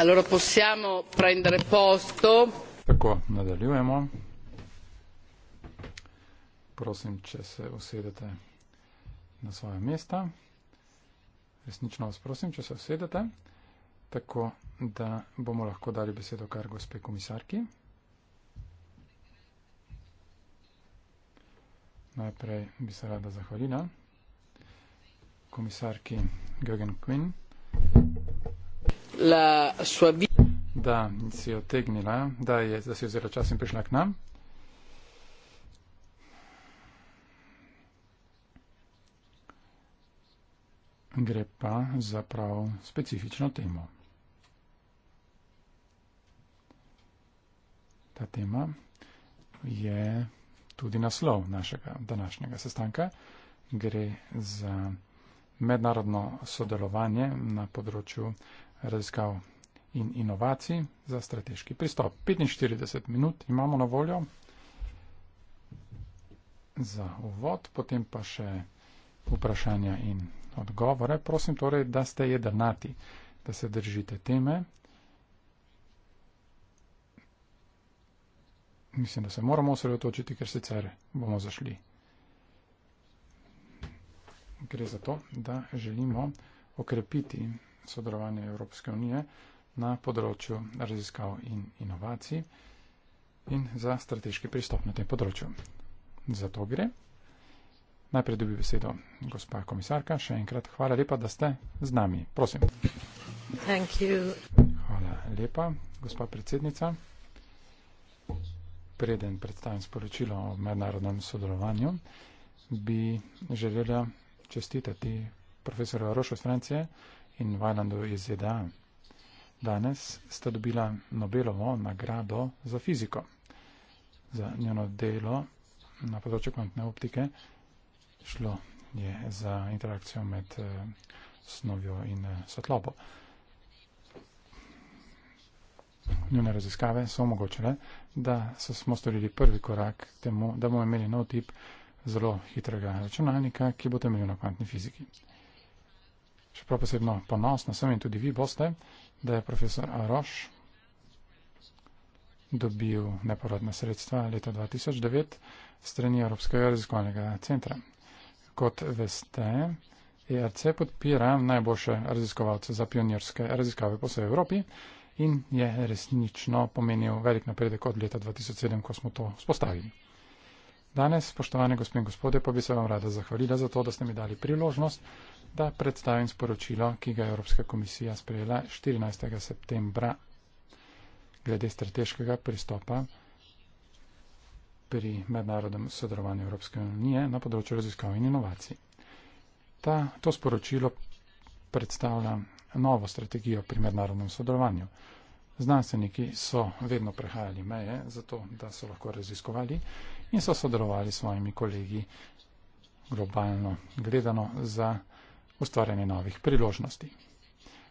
Allora possiamo prendere posto. Tako, nadaljujemo. Prosim, če se usedete na svoje mesta. Resnično vas prosim, če se usedete, tako da bomo lahko dali besedo kar gospe komisarki. Najprej bi se rada zahvalila komisarki Gögen Quinn la sua vita. Da si otegnila, da, je, da si vzela čas in prišla k nam. Gre pa za prav specifično temo. Ta tema je tudi naslov našega današnjega sestanka. Gre za mednarodno sodelovanje na področju raziskav in inovacij za strateški pristop. 45 minut imamo na voljo za uvod, potem pa še vprašanja in odgovore. Prosim torej, da ste jedrnati, da se držite teme. Mislim, da se moramo osredotočiti, ker sicer bomo zašli. Gre za to, da želimo okrepiti sodelovanje Evropske unije na področju raziskav in inovacij in za strateški pristop na tem področju. Zato gre. Najprej dobi besedo gospa komisarka. Še enkrat hvala lepa, da ste z nami. Prosim. Thank you. Hvala lepa, gospa predsednica. Preden predstavim sporočilo o mednarodnem sodelovanju, bi želela čestitati profesora Rošo iz Francije, in Vajlandu iz ZDA. Danes sta dobila Nobelovo nagrado za fiziko. Za njeno delo na področju kvantne optike šlo je za interakcijo med eh, snovjo in eh, svetlobo. Njune raziskave so omogočile, da so smo storili prvi korak temu, da bomo imeli nov tip zelo hitrega računalnika, ki bo temeljil na kvantni fiziki čeprav posebno ponosna sem in tudi vi boste, da je profesor Aroš dobil neporodna sredstva leta 2009 strani Evropskega raziskovalnega centra. Kot veste, ERC podpira najboljše raziskovalce za pionirske raziskave po vsej Evropi in je resnično pomenil velik napredek od leta 2007, ko smo to spostavili. Danes, spoštovane gospe in gospode, pa bi se vam rada zahvalila za to, da ste mi dali priložnost, da predstavim sporočilo, ki ga je Evropska komisija sprejela 14. septembra glede strateškega pristopa pri mednarodnem sodelovanju Evropske unije na področju raziskav in inovacij. Ta, to sporočilo predstavlja novo strategijo pri mednarodnem sodelovanju. Znanstveniki so vedno prehajali meje, zato da so lahko raziskovali in so sodelovali s svojimi kolegi globalno gledano za ustvarjanje novih priložnosti.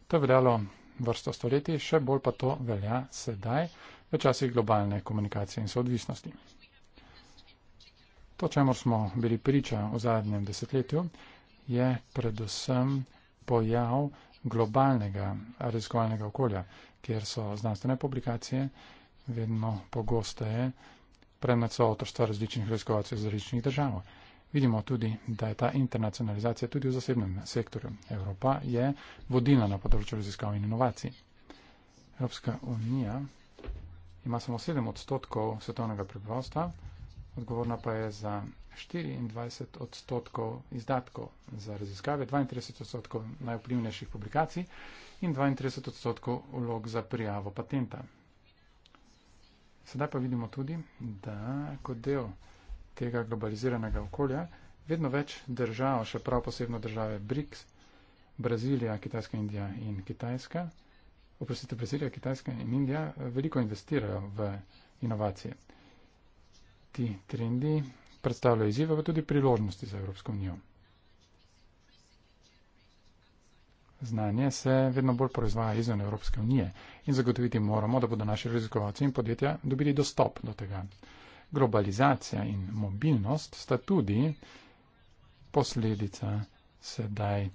To je veljalo vrsto stoletij, še bolj pa to velja sedaj v časih globalne komunikacije in soodvisnosti. To, čemu smo bili priča v zadnjem desetletju, je predvsem pojav globalnega raziskovalnega okolja, kjer so znanstvene publikacije vedno pogosteje predmet so avtorstva različnih raziskovalcev z različnih državami. Vidimo tudi, da je ta internacionalizacija tudi v zasebnem sektorju. Evropa je vodilna na področju raziskav in inovacij. Evropska unija ima samo 7 odstotkov svetovnega prebivalstva, odgovorna pa je za 24 odstotkov izdatkov za raziskave, 32 odstotkov najvplivnejših publikacij in 32 odstotkov vlog za prijavo patenta. Sedaj pa vidimo tudi, da kot del tega globaliziranega okolja, vedno več držav, še prav posebno države BRICS, Brazilija, Kitajska, Indija in Kitajska, oprostite, Brazilija, Kitajska in Indija, veliko investirajo v inovacije. Ti trendi predstavljajo izzive, pa tudi priložnosti za Evropsko unijo. Znanje se vedno bolj proizvaja izven Evropske unije in zagotoviti moramo, da bodo naši raziskovalci in podjetja dobili dostop do tega globalizacija in mobilnost sta tudi posledica sedaj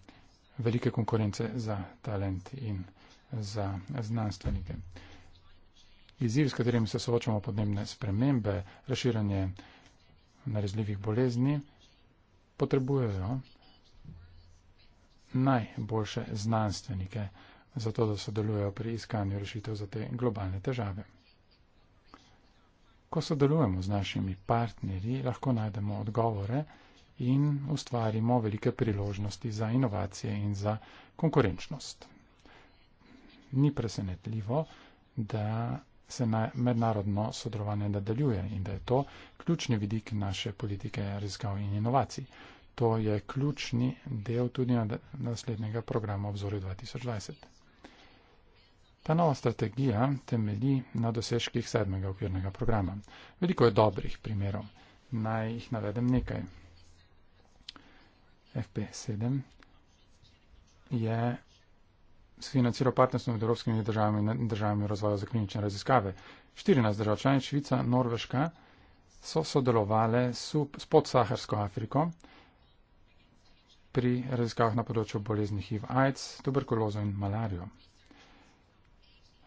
velike konkurence za talent in za znanstvenike. Izziv, s katerim se soočamo podnebne spremembe, razširanje narezljivih bolezni, potrebujejo najboljše znanstvenike za to, da sodelujejo pri iskanju rešitev za te globalne težave ko sodelujemo z našimi partnerji, lahko najdemo odgovore in ustvarimo velike priložnosti za inovacije in za konkurenčnost. Ni presenetljivo, da se mednarodno sodelovanje nadaljuje in da je to ključni vidik naše politike raziskav in inovacij. To je ključni del tudi naslednjega programa Obzori 2020. Ta nova strategija temelji na dosežkih sedmega okvirnega programa. Veliko je dobrih primerov. Naj jih navedem nekaj. FP7 je financiral partnerstvo med evropskimi državami in državami razvoja za klinične raziskave. 14 držav članic, Švica, Norveška, so sodelovale s podsaharsko Afriko pri raziskavah na področju bolezni HIV-AIDS, tuberkulozo in malarijo.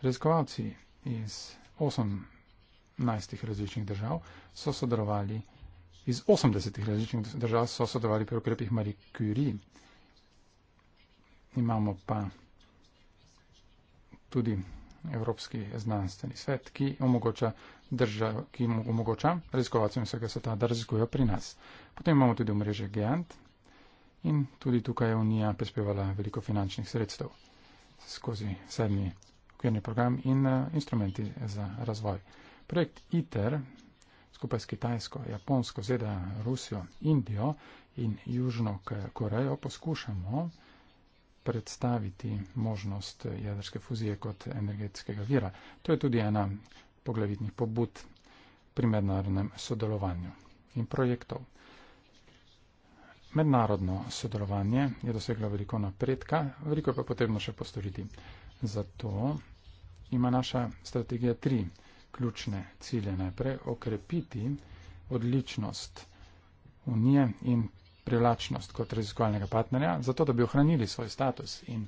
Raziskovalci iz 18 različnih držav so sodelovali iz 80 različnih držav so sodelovali pri ukrepih Marie Curie. Imamo pa tudi Evropski znanstveni svet, ki omogoča, držav, ki omogoča raziskovalcem vsega sveta, da raziskujejo pri nas. Potem imamo tudi omrežje GEANT in tudi tukaj je Unija prispevala veliko finančnih sredstev skozi sedmi okvirni program in eh, instrumenti za razvoj. Projekt ITER skupaj s Kitajsko, Japonsko, ZDA, Rusijo, Indijo in Južno Korejo poskušamo predstaviti možnost jedrske fuzije kot energetskega vira. To je tudi ena poglavitnih pobud pri mednarodnem sodelovanju in projektov. Mednarodno sodelovanje je doseglo veliko napredka, veliko pa je potrebno še postoriti. Zato ima naša strategija tri ključne cilje. Najprej okrepiti odličnost unije in privlačnost kot raziskovalnega partnerja, zato da bi ohranili svoj status in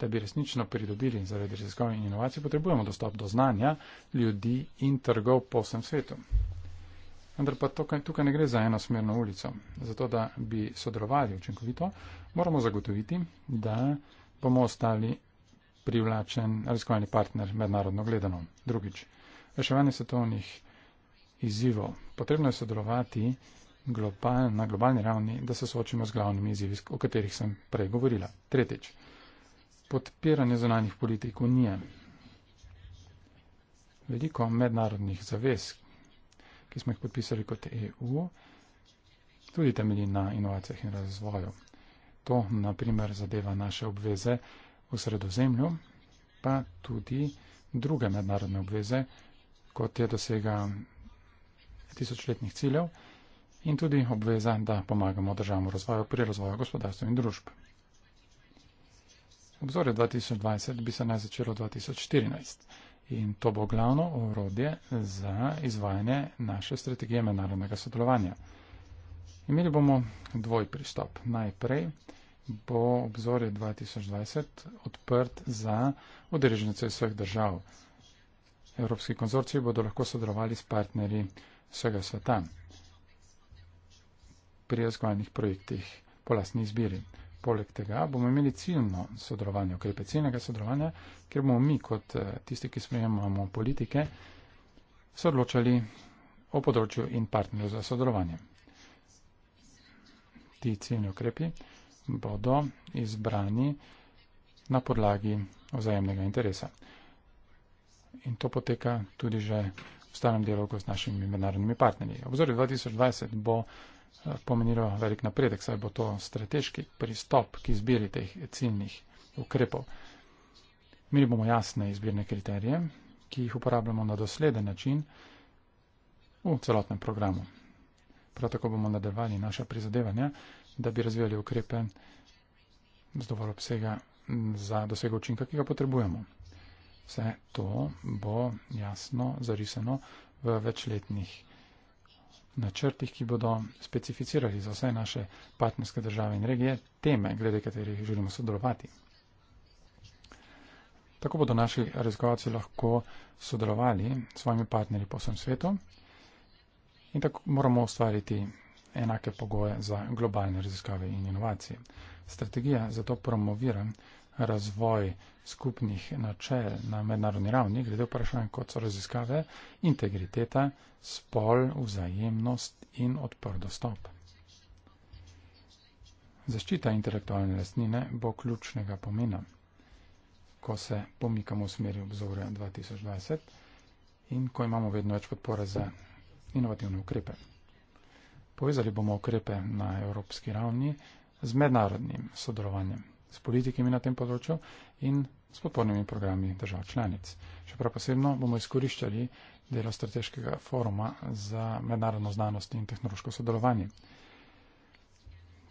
da bi resnično pridobili zaradi raziskov in inovacij, potrebujemo dostop do znanja ljudi in trgov po vsem svetu. Vendar pa tukaj, tukaj ne gre za enosmerno ulico. Zato, da bi sodelovali učinkovito, moramo zagotoviti, da bomo ostali privlačen raziskovalni partner mednarodno gledano. Drugič, reševanje svetovnih izzivov. Potrebno je sodelovati global, na globalni ravni, da se soočimo z glavnimi izzivi, o katerih sem prej govorila. Tretjič, podpiranje zonalnih politik unije. Veliko mednarodnih zavez, ki smo jih podpisali kot EU, tudi temelji na inovacijah in razvoju. To, naprimer, zadeva naše obveze v sredozemlju, pa tudi druge mednarodne obveze, kot je dosega tisočletnih ciljev in tudi obveza, da pomagamo državam v razvoju pri razvoju gospodarstva in družb. Obzorje 2020 bi se naj začelo 2014 in to bo glavno orodje za izvajanje naše strategije mednarodnega sodelovanja. Imeli bomo dvoj pristop. Najprej bo obzorje 2020 odprt za udeležence vseh držav. Evropski konzorci bodo lahko sodelovali s partnerji vsega sveta pri razgovanjih projektih po lastni izbiri. Poleg tega bomo imeli ciljno sodelovanje, okrepe ciljnega sodelovanja, ker bomo mi kot eh, tisti, ki sprejemamo politike, se odločali o področju in partnerju za sodelovanje. Ti ciljni okrepi bodo izbrani na podlagi vzajemnega interesa. In to poteka tudi že v stalnem dialogu s našimi mednarodnimi partnerji. Obzorje 2020 bo eh, pomenilo velik napredek, saj bo to strateški pristop k izbiri teh ciljnih ukrepov. Imeli bomo jasne izbirne kriterije, ki jih uporabljamo na dosleden način v celotnem programu. Prav tako bomo nadaljevali naše prizadevanja da bi razvijali ukrepe z dovolj obsega za dosego učinka, ki ga potrebujemo. Vse to bo jasno zarisano v večletnih načrtih, ki bodo specificirali za vse naše partnerske države in regije teme, glede katerih želimo sodelovati. Tako bodo naši raziskovalci lahko sodelovali s svojimi partnerji po vsem svetu in tako moramo ustvariti enake pogoje za globalne raziskave in inovacije. Strategija zato promovira razvoj skupnih načel na mednarodni ravni, glede vprašanj kot so raziskave, integriteta, spol, vzajemnost in odpor dostop. Zaščita intelektualne lastnine bo ključnega pomena, ko se pomikamo v smeri obzorja 2020 in ko imamo vedno več podpore za inovativne ukrepe. Povezali bomo ukrepe na evropski ravni z mednarodnim sodelovanjem, s politikami na tem področju in s podpornimi programi držav članic. Še prav posebno bomo izkoriščali delo strateškega foruma za mednarodno znanost in tehnološko sodelovanje.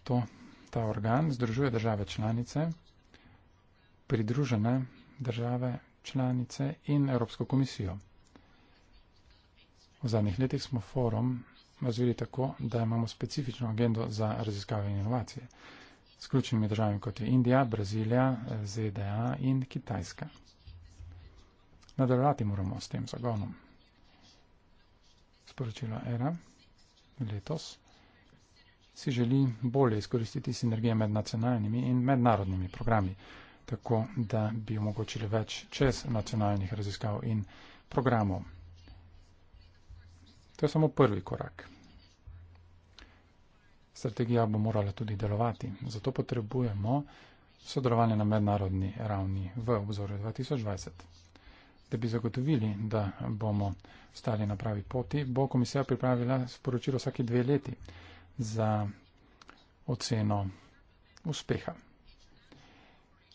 To, ta organ združuje države članice, pridružene države članice in Evropsko komisijo. V zadnjih letih smo forum razvili tako, da imamo specifično agendo za raziskave in inovacije s ključnimi državami kot je Indija, Brazilija, ZDA in Kitajska. Nadaljevati moramo s tem zagonom. Sporočilo ERA letos si želi bolje izkoristiti sinergije med nacionalnimi in mednarodnimi programi, tako da bi omogočili več čez nacionalnih raziskav in programov. To je samo prvi korak. Strategija bo morala tudi delovati. Zato potrebujemo sodelovanje na mednarodni ravni v obzorju 2020. Da bi zagotovili, da bomo stali na pravi poti, bo komisija pripravila sporočilo vsake dve leti za oceno uspeha.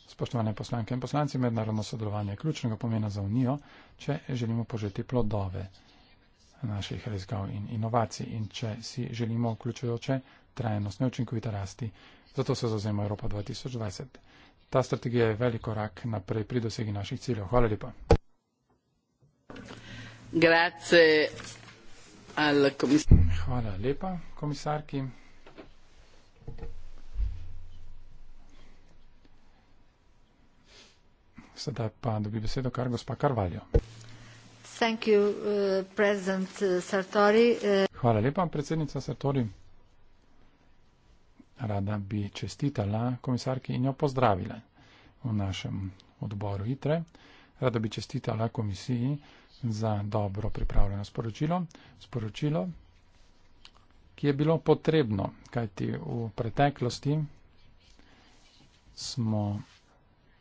Spoštovane poslanke in poslanci, mednarodno sodelovanje je ključnega pomena za Unijo, če želimo požeti plodove naših raziskav in inovacij in če si želimo vključujoče trajnostne učinkovite rasti. Zato se zauzema Evropa 2020. Ta strategija je velik korak naprej pri dosegi naših ciljev. Hvala lepa. Hvala lepa, komisarki. Sedaj pa dobi besedo kar gospa Karvaljo. Uh, uh, uh, Hvala lepa, predsednica Sartori. Rada bi čestitala komisarki in jo pozdravila v našem odboru ITRE. Rada bi čestitala komisiji za dobro pripravljeno sporočilo, sporočilo, ki je bilo potrebno, kajti v preteklosti smo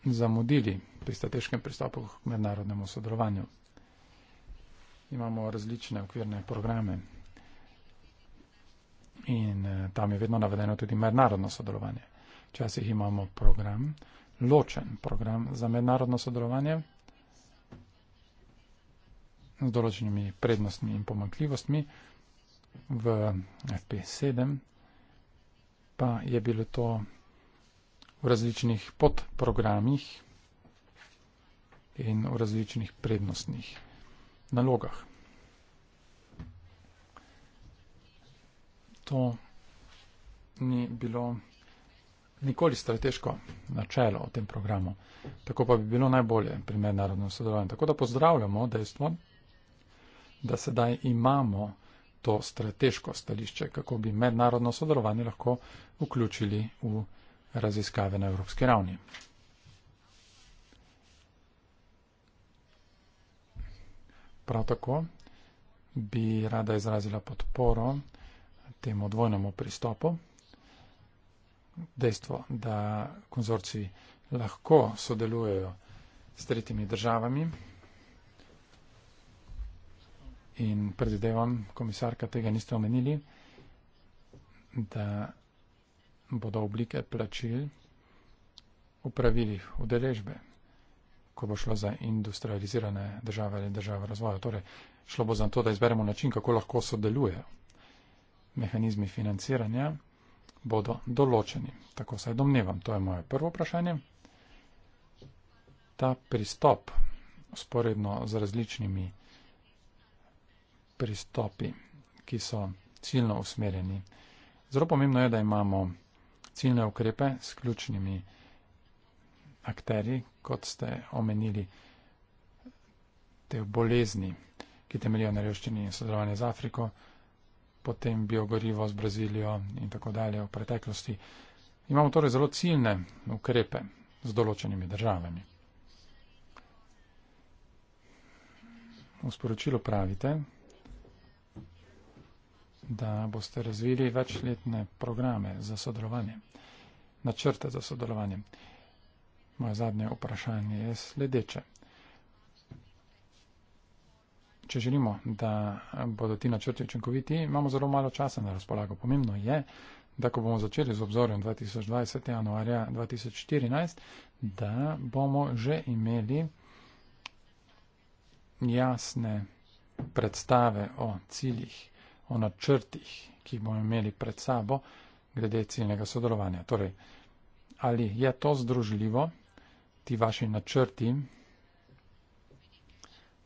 zamudili pri strateškem pristopu k mednarodnemu sodelovanju imamo različne okvirne programe in eh, tam je vedno navedeno tudi mednarodno sodelovanje. Včasih imamo program, ločen program za mednarodno sodelovanje z določenimi prednostmi in pomankljivostmi. V FP7 pa je bilo to v različnih podprogramih in v različnih prednostnih nalogah. To ni bilo nikoli strateško načelo v tem programu. Tako pa bi bilo najbolje pri mednarodnem sodelovanju. Tako da pozdravljamo dejstvo, da sedaj imamo to strateško stališče, kako bi mednarodno sodelovanje lahko vključili v raziskave na evropski ravni. Prav tako bi rada izrazila podporo temu dvojnemu pristopu. Dejstvo, da konzorci lahko sodelujejo s tretjimi državami in predvidevam, komisarka, tega niste omenili, da bodo oblike plačil v pravilih udeležbe ko bo šlo za industrializirane države ali države razvoja. Torej, šlo bo za to, da izberemo način, kako lahko sodelujejo. Mehanizmi financiranja bodo določeni. Tako se domnevam. To je moje prvo vprašanje. Ta pristop, sporedno z različnimi pristopi, ki so ciljno usmerjeni, zelo pomembno je, da imamo ciljne ukrepe s ključnimi akteri, kot ste omenili, te bolezni, ki temeljijo na revščini in sodelovanje z Afriko, potem biogorivo z Brazilijo in tako dalje v preteklosti. Imamo torej zelo ciljne ukrepe z določenimi državami. V sporočilu pravite, da boste razvili večletne programe za sodelovanje, načrte za sodelovanje. Moje zadnje vprašanje je sledeče. Če želimo, da bodo ti načrti učinkoviti, imamo zelo malo časa na razpolago. Pomembno je, da ko bomo začeli z obzorjem 2020. januarja 2014, da bomo že imeli jasne predstave o ciljih, o načrtih, ki bomo imeli pred sabo glede ciljnega sodelovanja. Torej, ali je to združljivo? ti vaši načrti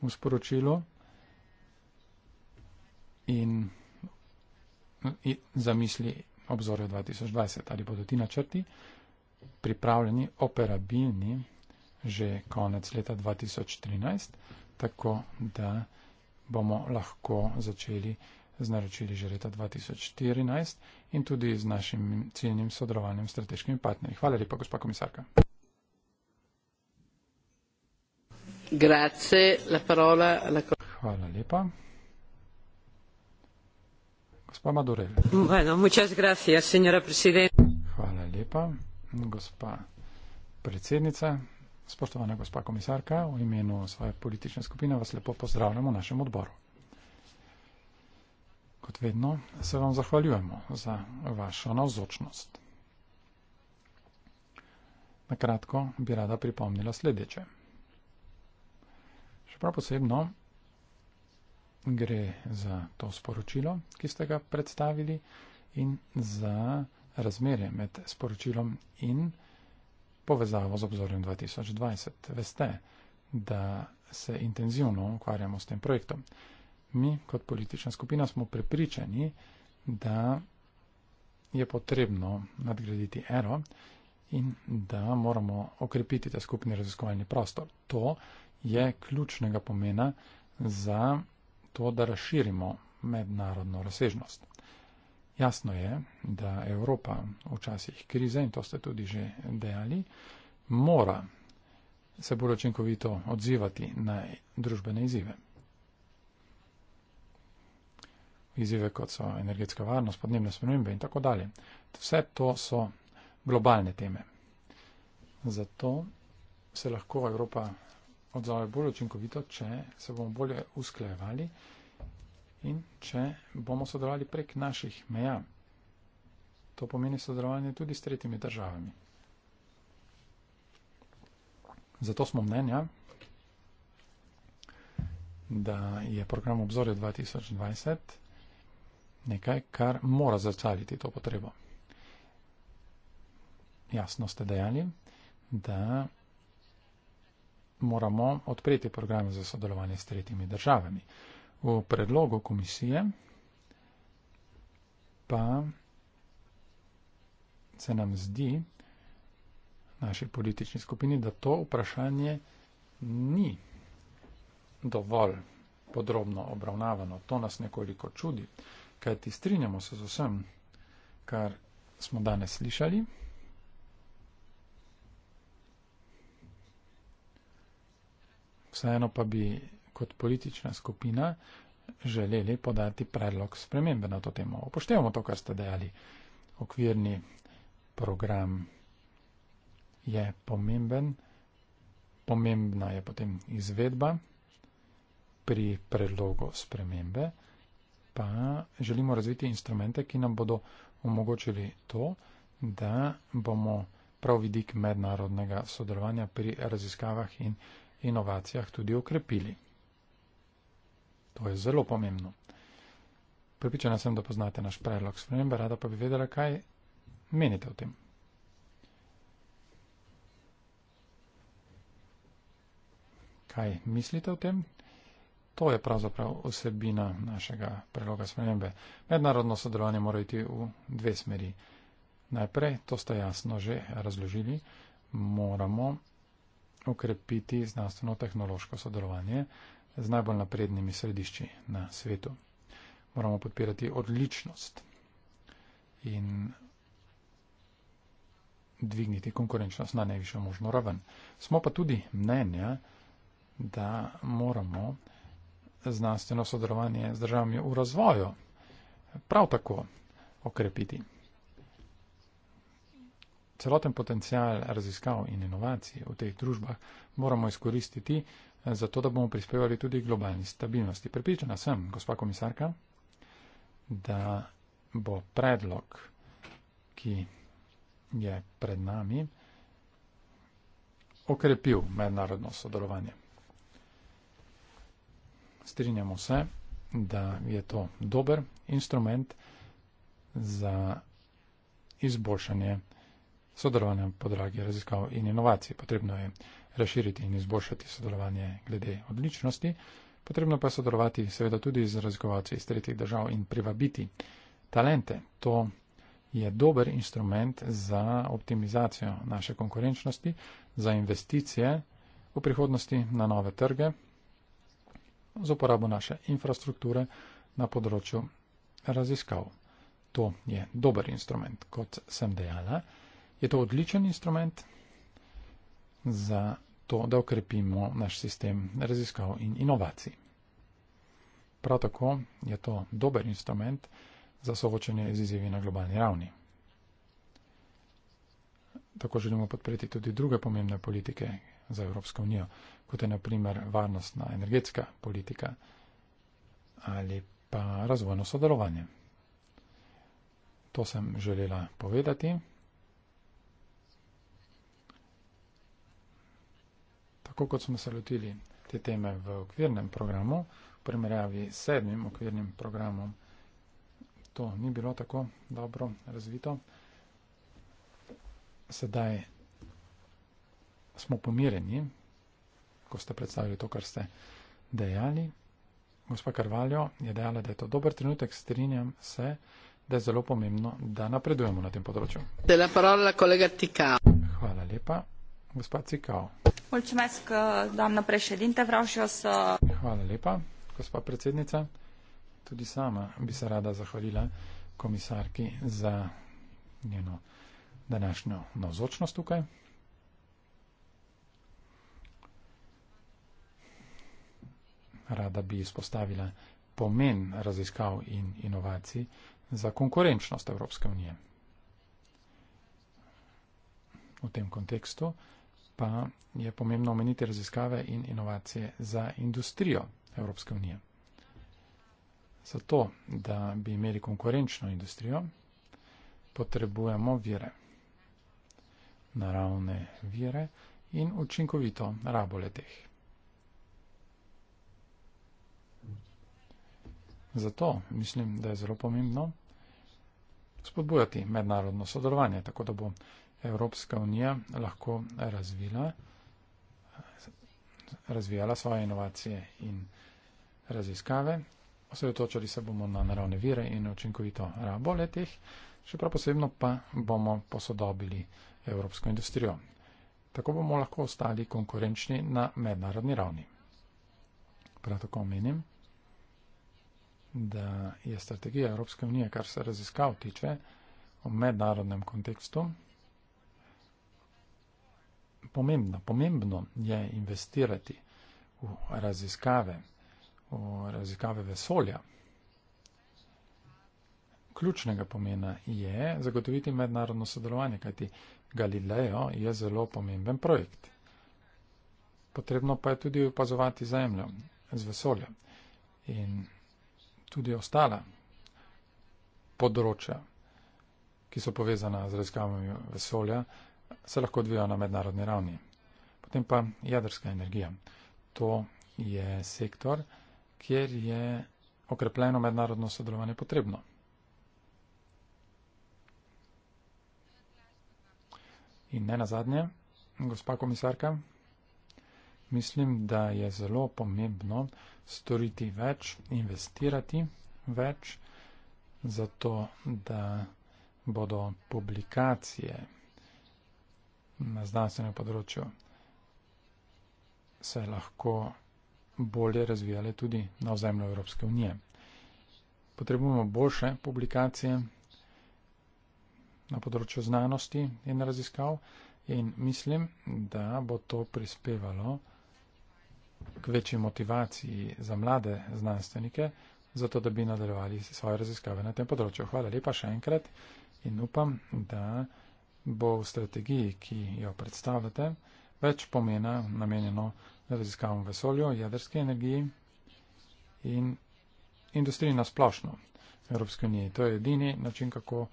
v sporočilu. In zamisli obzorja 2020, ali bodo ti načrti pripravljeni, operabilni že konec leta 2013, tako da bomo lahko začeli z naročili že leta 2014 in tudi z našim ciljnim sodelovanjem s strateškimi partnerji. Hvala lepa, gospa komisarka. Grazie, la parola alla Hvala lepa. Gospa Madurel. Bueno, muchas gracias, señora presidenta. Hvala lepa, gospa predsednica. Spoštovana gospa komisarka, v imenu svoje politične skupine vas lepo pozdravljamo v našem odboru. Kot vedno se vam zahvaljujemo za vašo navzočnost. Na kratko bi rada pripomnila sledeče. Čeprav posebno gre za to sporočilo, ki ste ga predstavili in za razmere med sporočilom in povezavo z obzorjem 2020. Veste, da se intenzivno ukvarjamo s tem projektom. Mi kot politična skupina smo prepričani, da je potrebno nadgraditi ERO in da moramo okrepiti ta skupni raziskovalni prostor. To je ključnega pomena za to, da razširimo mednarodno razsežnost. Jasno je, da Evropa včasih krize, in to ste tudi že dejali, mora se bolj očinkovito odzivati na družbene izzive. Izzive, kot so energetska varnost, podnebne spremembe in tako dalje. Vse to so globalne teme. Zato se lahko Evropa odzove bolj učinkovito, če se bomo bolje usklajevali in če bomo sodelovali prek naših meja. To pomeni sodelovanje tudi s tretjimi državami. Zato smo mnenja, da je program obzorja 2020 nekaj, kar mora zrcaliti to potrebo. Jasno ste dejali, da moramo odpreti programe za sodelovanje s tretjimi državami. V predlogu komisije pa se nam zdi naši politični skupini, da to vprašanje ni dovolj podrobno obravnavano. To nas nekoliko čudi, kajti strinjamo se z vsem, kar smo danes slišali. vseeno pa bi kot politična skupina želeli podati predlog spremembe na to temo. Upoštevamo to, kar ste dejali. Okvirni program je pomemben, pomembna je potem izvedba pri predlogu spremembe, pa želimo razviti instrumente, ki nam bodo omogočili to, da bomo prav vidik mednarodnega sodelovanja pri raziskavah in inovacijah tudi ukrepili. To je zelo pomembno. Pripričana sem, da poznate naš predlog spremembe, rada pa bi vedela, kaj menite o tem. Kaj mislite o tem? To je pravzaprav osebina našega predloga spremembe. Mednarodno sodelovanje mora iti v dve smeri. Najprej, to ste jasno že razložili, moramo okrepiti znanstveno-tehnološko sodelovanje z najbolj naprednimi središči na svetu. Moramo podpirati odličnost in dvigniti konkurenčnost na najvišjo možno raven. Smo pa tudi mnenja, da moramo znanstveno sodelovanje z državami v razvoju prav tako okrepiti celoten potencial raziskav in inovacij v teh družbah moramo izkoristiti, eh, zato da bomo prispevali tudi globalni stabilnosti. Pripričana sem, gospa komisarka, da bo predlog, ki je pred nami, okrepil mednarodno sodelovanje. Strinjamo se, da je to dober instrument za izboljšanje sodelovanja po dragi raziskav in inovacij. Potrebno je razširiti in izboljšati sodelovanje glede odličnosti, potrebno pa je sodelovati seveda tudi z raziskovalci iz tretjih držav in privabiti talente. To je dober instrument za optimizacijo naše konkurenčnosti, za investicije v prihodnosti na nove trge, za uporabo naše infrastrukture na področju raziskav. To je dober instrument, kot sem dejala je to odličen instrument za to, da okrepimo naš sistem raziskav in inovacij. Prav tako je to dober instrument za soočanje z izzivi na globalni ravni. Tako želimo podpreti tudi druge pomembne politike za Evropsko unijo, kot je naprimer varnostna energetska politika ali pa razvojno sodelovanje. To sem želela povedati. tako kot smo se lotili te teme v okvirnem programu, v primerjavi s sedmim okvirnim programom, to ni bilo tako dobro razvito. Sedaj smo pomireni, ko ste predstavili to, kar ste dejali. Gospa Karvaljo je dejala, da je to dober trenutek, strinjam se, da je zelo pomembno, da napredujemo na tem področju. Hvala lepa, gospa Cikao. Mulțumesc, doamnă președinte. Vreau și eu să... Hvala lepa, gospa predsednica. Tudi sama bi se rada zahvalila komisarki za njeno današnjo navzočnost tukaj. Rada bi izpostavila pomen raziskav in inovacij za konkurenčnost Evropske unije. V tem kontekstu pa je pomembno omeniti raziskave in inovacije za industrijo Evropske unije. Zato, da bi imeli konkurenčno industrijo, potrebujemo vire, naravne vire in učinkovito rabo leteh. Zato mislim, da je zelo pomembno spodbujati mednarodno sodelovanje, tako da bo Evropska unija lahko razvila, razvijala svoje inovacije in raziskave. Osredotočali se bomo na naravne vire in učinkovito rabo letih, še prav posebno pa bomo posodobili evropsko industrijo. Tako bomo lahko ostali konkurenčni na mednarodni ravni. Prav tako menim, da je strategija Evropske unije, kar se raziskav tiče, v mednarodnem kontekstu pomembno. Pomembno je investirati v raziskave, v raziskave vesolja. Ključnega pomena je zagotoviti mednarodno sodelovanje, kajti Galileo je zelo pomemben projekt. Potrebno pa je tudi upazovati Zemljo z vesolja in tudi ostala področja, ki so povezana z raziskavami vesolja se lahko odvijajo na mednarodni ravni. Potem pa jedrska energija. To je sektor, kjer je okrepljeno mednarodno sodelovanje potrebno. In ne nazadnje, gospa komisarka, mislim, da je zelo pomembno storiti več, investirati več, zato da bodo publikacije na znanstvenem področju se lahko bolje razvijale tudi na ozemlju Evropske unije. Potrebujemo boljše publikacije na področju znanosti in raziskav in mislim, da bo to prispevalo k večji motivaciji za mlade znanstvenike, zato da bi nadaljevali svoje raziskave na tem področju. Hvala lepa še enkrat in upam, da bo v strategiji, ki jo predstavljate, več pomena namenjeno raziskavam vesolju, jedrske energiji in industriji na splošno Evropske unije. To je edini način, kako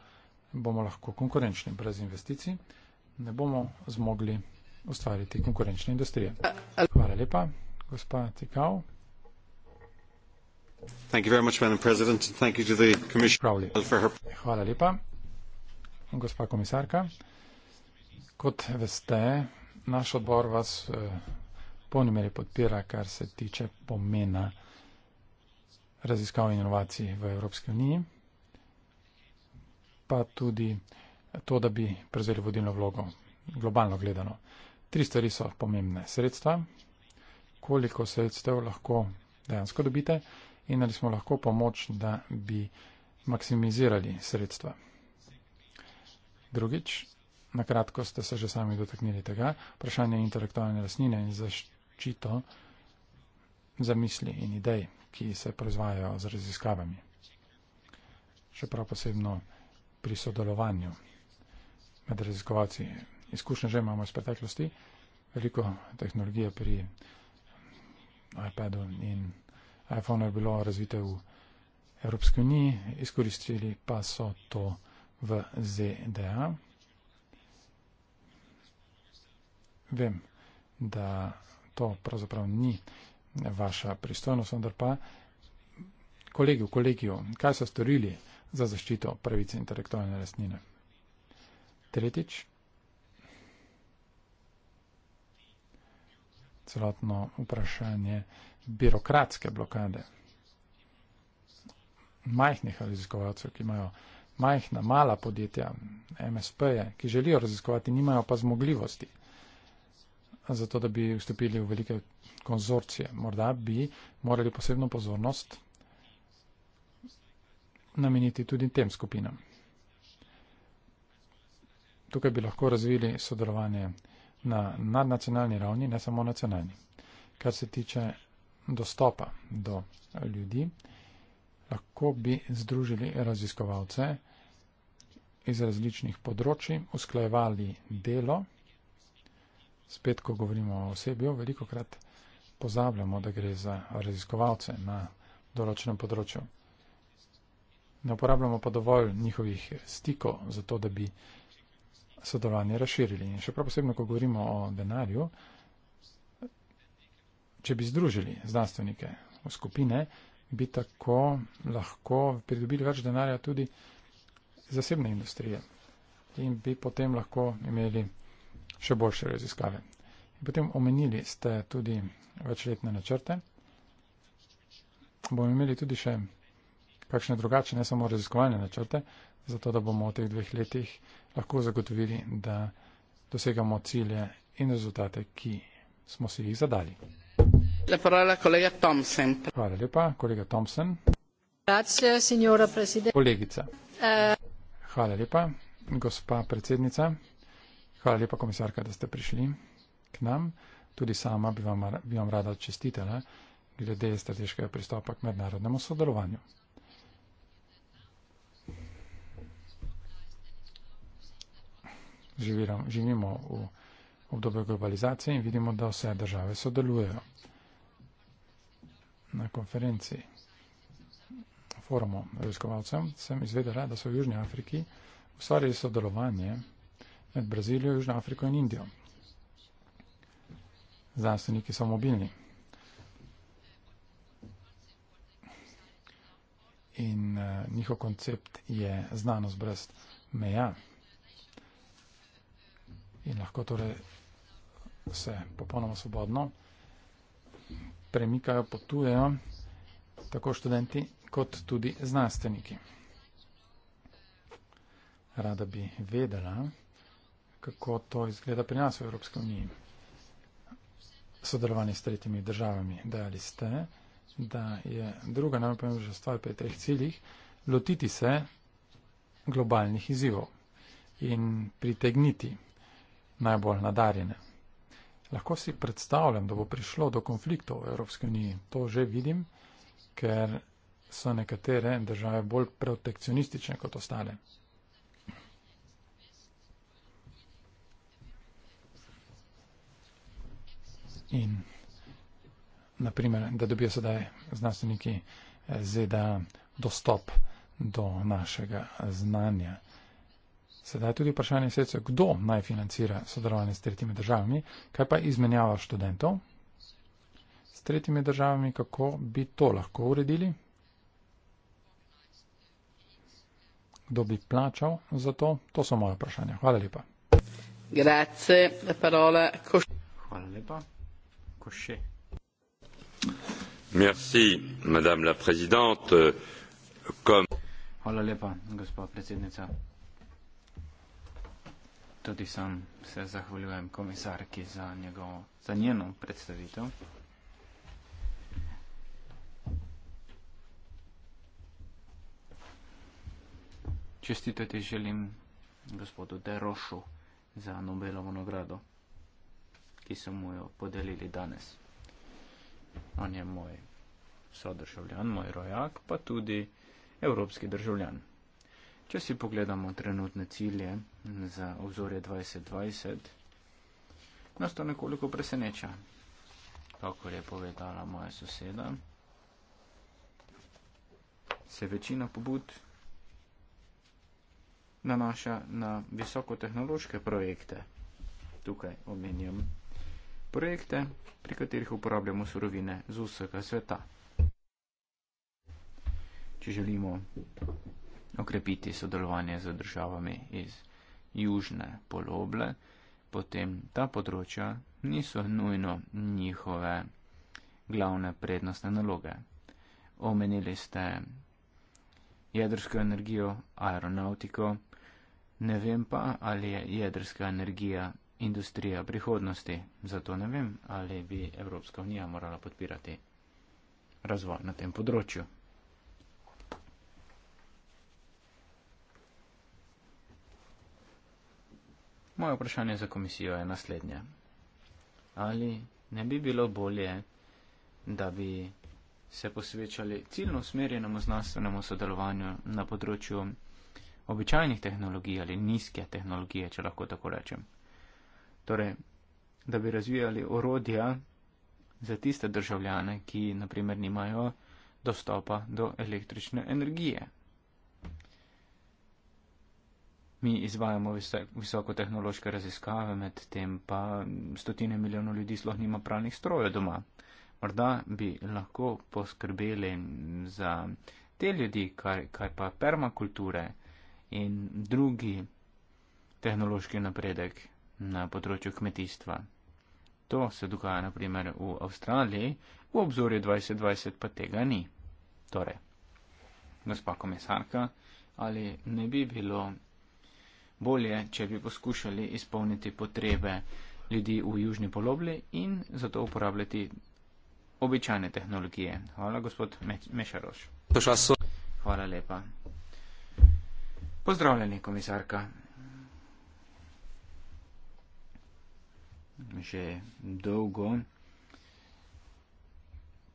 bomo lahko konkurenčni brez investicij, ne bomo zmogli ustvariti konkurenčne industrije. Hvala lepa, gospa Tikau. Hvala lepa gospa komisarka. Kot veste, naš odbor vas eh, polni meri podpira, kar se tiče pomena raziskav in inovacij v Evropski uniji, pa tudi to, da bi prevzeli vodilno vlogo globalno gledano. Tri stvari so pomembne. Sredstva, koliko sredstev lahko dejansko dobite in ali smo lahko pomoč, da bi maksimizirali sredstva. Drugič, na kratko ste se že sami dotaknili tega, vprašanje intelektualne lasnine in zaščito za misli in idej, ki se proizvajajo z raziskavami. Še prav posebno pri sodelovanju med raziskovalci. Izkušnje že imamo iz preteklosti, veliko tehnologije pri iPadu in iPhone je bilo razvite v Evropski uniji, izkoristili pa so to v ZDA. Vem, da to pravzaprav ni vaša pristojnost, vendar pa kolegi v kolegiju, kaj so storili za zaščito pravice intelektualne lastnine? Tretjič. celotno vprašanje birokratske blokade majhnih raziskovalcev, ki imajo uh, majhna, mala podjetja, MSP-je, ki želijo raziskovati, nimajo pa zmogljivosti za to, da bi vstopili v velike konzorcije. Morda bi morali posebno pozornost nameniti tudi tem skupinam. Tukaj bi lahko razvili sodelovanje na nadnacionalni ravni, ne samo nacionalni. Kar se tiče dostopa do ljudi, lahko bi združili raziskovalce iz različnih področji, usklajevali delo. Spet, ko govorimo o osebju, veliko krat pozabljamo, da gre za raziskovalce na določenem področju. Ne uporabljamo pa dovolj njihovih stikov za to, da bi sodelovanje razširili. In še prav posebno, ko govorimo o denarju, če bi združili znanstvenike v skupine, bi tako lahko pridobili več denarja tudi zasebne industrije in bi potem lahko imeli še boljše raziskave. Potem omenili ste tudi večletne načrte. Bomo imeli tudi še kakšne drugače, ne samo raziskovalne načrte, zato da bomo v teh dveh letih lahko zagotovili, da dosegamo cilje in rezultate, ki smo si jih zadali. La parola kolega Thompson. Hvala lepa, kolega Thompson. Grazie, signora presidente. Kolegica. Eh. Hvala lepa, gospa predsednica. Hvala lepa, komisarka, da ste prišli k nam. Tudi sama bi vam, bi vam rada čestitela glede strateškega pristopa k mednarodnemu sodelovanju. Živiramo, živimo v obdobju globalizacije in vidimo, da vse države sodelujejo na konferenci forumom raziskovalcem sem izvedela, da so v Južni Afriki ustvarili sodelovanje med Brazilijo, Južno Afriko in Indijo. Znanstveniki so mobilni. In uh, njihov koncept je znanost brez meja. In lahko torej se popolnoma svobodno premikajo, potujejo, tako študenti kot tudi znanstveniki. Rada bi vedela, kako to izgleda pri nas v Evropski uniji. Sodelovanje s tretjimi državami dejali ste, da je druga najpomembnejša stvar pri teh ciljih lotiti se globalnih izzivov in pritegniti najbolj nadarjene. Lahko si predstavljam, da bo prišlo do konfliktov v Evropski uniji. To že vidim, ker so nekatere države bolj protekcionistične kot ostale. In naprimer, da dobijo sedaj znanstveniki eh, ZDA dostop do našega znanja. Sedaj je tudi vprašanje sredstva, kdo naj financira sodelovanje s tretjimi državami, kaj pa izmenjava študentov s tretjimi državami, kako bi to lahko uredili, kdo bi plačal za to. To so moje vprašanja. Hvala lepa. Grazie, parola, koš... Hvala lepa. Koše. Merci, madame la présidente. Comme... Hvala lepa, gospod predsednica tudi sam se zahvaljujem komisarki za, njegovo, za njeno predstavitev. Čestitati želim gospodu Derošu za Nobelovo nagrado, ki so mu jo podelili danes. On je moj sodržavljan, moj rojak, pa tudi evropski državljan. Če si pogledamo trenutne cilje za obzorje 2020, nas to nekoliko preseneča. Kakor je povedala moja soseda, se večina pobud nanaša na visokotehnološke projekte. Tukaj omenjam projekte, pri katerih uporabljamo surovine z vsega sveta. Če želimo okrepiti sodelovanje z državami iz južne poloble, potem ta področja niso nujno njihove glavne prednostne naloge. Omenili ste jedrsko energijo, aeronautiko, ne vem pa, ali je jedrska energija industrija prihodnosti, zato ne vem, ali bi Evropska unija morala podpirati razvoj na tem področju. Moje vprašanje za komisijo je naslednje. Ali ne bi bilo bolje, da bi se posvečali ciljno usmerjenemu znanstvenemu sodelovanju na področju običajnih tehnologij ali nizke tehnologije, če lahko tako rečem. Torej, da bi razvijali orodja za tiste državljane, ki naprimer nimajo dostopa do električne energije, Mi izvajamo visokotehnološke raziskave, medtem pa stotine milijonov ljudi sploh nima pralnih strojev doma. Morda bi lahko poskrbeli za te ljudi, kaj, kaj pa permakulture in drugi tehnološki napredek na področju kmetijstva. To se dogaja naprimer v Avstraliji, v obzorju 2020 pa tega ni. Torej, gospa komisarka, ali ne bi bilo bolje, če bi poskušali izpolniti potrebe ljudi v južni polobli in zato uporabljati običajne tehnologije. Hvala, gospod Mešaroš. Hvala lepa. Pozdravljeni, komisarka. Že dolgo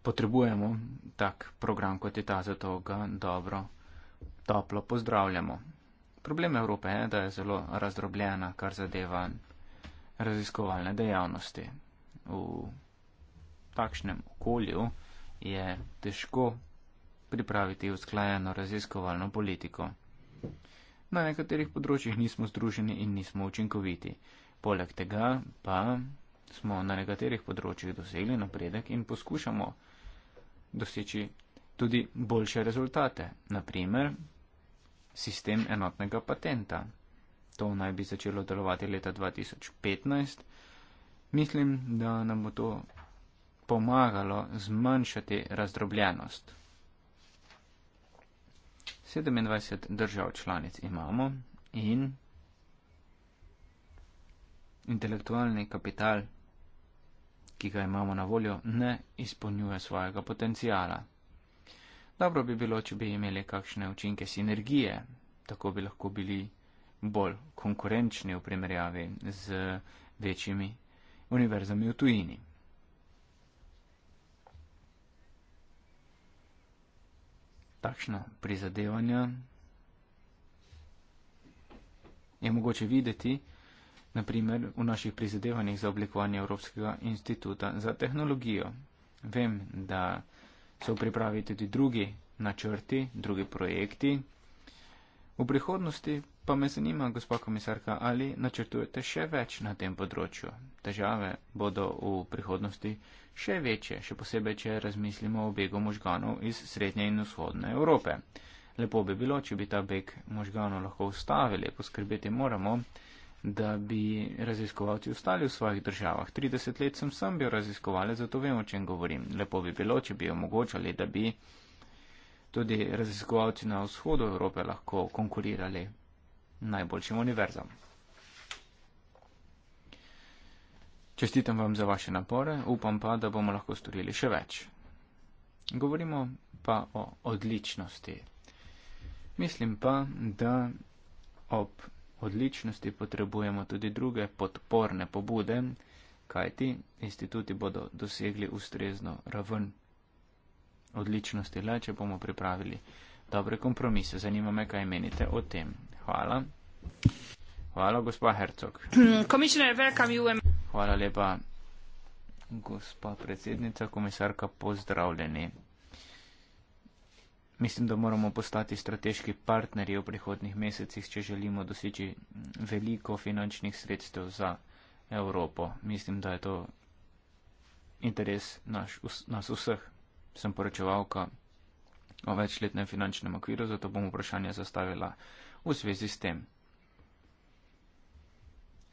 potrebujemo tak program kot je ta, zato ga dobro, toplo pozdravljamo problem Evrope, ne, da je zelo razdrobljena, kar zadeva raziskovalne dejavnosti. V takšnem okolju je težko pripraviti usklajeno raziskovalno politiko. Na nekaterih področjih nismo združeni in nismo učinkoviti. Poleg tega pa smo na nekaterih področjih dosegli napredek in poskušamo doseči tudi boljše rezultate. Naprimer, sistem enotnega patenta. To naj bi začelo delovati leta 2015. Mislim, da nam bo to pomagalo zmanjšati razdrobljenost. 27 držav članic imamo in intelektualni kapital, ki ga imamo na voljo, ne izpolnjuje svojega potencijala. Dobro bi bilo, če bi imeli kakšne učinke sinergije, tako bi lahko bili bolj konkurenčni v primerjavi z večjimi univerzami v tujini. Takšna prizadevanja je mogoče videti, naprimer, v naših prizadevanjih za oblikovanje Evropskega instituta za tehnologijo. Vem, da so pripravi tudi drugi načrti, drugi projekti. V prihodnosti pa me zanima, gospa komisarka, ali načrtujete še več na tem področju. Težave bodo v prihodnosti še večje, še posebej, če razmislimo o begu možganov iz srednje in vzhodne Evrope. Lepo bi bilo, če bi ta beg možganov lahko ustavili, poskrbeti moramo, da bi raziskovalci ostali v svojih državah. 30 let sem sam bil raziskovalec, zato vem, o čem govorim. Lepo bi bilo, če bi omogočali, da bi tudi raziskovalci na vzhodu Evrope lahko konkurirali najboljšim univerzam. Čestitam vam za vaše napore, upam pa, da bomo lahko storili še več. Govorimo pa o odličnosti. Mislim pa, da ob odličnosti potrebujemo tudi druge podporne pobude, kajti instituti bodo dosegli ustrezno raven odličnosti le, če bomo pripravili dobre kompromise. Zanima me, kaj menite o tem. Hvala. Hvala, gospa Hercog. Hvala lepa, gospa predsednica, komisarka, pozdravljeni. Mislim, da moramo postati strateški partnerji v prihodnih mesecih, če želimo doseči veliko finančnih sredstev za Evropo. Mislim, da je to interes naš, nas vseh. Sem poročevalka o večletnem finančnem okviru, zato bom vprašanje zastavila v zvezi s tem.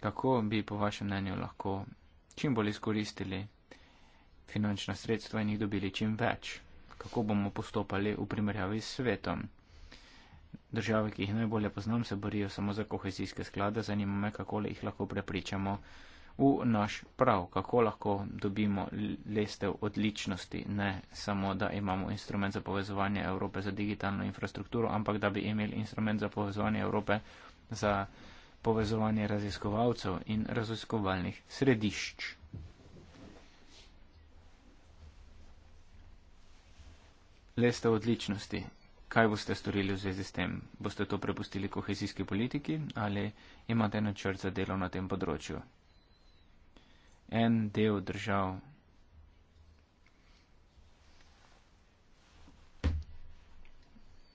Kako bi po vašem mnenju lahko čim bolj izkoristili finančna sredstva in jih dobili čim več? kako bomo postopali v primerjavi s svetom. Države, ki jih najbolje poznam, se borijo samo za kohezijske sklade, zanima me, kako jih lahko prepričamo v naš prav, kako lahko dobimo lestev odličnosti, ne samo, da imamo instrument za povezovanje Evrope za digitalno infrastrukturo, ampak da bi imeli instrument za povezovanje Evrope za povezovanje raziskovalcev in raziskovalnih središč. leste odličnosti. Kaj boste storili v zvezi s tem? Boste to prepustili kohezijski politiki ali imate načrt za delo na tem področju? En del držav.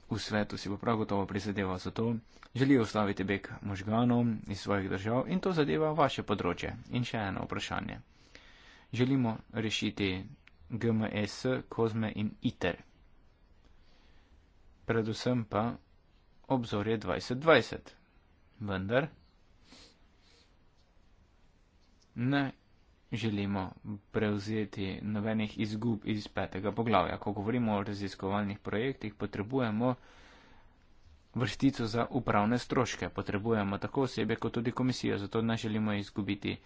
V svetu si bo prav gotovo prizadeval za to, želijo ustaviti beg možganov iz svojih držav in to zadeva vaše področje. In še eno vprašanje. Želimo rešiti GMS, e COSME in ITER predvsem pa obzorje 2020. Vendar ne želimo prevzeti nobenih izgub iz petega poglavja. Ko govorimo o raziskovalnih projektih, potrebujemo vrstico za upravne stroške. Potrebujemo tako osebe kot tudi komisijo, zato ne želimo izgubiti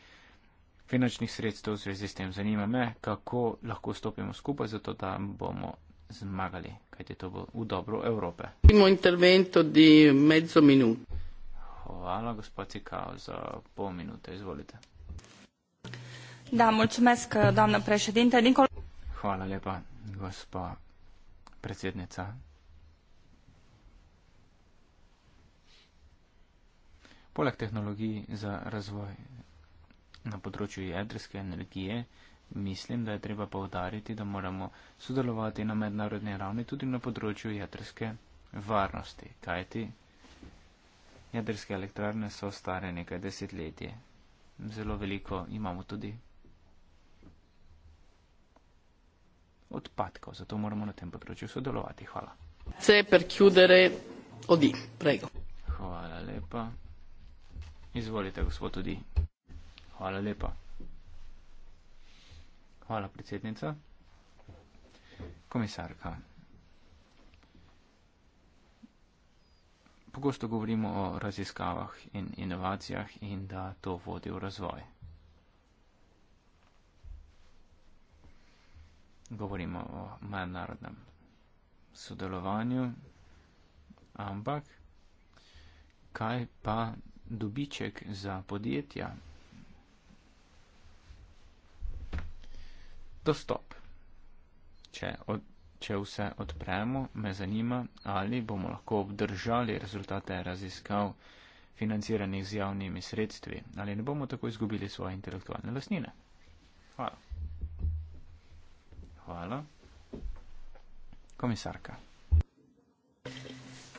finančnih sredstev v zvezi s tem. Zanima me, kako lahko stopimo skupaj, zato da bomo zmagali, kaj te to bo v dobro Evrope. Hvala, gospod Cikal, za pol minute. Izvolite. Da, mesk, Nikol... Hvala lepa, gospa predsednica. Poleg tehnologij za razvoj na področju jedrske energije Mislim, da je treba povdariti, da moramo sodelovati na mednarodni ravni tudi na področju jedrske varnosti, kajti jedrske elektrarne so stare nekaj desetletje. Zelo veliko imamo tudi odpadkov, zato moramo na tem področju sodelovati. Hvala. Se perkudere odi, prego. Hvala lepa. Izvolite, gospod, odi. Hvala lepa. Hvala, predsednica. Komisarka. Pogosto govorimo o raziskavah in inovacijah in da to vodi v razvoj. Govorimo o mednarodnem sodelovanju, ampak kaj pa dobiček za podjetja? dostop. Če, od, če vse odpremo, me zanima, ali bomo lahko obdržali rezultate raziskav financiranih z javnimi sredstvi, ali ne bomo tako izgubili svoje intelektualne lasnine. Hvala. Hvala. Komisarka.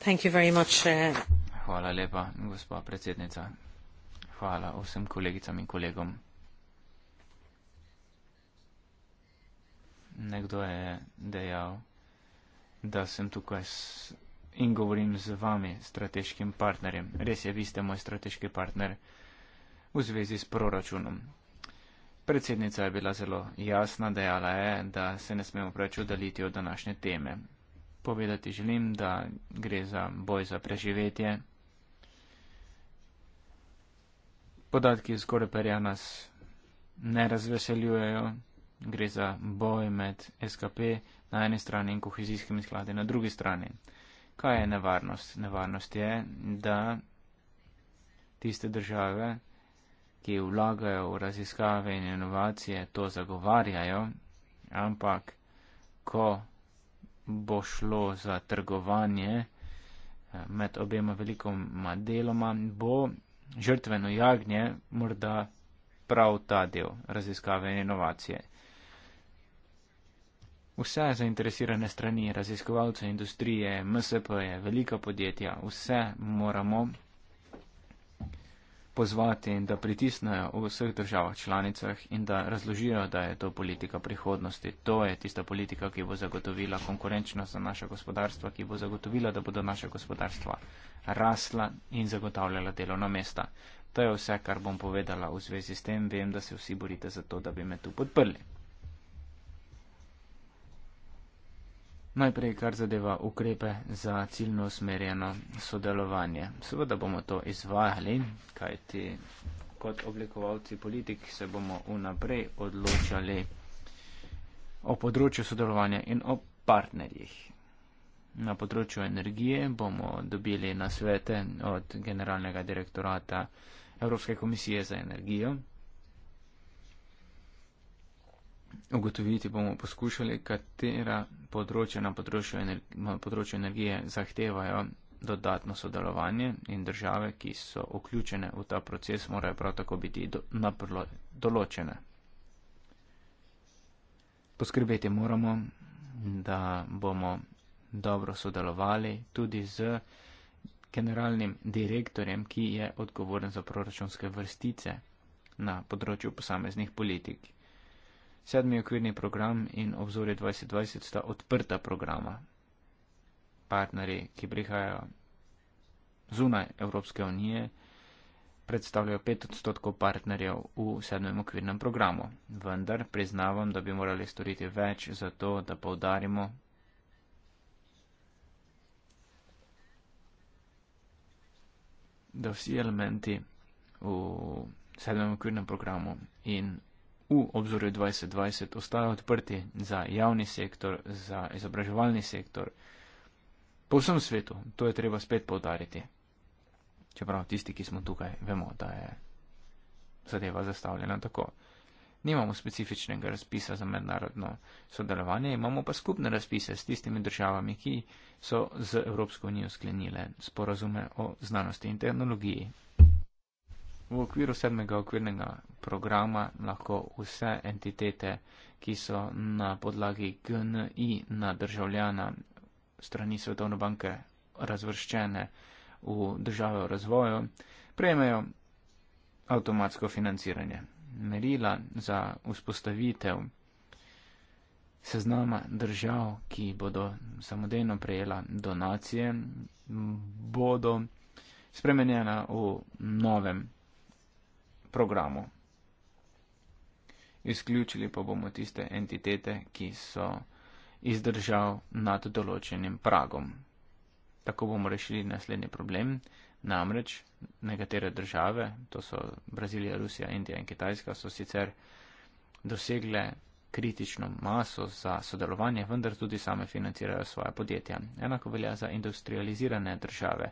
Uh, Hvala lepa, gospa predsednica. Hvala vsem kolegicam in kolegom. nekdo je dejal, da sem tukaj in govorim z vami, strateškim partnerjem. Res je, vi ste moj strateški partner v zvezi s proračunom. Predsednica je bila zelo jasna, dejala je, da se ne smemo preveč oddaliti od današnje teme. Povedati želim, da gre za boj za preživetje. Podatki iz Koreperja nas ne razveseljujejo gre za boj med SKP na eni strani in kohezijskimi skladi na drugi strani. Kaj je nevarnost? Nevarnost je, da tiste države, ki vlagajo v raziskave in inovacije, to zagovarjajo, ampak ko bo šlo za trgovanje eh, med obema velikoma deloma, bo žrtveno jagnje morda prav ta del raziskave in inovacije. Vse zainteresirane strani, raziskovalce, industrije, MSP, velika podjetja, vse moramo pozvati in da pritisnejo v vseh državah članicah in da razložijo, da je to politika prihodnosti. To je tista politika, ki bo zagotovila konkurenčnost za naše gospodarstvo, ki bo zagotovila, da bodo naše gospodarstva rasla in zagotavljala delovna mesta. To je vse, kar bom povedala v zvezi s tem. Vem, da se vsi borite za to, da bi me tu podprli. najprej kar zadeva ukrepe za ciljno usmerjeno sodelovanje. Seveda bomo to izvajali, kajti kot oblikovalci politik se bomo vnaprej odločali o področju sodelovanja in o partnerjih. Na področju energije bomo dobili nasvete od generalnega direktorata Evropske komisije za energijo. Ugotoviti bomo poskušali, katera področju na področju, energi, na področju energije zahtevajo dodatno sodelovanje in države, ki so vključene v ta proces, morajo prav tako biti do, naprlo, določene. Poskrbeti moramo, da bomo dobro sodelovali tudi z generalnim direktorjem, ki je odgovoren za proračunske vrstice na področju posameznih politik sedmi okvirni program in obzorje 2020 sta odprta programa. Partnerji, ki prihajajo zunaj Evropske unije, predstavljajo 5 odstotkov partnerjev v sedmem okvirnem programu. Vendar priznavam, da bi morali storiti več za to, da povdarimo, da vsi elementi v sedmem okvirnem programu in v obzorju 2020 ostajajo odprti za javni sektor, za izobraževalni sektor. Po vsem svetu, to je treba spet povdariti. Čeprav tisti, ki smo tukaj, vemo, da je zadeva zastavljena tako. Nimamo specifičnega razpisa za mednarodno sodelovanje, imamo pa skupne razpise s tistimi državami, ki so z Evropsko unijo sklenile sporazume o znanosti in tehnologiji. V okviru sedmega okvirnega programa lahko vse entitete, ki so na podlagi GNI na državljana strani Svetovne banke razvrščene v države v razvoju, prejmejo avtomatsko financiranje. Merila za vzpostavitev seznama držav, ki bodo samodejno prejela donacije, bodo spremenjena v novem programu. Izključili pa bomo tiste entitete, ki so izdržal nad določenim pragom. Tako bomo rešili naslednji problem, namreč nekatere države, to so Brazilija, Rusija, Indija in Kitajska, so sicer dosegle kritično maso za sodelovanje, vendar tudi same financirajo svoje podjetja. Enako velja za industrializirane države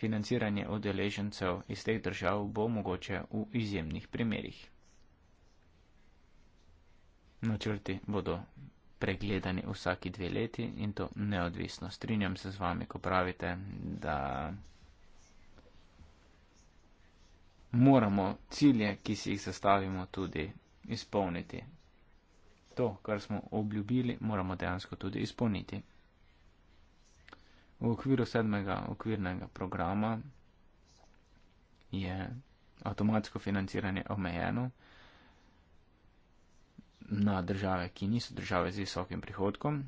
financiranje odeležencev iz teh držav bo mogoče v izjemnih primerjih. Načrti bodo pregledani vsaki dve leti in to neodvisno. Strinjam se z vami, ko pravite, da moramo cilje, ki si jih zastavimo, tudi izpolniti. To, kar smo obljubili, moramo dejansko tudi izpolniti. V okviru sedmega okvirnega programa je avtomatsko financiranje omejeno na države, ki niso države z visokim prihodkom.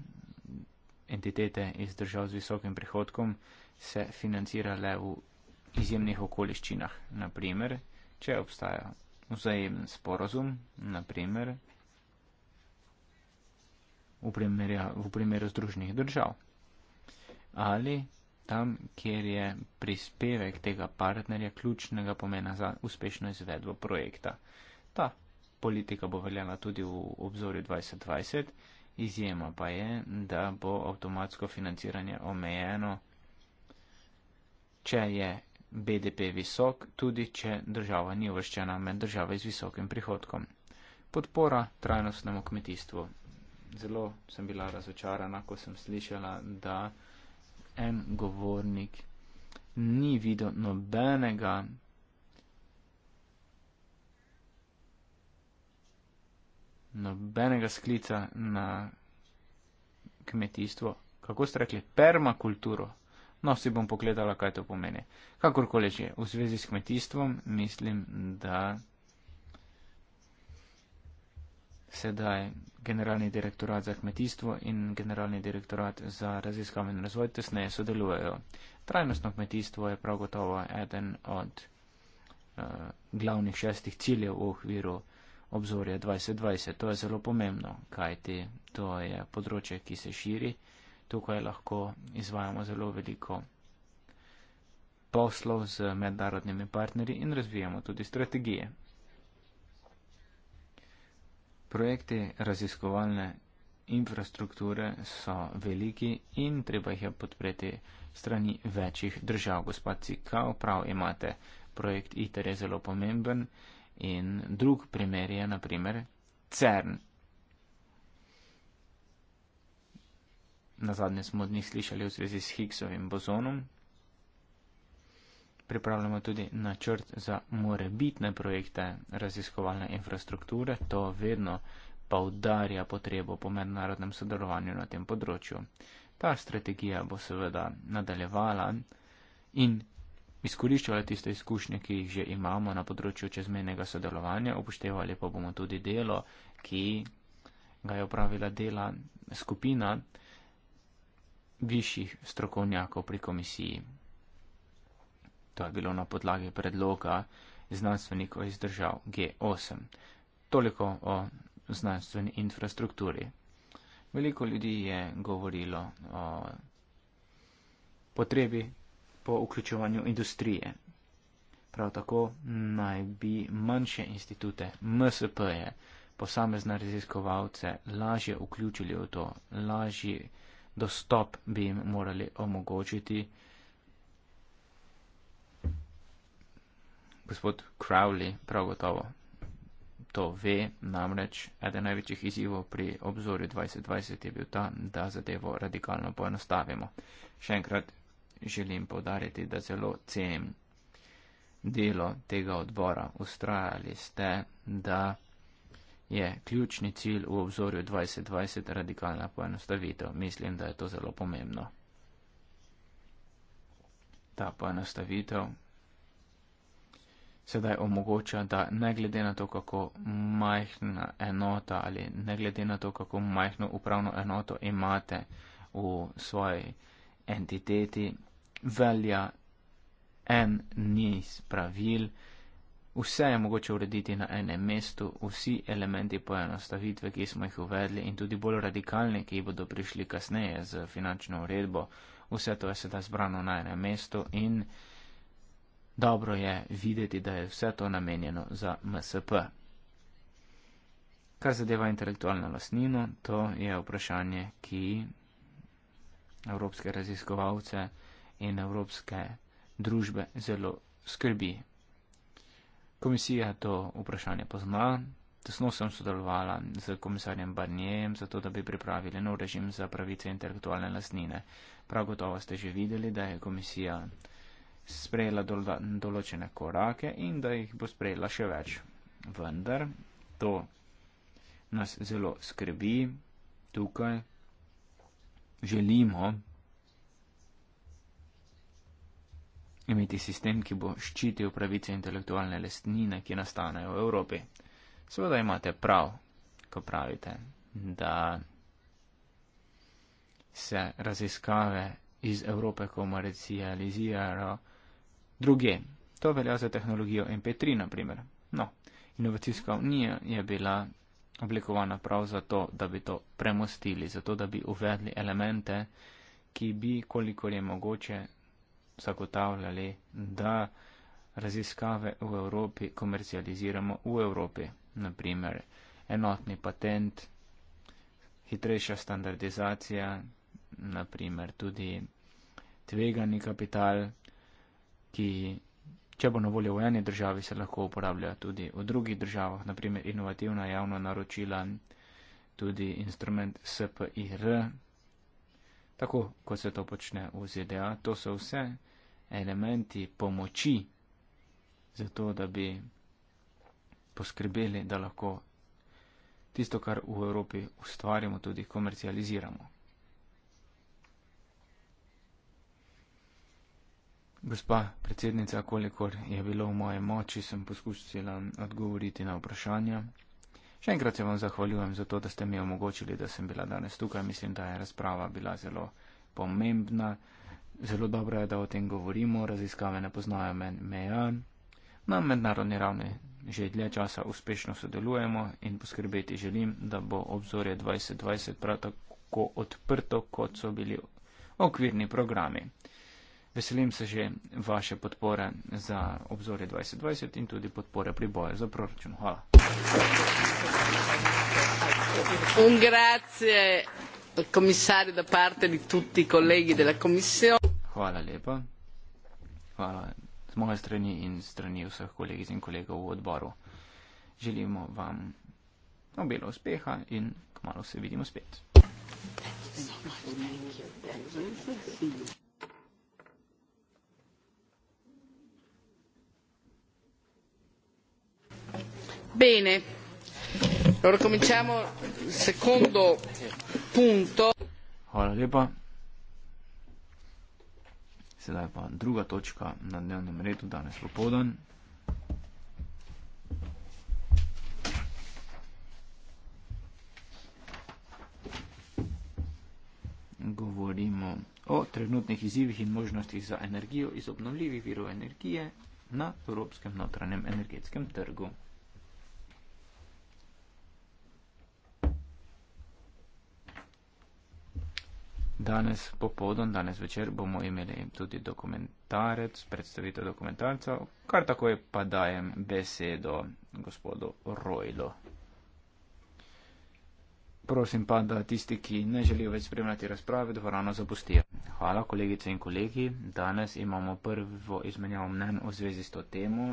Entitete iz držav z visokim prihodkom se financira le v izjemnih okoliščinah, naprimer, če obstaja vzajemen sporozum, naprimer, v primeru, v primeru združnih držav ali tam, kjer je prispevek tega partnerja ključnega pomena za uspešno izvedbo projekta. Ta politika bo veljala tudi v obzorju 2020, izjema pa je, da bo avtomatsko financiranje omejeno, če je BDP visok, tudi če država ni uvrščena med države z visokim prihodkom. Podpora trajnostnemu kmetijstvu. Zelo sem bila razočarana, ko sem slišala, da en govornik ni videl nobenega nobenega sklica na kmetijstvo. Kako ste rekli? Permakulturo. No, si bom pogledala, kaj to pomeni. Kakorkoli že, v zvezi s kmetijstvom mislim, da sedaj generalni direktorat za kmetijstvo in generalni direktorat za raziskav in razvoj tesneje sodelujejo. Trajnostno kmetijstvo je prav gotovo eden od uh, glavnih šestih ciljev v okviru obzorja 2020. To je zelo pomembno, kajti to je področje, ki se širi. Tukaj lahko izvajamo zelo veliko poslov z mednarodnimi partnerji in razvijamo tudi strategije. Projekti raziskovalne infrastrukture so veliki in treba jih je podpreti strani večjih držav. Gospod Cikav, prav imate, projekt ITER je zelo pomemben in drug primer je naprimer CERN. Na zadnje smo od njih slišali v zvezi s Higgsovim bozonom, pripravljamo tudi načrt za morebitne projekte raziskovalne infrastrukture. To vedno pa udarja potrebo po mednarodnem sodelovanju na tem področju. Ta strategija bo seveda nadaljevala in izkoriščala tiste izkušnje, ki jih že imamo na področju čezmenjega sodelovanja, upoštevali pa bomo tudi delo, ki ga je upravila dela skupina višjih strokovnjakov pri komisiji. To je bilo na podlagi predloga znanstvenikov iz držav G8. Toliko o znanstveni infrastrukturi. Veliko ljudi je govorilo o potrebi po vključevanju industrije. Prav tako naj bi manjše institute, MSP-je, posamezne raziskovalce lažje vključili v to, lažji dostop bi jim morali omogočiti. gospod Crowley prav gotovo to ve, namreč eden največjih izzivov pri obzorju 2020 je bil ta, da zadevo radikalno poenostavimo. Še enkrat želim povdariti, da zelo cenim delo tega odbora. Ustrajali ste, da je ključni cilj v obzorju 2020 radikalna poenostavitev. Mislim, da je to zelo pomembno. Ta poenostavitev sedaj omogoča, da ne glede na to, kako majhna enota ali ne glede na to, kako majhno upravno enoto imate v svoji entiteti, velja en niz pravil, vse je mogoče urediti na enem mestu, vsi elementi poenostavitve, ki smo jih uvedli in tudi bolj radikalni, ki bodo prišli kasneje z finančno uredbo, vse to je sedaj zbrano na enem mestu in Dobro je videti, da je vse to namenjeno za MSP. Kar zadeva intelektualno lasnino, to je vprašanje, ki evropske raziskovalce in evropske družbe zelo skrbi. Komisija to vprašanje pozna, tesno sem sodelovala z komisarjem Barnjem, zato da bi pripravili nov režim za pravice intelektualne lasnine. Prav gotovo ste že videli, da je komisija sprejela dola, določene korake in da jih bo sprejela še več. Vendar to nas zelo skrbi tukaj. Želimo imeti sistem, ki bo ščitil pravice intelektualne lastnine, ki nastanejo v Evropi. Seveda imate prav, ko pravite, da se raziskave iz Evrope komercializirajo druge. To velja za tehnologijo MP3, naprimer. No, inovacijska unija je bila oblikovana prav zato, da bi to premostili, zato da bi uvedli elemente, ki bi, kolikor je mogoče, zagotavljali, da raziskave v Evropi komercializiramo v Evropi. Naprimer, enotni patent, hitrejša standardizacija, naprimer tudi tvegani kapital, ki, če bo na voljo v eni državi, se lahko uporablja tudi v drugih državah, naprimer inovativna javna naročila, tudi instrument SPIR, tako kot se to počne v ZDA. To so vse elementi pomoči za to, da bi poskrbeli, da lahko tisto, kar v Evropi ustvarjamo, tudi komercializiramo. Gospa predsednica, kolikor je bilo v moje moči, sem poskušala odgovoriti na vprašanja. Še enkrat se vam zahvaljujem za to, da ste mi omogočili, da sem bila danes tukaj. Mislim, da je razprava bila zelo pomembna. Zelo dobro je, da o tem govorimo. Raziskave ne poznajo men meja. Na mednarodni ravni že dlje časa uspešno sodelujemo in poskrbeti želim, da bo obzorje 2020 prav tako odprto, kot so bili okvirni programi. Veselim se že vaše podpore za obzorje 2020 in tudi podpore pri boju za proračun. Hvala. Hvala lepa. Hvala z moje strani in strani vseh kolegic in kolegov v odboru. Želimo vam obilo uspeha in k malo se vidimo spet. Thank you. Thank you. Thank you. bene allora cominciamo il secondo punto hvala lepa sedaj pa druga točka na dnevnem redu danes popoldan govorimo o trenutnih izzivih in možnostih za energijo iz obnovljivih virov energije na evropskem notranjem energetskem trgu. Danes popoldan, danes večer bomo imeli tudi dokumentarec, predstavitev dokumentarca, kar takoj pa dajem besedo gospodu Rojlu. Prosim pa, da tisti, ki ne želijo več spremljati razprave, dvorano zapustijo. Hvala, kolegice in kolegi. Danes imamo prvo izmenjavo mnen v zvezi s to temo.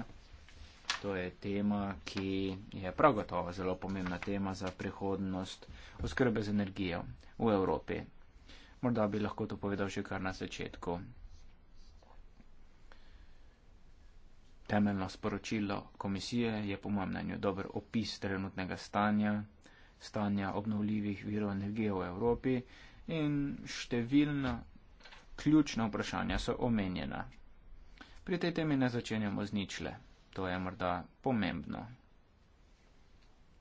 To je tema, ki je prav gotovo zelo pomembna tema za prihodnost oskrbe z energijo v Evropi. Morda bi lahko to povedal že kar na začetku. Temeljno sporočilo komisije je po mojem mnenju dober opis trenutnega stanja, stanja obnovljivih virov energije v Evropi in številna ključna vprašanja so omenjena. Pri tej temi ne začenjamo z ničle, to je morda pomembno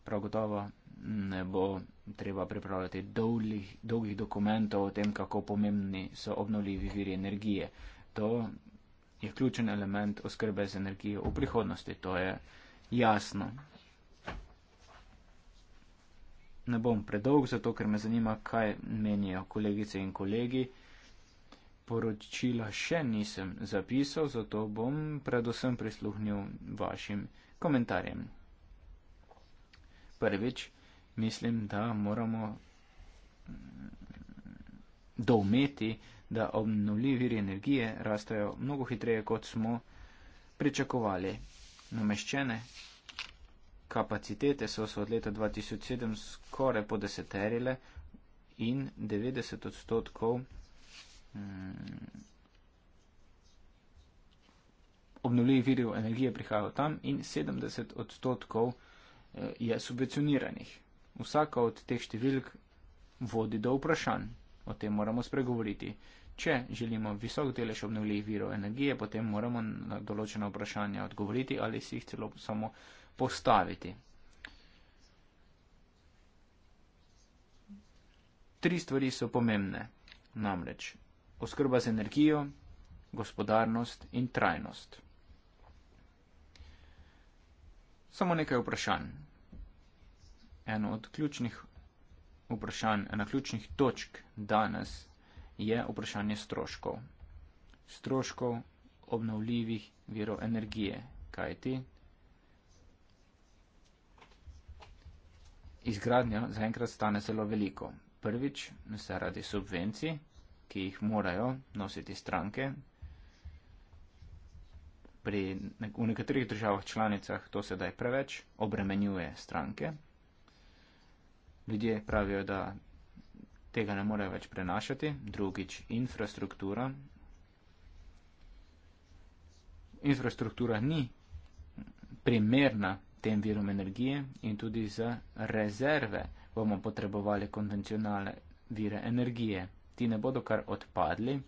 prav gotovo ne bo treba pripravljati dolgih, dolgih dokumentov o tem, kako pomembni so obnovljivi viri energije. To je ključen element oskrbe z energijo v prihodnosti, to je jasno. Ne bom predolg, zato ker me zanima, kaj menijo kolegice in kolegi. Poročila še nisem zapisal, zato bom predvsem prisluhnil vašim komentarjem prvič, mislim, da moramo mm, doumeti, da obnovljivi viri energije rastejo mnogo hitreje, kot smo pričakovali. Nameščene kapacitete so se od leta 2007 skoraj podeseterile in 90 odstotkov mm, obnovljivih virov energije prihajajo tam in 70 odstotkov Eh, je subvencioniranih. Vsaka od teh številk vodi do vprašanj. O tem moramo spregovoriti. Če želimo visok delež obnovljivih virov energije, potem moramo na določena vprašanja odgovoriti ali si jih celo samo postaviti. Tri stvari so pomembne, namreč oskrba z energijo, gospodarnost in trajnost samo nekaj vprašanj. Eno od ključnih vprašanj, ena ključnih točk danes je vprašanje stroškov. Stroškov obnovljivih virov energije. Kaj ti? Izgradnja zaenkrat stane zelo veliko. Prvič, zaradi subvencij, ki jih morajo nositi stranke, pri v nekaterih državah članicah to sedaj preveč obremenjuje stranke. Ljudje pravijo, da tega ne morejo več prenašati. Drugič, infrastruktura. Infrastruktura ni primerna tem virom energije in tudi za rezerve bomo potrebovali konvencionalne vire energije. Ti ne bodo kar odpadli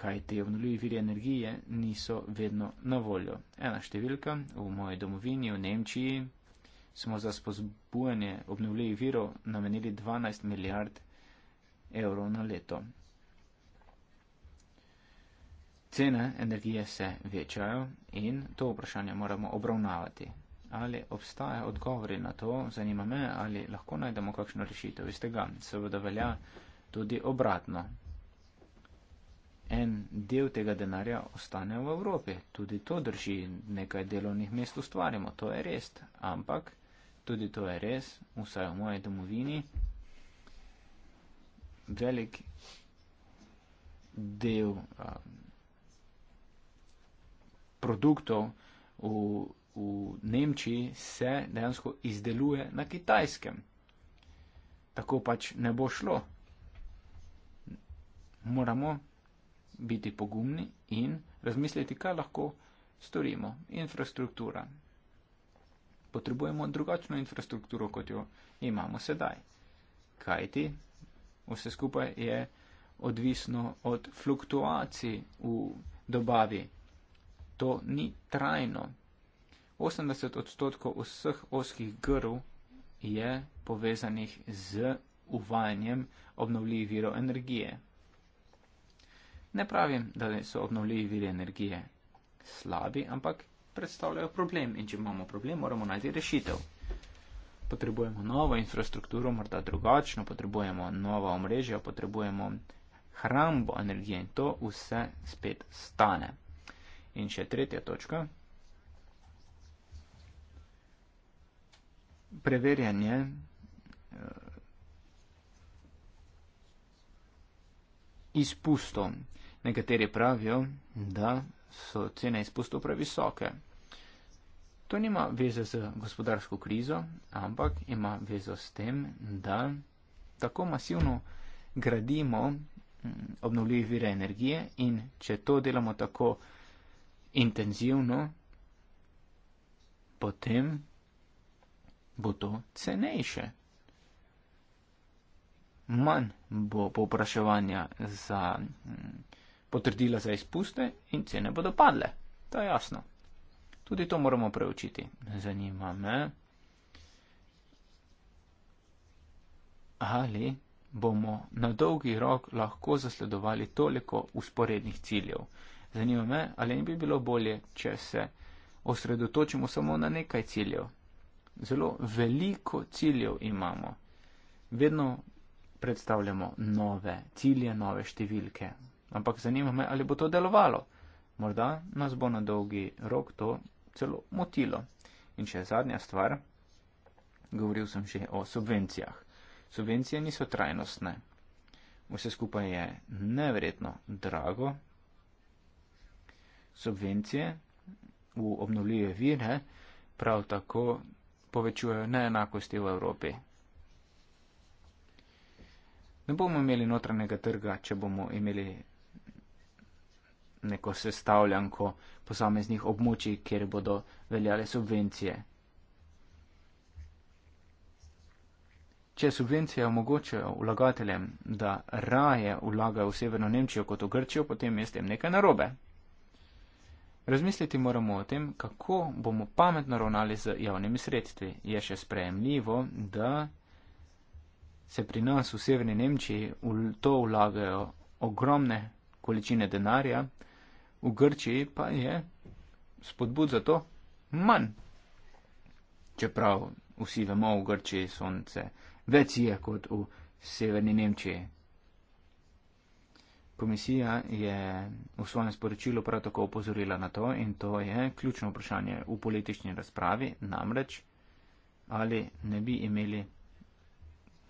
kaj te obnovljivi viri energije niso vedno na voljo. Ena številka v moji domovini v Nemčiji smo za spozbujanje obnovljivih virov namenili 12 milijard evrov na leto. Cene energije se večajo in to vprašanje moramo obravnavati. Ali obstaja odgovori na to, zanima me, ali lahko najdemo kakšno rešitev iz tega. Seveda velja tudi obratno en del tega denarja ostane v Evropi. Tudi to drži, nekaj delovnih mest ustvarjamo, to je res. Ampak tudi to je res, vsaj v moji domovini, velik del um, produktov v, v Nemčiji se dejansko izdeluje na kitajskem. Tako pač ne bo šlo. Moramo biti pogumni in razmisliti, kaj lahko storimo. Infrastruktura. Potrebujemo drugačno infrastrukturo, kot jo imamo sedaj. Kaj ti? Vse skupaj je odvisno od fluktuacij v dobavi. To ni trajno. 80 odstotkov vseh oskih grl je povezanih z uvajanjem obnovljivih virov energije. Ne pravim, da so obnovljivi viri energije slabi, ampak predstavljajo problem in če imamo problem, moramo najti rešitev. Potrebujemo novo infrastrukturo, morda drugačno, potrebujemo nova omrežja, potrebujemo hrambo energije in to vse spet stane. In še tretja točka. Preverjanje. Eh, Izpustom. Nekateri pravijo, da so cene izpustov previsoke. To nima veze z gospodarsko krizo, ampak ima vezo s tem, da tako masivno gradimo mm, obnovljive vire energije in če to delamo tako intenzivno, potem bo to cenejše. Manj bo popraševanja za. Hm, potrdila za izpuste in cene bodo padle. To je jasno. Tudi to moramo preučiti. Zanima me, ali bomo na dolgi rok lahko zasledovali toliko usporednih ciljev. Zanima me, ali ne bi bilo bolje, če se osredotočimo samo na nekaj ciljev. Zelo veliko ciljev imamo. Vedno predstavljamo nove cilje, nove številke, ampak zanima me, ali bo to delovalo. Morda nas bo na dolgi rok to celo motilo. In še zadnja stvar, govoril sem že o subvencijah. Subvencije niso trajnostne. Vse skupaj je neverjetno drago. Subvencije v obnovljive vire prav tako povečujejo neenakosti v Evropi. Ne bomo imeli notranjega trga, če bomo imeli neko sestavljanko posameznih območij, kjer bodo veljale subvencije. Če subvencije omogočajo vlagateljem, da raje vlagajo v Severno Nemčijo kot v Grčijo, potem je s tem nekaj narobe. Razmisliti moramo o tem, kako bomo pametno ravnali z javnimi sredstvi. Je še sprejemljivo, da se pri nas v Severni Nemčiji v to vlagajo ogromne količine denarja, v Grčiji pa je spodbud za to manj. Čeprav vsi vemo, v Grčiji sonce več je kot v severni Nemčiji. Komisija je v svojem sporočilu prav tako upozorila na to in to je ključno vprašanje v politični razpravi, namreč ali ne bi imeli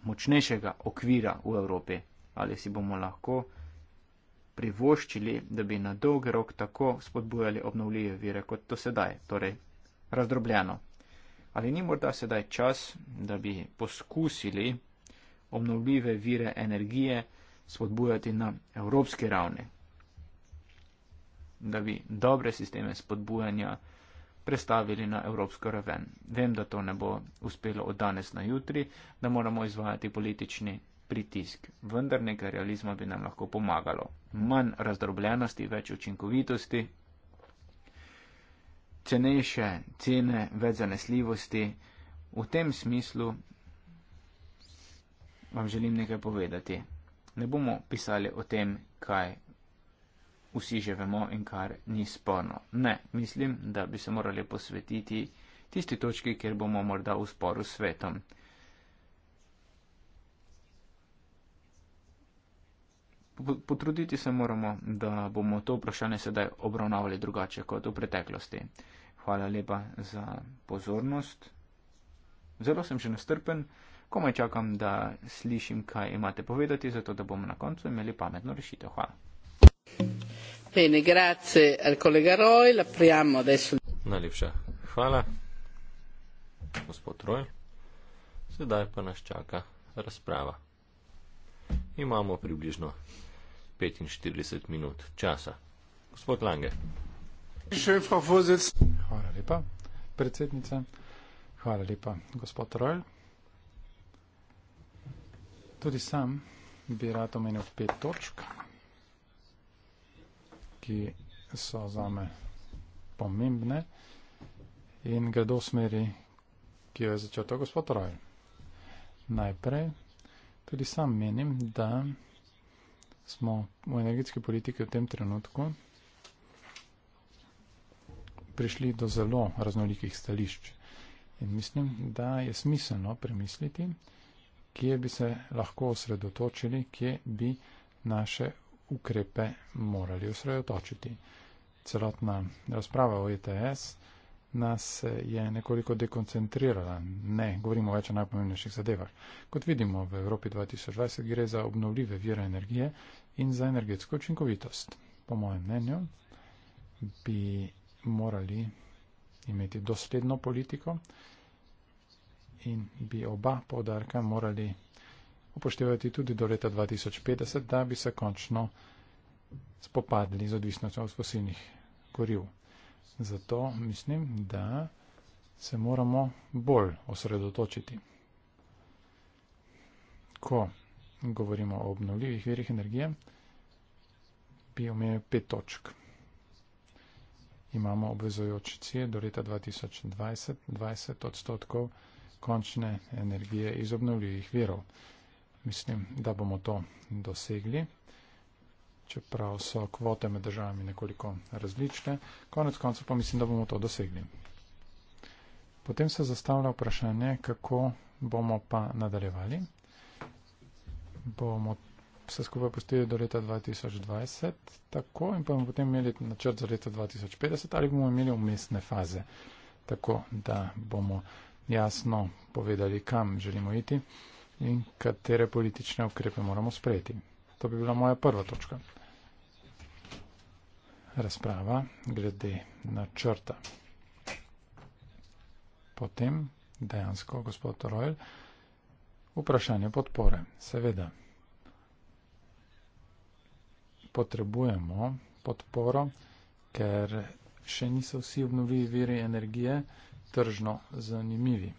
močnejšega okvira v Evropi, ali si bomo lahko privoščili, da bi na dolg rok tako spodbujali obnovljive vire kot to sedaj, torej razdrobljeno. Ali ni morda sedaj čas, da bi poskusili obnovljive vire energije spodbujati na evropski ravni? Da bi dobre sisteme spodbujanja prestavili na evropsko raven. Vem, da to ne bo uspelo od danes na jutri, da moramo izvajati politični pritisk. Vendar nekaj realizma bi nam lahko pomagalo. Manj razdrobljenosti, več učinkovitosti, cenejše cene, več zanesljivosti. V tem smislu vam želim nekaj povedati. Ne bomo pisali o tem, kaj vsi že vemo in kar ni sporno. Ne, mislim, da bi se morali posvetiti tisti točki, kjer bomo morda v sporu s svetom. potruditi se moramo, da bomo to vprašanje sedaj obravnavali drugače kot v preteklosti. Hvala lepa za pozornost. Zelo sem že nestrpen, komaj čakam, da slišim, kaj imate povedati, zato da bomo na koncu imeli pametno rešitev. Hvala. Bene, grazie al collega Roy, apriamo adesso. Najlepša hvala, gospod Roy. Sedaj pa nas čaka razprava. Imamo približno 45 minut časa. Gospod Lange. Hvala lepa, predsednica. Hvala lepa, gospod Rojl. Tudi sam bi rad omenil pet točk, ki so za me pomembne in gredo v smeri, ki jo je začel to gospod Rojl. Najprej tudi sam menim, da smo v energetski politiki v tem trenutku prišli do zelo raznolikih stališč. In mislim, da je smiselno premisliti, kje bi se lahko osredotočili, kje bi naše ukrepe morali osredotočiti. Celotna razprava o ETS nas je nekoliko dekoncentrirala. Ne, govorimo več o najpomembnejših zadevah. Kot vidimo, v Evropi 2020 gre za obnovljive vire energije, in za energetsko učinkovitost. Po mojem mnenju bi morali imeti dosledno politiko in bi oba povdarka morali upoštevati tudi do leta 2050, da bi se končno spopadli z odvisnostjo od fosilnih goriv. Zato mislim, da se moramo bolj osredotočiti. Ko govorimo o obnovljivih verjih energije, bi omenil pet točk. Imamo obvezojoči cilj do leta 2020 20 odstotkov končne energije iz obnovljivih verov. Mislim, da bomo to dosegli, čeprav so kvote med državami nekoliko različne, konec konca pa mislim, da bomo to dosegli. Potem se zastavlja vprašanje, kako bomo pa nadaljevali bomo vse skupaj pustili do leta 2020, tako in pa bomo potem imeli načrt za leto 2050 ali bomo imeli umestne faze, tako da bomo jasno povedali, kam želimo iti in katere politične ukrepe moramo sprejeti. To bi bila moja prva točka. Razprava glede načrta. Potem dejansko gospod Rojl. Vprašanje podpore. Seveda, potrebujemo podporo, ker še niso vsi obnovljivi viri energije tržno zanimivi.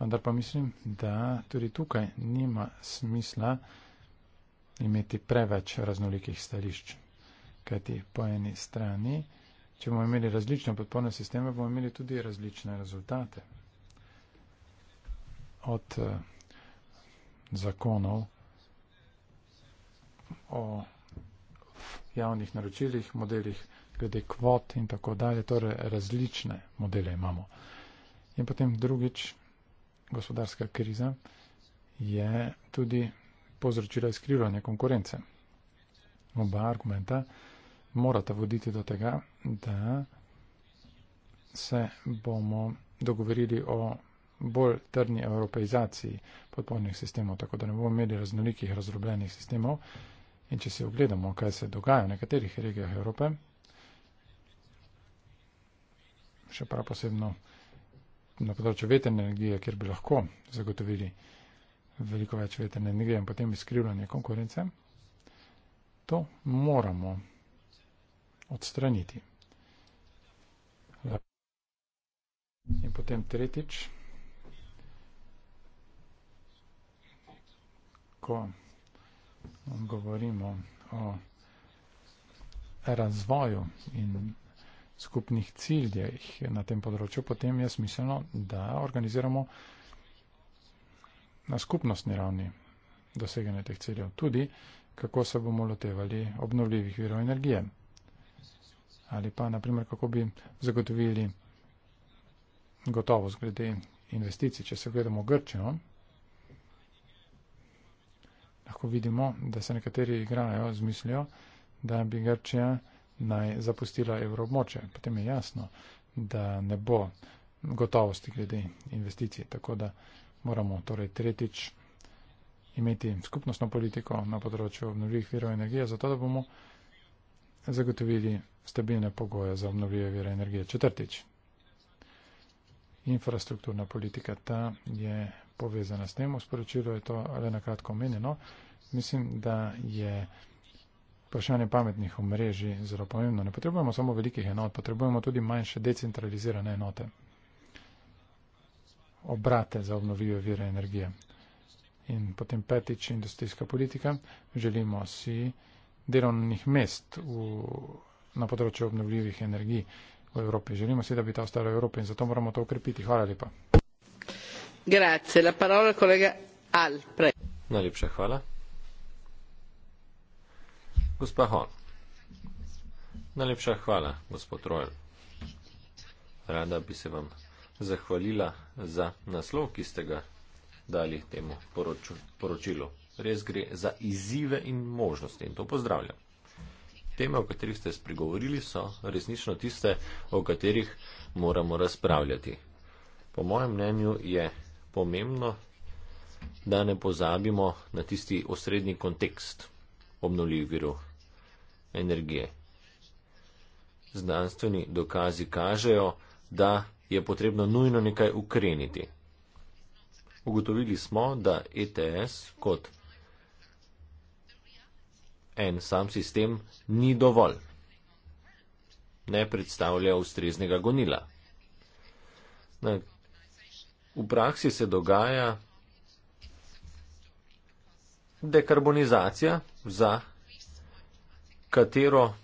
Vendar pa mislim, da tudi tukaj nima smisla imeti preveč raznolikih stališč. Kajti po eni strani, če bomo imeli različne podporne sisteme, bomo imeli tudi različne rezultate od eh, zakonov o javnih naročilih, modelih glede kvot in tako dalje. Torej različne modele imamo. In potem drugič, gospodarska kriza je tudi povzročila izkrivljanje konkurence. Oba argumenta morata voditi do tega, da se bomo dogovorili o bolj trdni evropeizaciji podpornih sistemov, tako da ne bomo imeli raznolikih razdrobljenih sistemov. In če si ogledamo, kaj se dogaja v nekaterih regijah Evrope, še prav posebno na področju veterne energije, kjer bi lahko zagotovili veliko več veterne energije in potem izkrivljanje konkurence, to moramo odstraniti. In potem tretjič. ko govorimo o razvoju in skupnih ciljih na tem področju, potem je smiselno, da organiziramo na skupnostni ravni doseganje teh ciljev. Tudi, kako se bomo lotevali obnovljivih virov energije. Ali pa, naprimer, kako bi zagotovili gotovost glede investicij. Če se gledamo Grčijo, no? lahko vidimo, da se nekateri igrajo z mislijo, da bi Grčija naj zapustila evroobmoče. Potem je jasno, da ne bo gotovosti glede investicij. Tako da moramo torej tretjič imeti skupnostno politiko na področju obnovljivih virov energije, zato da bomo zagotovili stabilne pogoje za obnovljive vire energije. Četrtič. Infrastrukturna politika ta je povezana s tem. V sporočilu je to le na kratko omenjeno. Mislim, da je vprašanje pametnih omrežij zelo pomembno. Ne potrebujemo samo velikih enot, potrebujemo tudi manjše decentralizirane enote, obrate za obnovljive vire energije. In potem petič, industrijska politika. Želimo si delovnih mest v, na področju obnovljivih energij v Evropi. Želimo si, da bi ta ostala v Evropi in zato moramo to ukrepiti. Hvala lepa. Najlepša hvala. Gospa Hon. Najlepša hvala, gospod Rojl. Rada bi se vam zahvalila za naslov, ki ste ga dali temu poroču, poročilu. Res gre za izzive in možnosti in to pozdravljam. Teme, o katerih ste spregovorili, so resnično tiste, o katerih moramo razpravljati. Po mojem mnenju je pomembno, da ne pozabimo na tisti osrednji kontekst obnovljivih virov energije. Znanstveni dokazi kažejo, da je potrebno nujno nekaj ukreniti. Ugotovili smo, da ETS kot en sam sistem ni dovolj. Ne predstavlja ustreznega gonila. Na V praksi se dogaja dekarbonizacija, za katero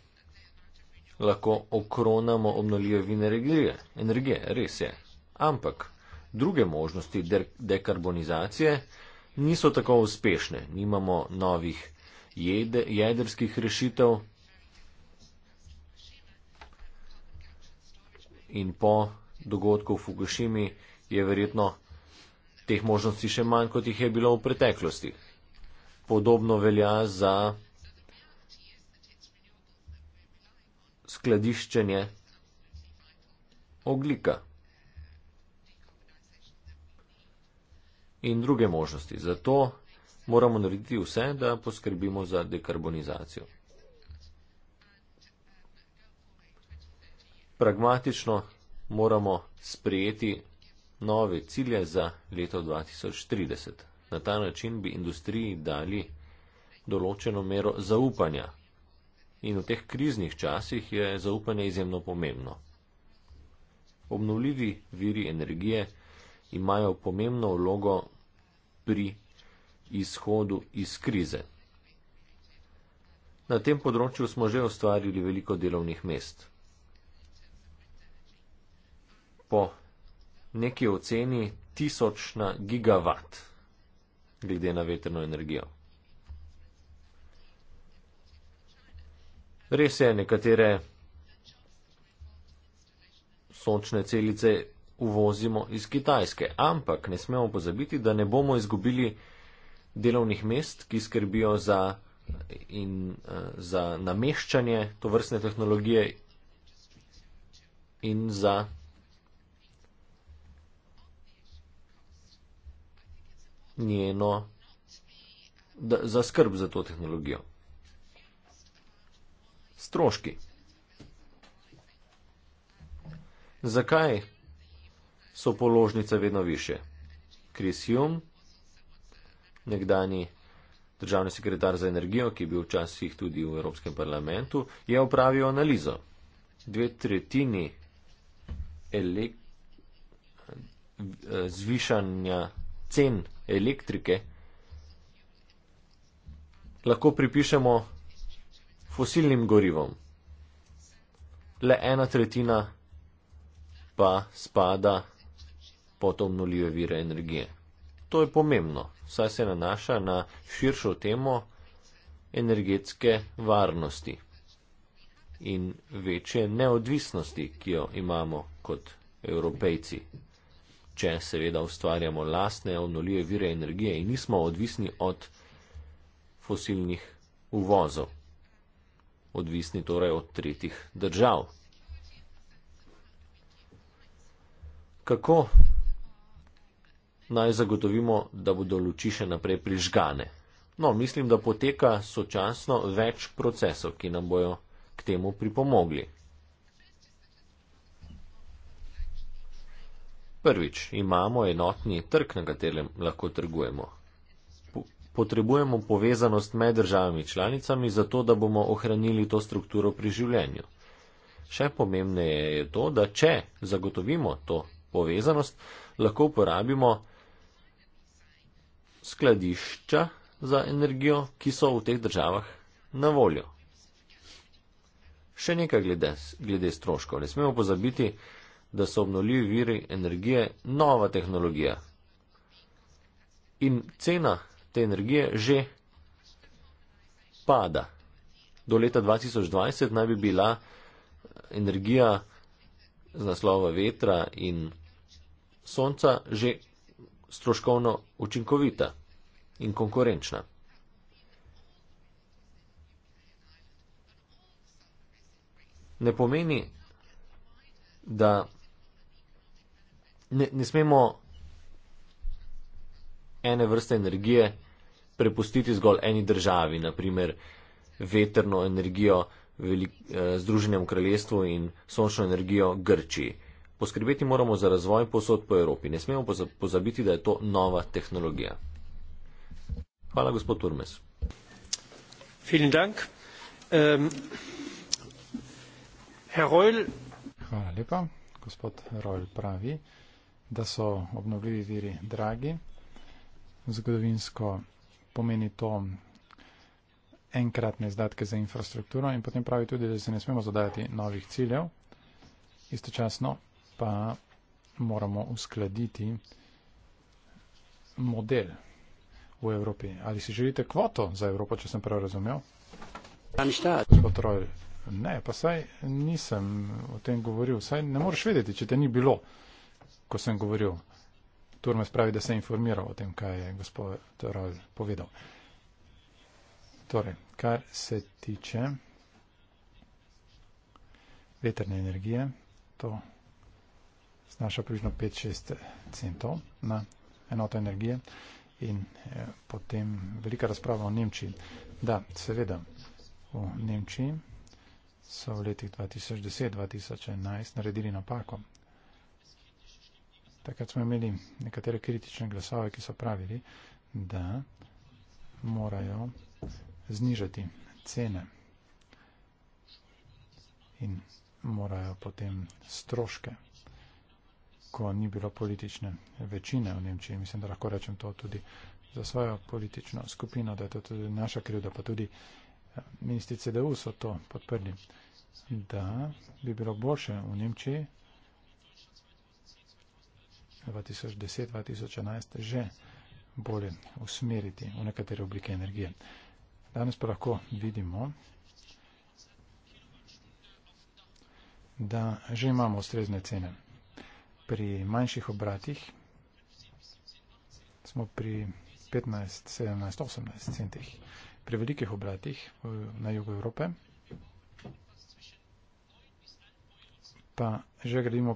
lahko okronamo obnoljive vine energije. energije. Res je. Ampak druge možnosti de dekarbonizacije niso tako uspešne. Nimamo novih jede, jedrskih rešitev in po dogodku v Fukushimi je verjetno teh možnosti še manj, kot jih je bilo v preteklosti. Podobno velja za skladiščenje oglika in druge možnosti. Zato moramo narediti vse, da poskrbimo za dekarbonizacijo. Pragmatično moramo sprejeti nove cilje za leto 2030. Na ta način bi industriji dali določeno mero zaupanja. In v teh kriznih časih je zaupanje izjemno pomembno. Obnovljivi viri energije imajo pomembno vlogo pri izhodu iz krize. Na tem področju smo že ustvarili veliko delovnih mest. Po neki oceni tisoč na gigavat, glede na veterno energijo. Res je, nekatere sončne celice uvozimo iz Kitajske, ampak ne smemo pozabiti, da ne bomo izgubili delovnih mest, ki skrbijo za, in, eh, za nameščanje tovrstne tehnologije in za njeno da, za skrb za to tehnologijo. Stroški. Zakaj so položnice vedno više? Chris Hume, nekdani državni sekretar za energijo, ki je bil včasih tudi v Evropskem parlamentu, je upravil analizo. Dve tretjini elektronike zvišanja cen elektrike, lahko pripišemo fosilnim gorivom. Le ena tretjina pa spada pod obnuljive vire energije. To je pomembno, saj se nanaša na širšo temo energetske varnosti in večje neodvisnosti, ki jo imamo kot evropejci če seveda ustvarjamo lastne obnoljive vire energije in nismo odvisni od fosilnih uvozov, odvisni torej od tretjih držav. Kako naj zagotovimo, da bodo luči še naprej prižgane? No, mislim, da poteka sočasno več procesov, ki nam bojo k temu pripomogli. Prvič, imamo enotni trg, na katerem lahko trgujemo. Potrebujemo povezanost med državami članicami, zato da bomo ohranili to strukturo pri življenju. Še pomembneje je to, da če zagotovimo to povezanost, lahko uporabimo skladišča za energijo, ki so v teh državah na voljo. Še nekaj glede, glede stroškov. Ne smemo pozabiti, da so obnovljivi viri energije nova tehnologija. In cena te energije že pada. Do leta 2020 naj bi bila eh, energija z naslova vetra in sonca že stroškovno učinkovita in konkurenčna. Ne pomeni, da ne, ne smemo ene vrste energije prepustiti zgolj eni državi, naprimer veterno energijo velik, eh, Združenem kraljestvu in sončno energijo Grčiji. Poskrbeti moramo za razvoj posod po Evropi. Ne smemo pozabiti, da je to nova tehnologija. Hvala, gospod Turmes. Dank. Um, Herr Reul. Hvala lepa. Gospod Rojl pravi, da so obnovljivi viri dragi. Zgodovinsko pomeni to enkratne izdatke za infrastrukturo in potem pravi tudi, da se ne smemo zadajati novih ciljev, istočasno pa moramo uskladiti model v Evropi. Ali si želite kvoto za Evropo, če sem prav razumel? Gospod Roj, ne, pa saj nisem o tem govoril, saj ne moreš vedeti, če te ni bilo ko sem govoril. Turmes pravi, da se je informiral o tem, kaj je gospod Torol povedal. Torej, kar se tiče veterne energije, to znaša približno 5-6 centov na enoto energije in eh, potem velika razprava o Nemčiji. Da, seveda, v Nemčiji so v letih 2010-2011 naredili napako, Takrat smo imeli nekatere kritične glasove, ki so pravili, da morajo znižati cene in morajo potem stroške, ko ni bilo politične večine v Nemčiji. Mislim, da lahko rečem to tudi za svojo politično skupino, da je to tudi naša krivda, pa tudi eh, ministrice DU so to podprli, da bi bilo boljše v Nemčiji, 2010-2011 že bolje usmeriti v nekatere oblike energije. Danes pa lahko vidimo, da že imamo ustrezne cene. Pri manjših obratih smo pri 15, 17, 18 centih. Pri velikih obratih na jugu Evrope pa že gradimo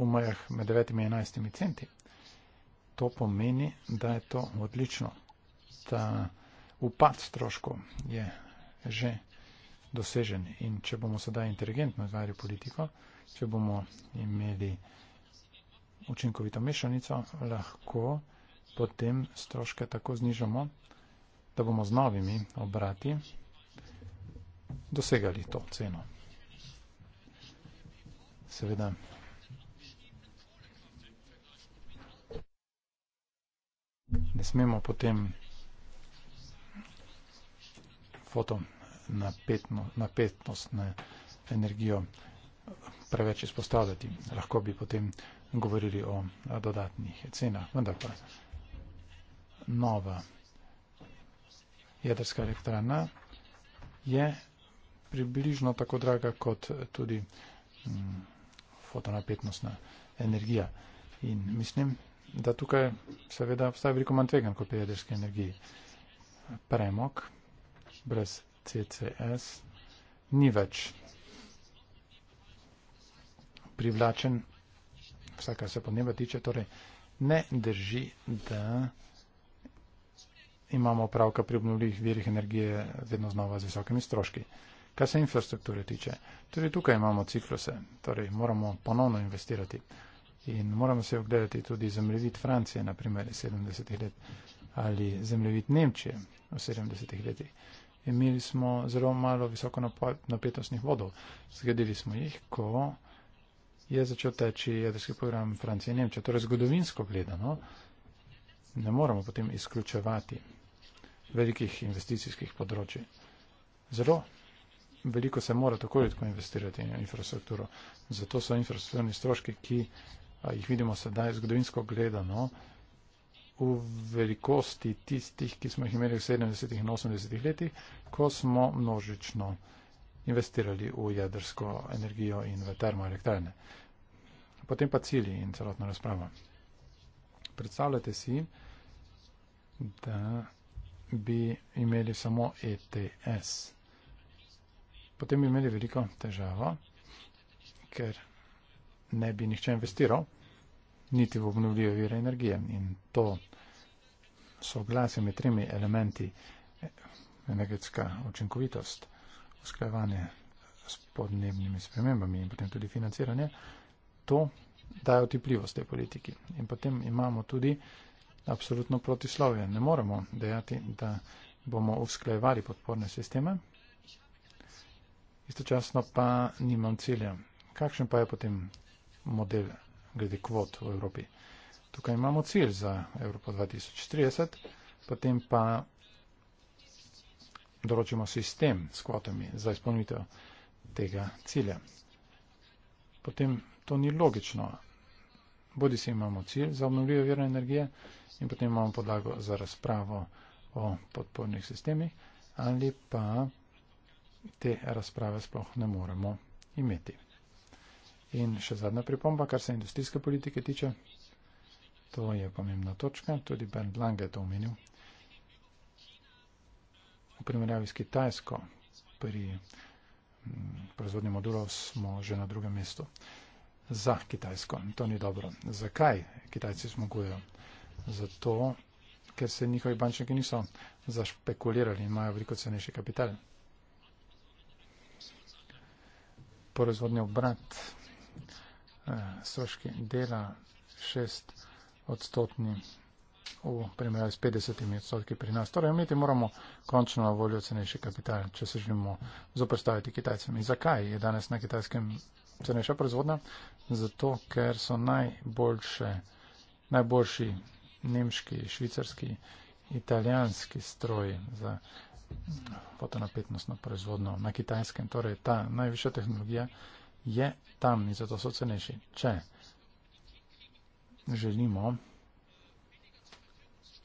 v mejah med 9 in 11 centi. To pomeni, da je to odlično. Ta upad stroškov je že dosežen in če bomo sedaj inteligentno izvajali politiko, če bomo imeli učinkovito mešanico, lahko potem stroške tako znižamo, da bomo z novimi obrati dosegali to ceno. Seveda ne smemo potem foto napetnost na energijo preveč izpostavljati. Lahko bi potem govorili o dodatnih cenah, vendar pa nova jedrska elektrana je približno tako draga kot tudi mm, fotonapetnostna energija. In mislim, da tukaj seveda obstaja veliko manj tvegan kot pri jedrski energiji. Premok brez CCS ni več privlačen, vsaj kar se podnebja tiče, torej ne drži, da imamo opravka pri obnovljivih virih energije vedno znova z visokimi stroški. Kar se infrastrukture tiče, tudi tukaj imamo cikluse, torej moramo ponovno investirati. In moramo se ogledati tudi zemljevid Francije, naprimer iz 70-ih let, ali zemljevid Nemčije v 70-ih letih. Imeli smo zelo malo visoko napetostnih vodov. Zgradili smo jih, ko je začel teči jedrski program Francije in Nemčije. Torej, zgodovinsko gledano, ne moramo potem izključevati velikih investicijskih področji. Zelo veliko se mora tako ali tako investirati v infrastrukturo. Zato so infrastrukturni stroški, ki jih vidimo sedaj zgodovinsko gledano, v velikosti tistih, ki smo jih imeli v 70. in 80. letih, ko smo množično investirali v jedrsko energijo in v termoelektrane. Potem pa cilji in celotna razprava. Predstavljate si, da bi imeli samo ETS. Potem bi imeli veliko težavo, ker ne bi nihče investiral, niti v obnovljive vire energije. In to soglasje med tremi elementi, energetska učinkovitost, usklajevanje s podnebnimi spremembami in potem tudi financiranje, to daje otipljivost tej politiki. In potem imamo tudi absolutno protislovje. Ne moremo dejati, da bomo usklajevali podporne sisteme, istočasno pa nimam cilja. Kakšen pa je potem model glede kvot v Evropi. Tukaj imamo cilj za Evropo 2030, potem pa določimo sistem s kvotami za izpolnitev tega cilja. Potem to ni logično. Bodi si imamo cilj za obnovljive vire energije in potem imamo podlago za razpravo o podpornih sistemih ali pa te razprave sploh ne moremo imeti. In še zadnja pripomba, kar se industrijske politike tiče, to je pomembna točka, tudi Bernd Lange je to omenil. V primerjavi s Kitajsko pri mm, proizvodnji modulov smo že na drugem mestu. Za Kitajsko. To ni dobro. Zakaj Kitajci zmagujejo? Zato, ker se njihovi bančniki niso zašpekulirali in imajo veliko cenejši kapital. Proizvodni obrat Eh, stroški dela 6 odstotni v primerjavi s 50 odstotki pri nas. Torej, imeti moramo končno na voljo cenejši kapital, če se želimo zoprstaviti Kitajcem. In zakaj je danes na kitajskem cenejša proizvodna? Zato, ker so najboljše, najboljši nemški, švicarski, italijanski stroji za fotonapetnostno proizvodno na kitajskem. Torej, ta najvišja tehnologija je tam in zato so cenejši. Če želimo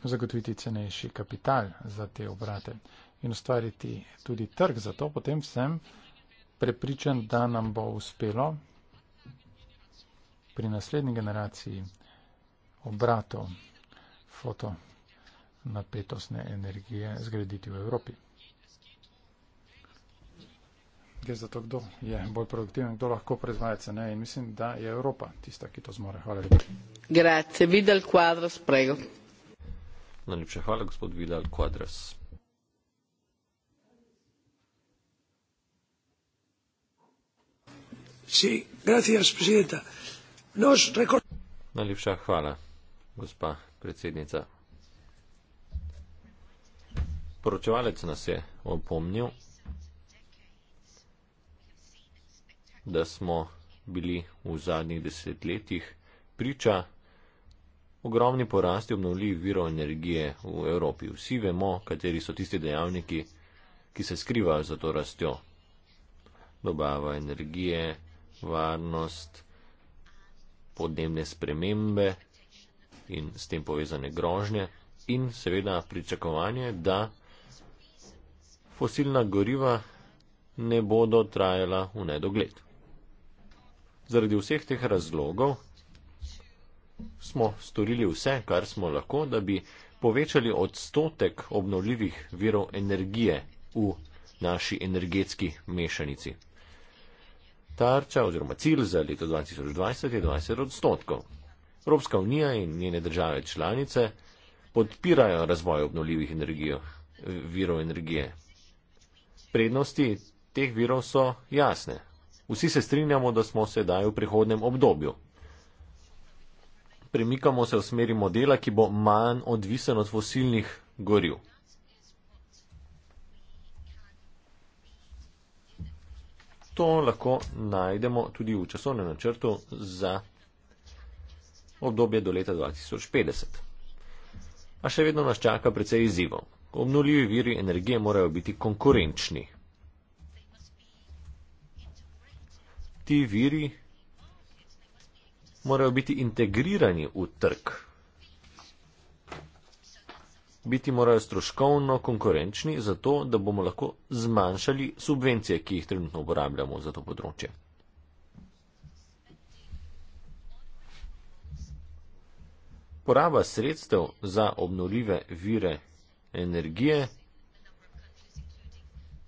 zagotoviti cenejši kapital za te obrate in ustvariti tudi trg za to, potem sem prepričan, da nam bo uspelo pri naslednji generaciji obratov fotonapetosne energije zgraditi v Evropi gre za to, kdo je bolj produktiven, kdo lahko prezvaja cene in mislim, da je Evropa tista, ki to zmore. Hvala lepa. Grazie, Vidal Quadras, prego. Najlepša hvala, gospod Vidal Quadras. Sì, gracias, presidenta. Nos record... Najlepša hvala, gospa predsednica. Poročevalec nas je opomnil. da smo bili v zadnjih desetletjih priča ogromni porasti obnovljivih virov energije v Evropi. Vsi vemo, kateri so tisti dejavniki, ki se skrivajo za to rastjo. Dobava energije, varnost, podnebne spremembe in s tem povezane grožnje in seveda pričakovanje, da fosilna goriva ne bodo trajala v nedogled. Zaradi vseh teh razlogov smo storili vse, kar smo lahko, da bi povečali odstotek obnovljivih virov energije v naši energetski mešanici. Tarča oziroma cilj za leto 2020 je 20 odstotkov. Evropska unija in njene države članice podpirajo razvoj obnovljivih energijo, virov energije. Prednosti teh virov so jasne. Vsi se strinjamo, da smo sedaj v prihodnem obdobju. Premikamo se v smeri modela, ki bo manj odvisen od fosilnih goril. To lahko najdemo tudi v časovnem načrtu za obdobje do leta 2050. A še vedno nas čaka precej izzivov. Obnuljivi viri energije morajo biti konkurenčni. ti viri morajo biti integrirani v trg. Biti morajo stroškovno konkurenčni, zato da bomo lahko zmanjšali subvencije, ki jih trenutno uporabljamo za to področje. Poraba sredstev za obnovljive vire energije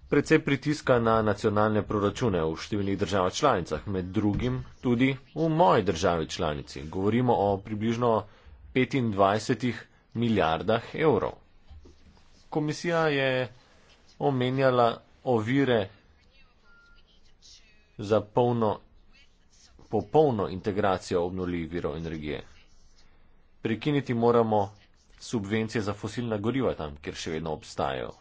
precej pritiska na nacionalne proračune v številnih državah članicah, med drugim tudi v moji državi članici. Govorimo o približno 25 milijardah evrov. Komisija je omenjala ovire za polno, popolno integracijo obnovljivih virov energije. Prekiniti moramo subvencije za fosilna goriva tam, kjer še vedno obstajajo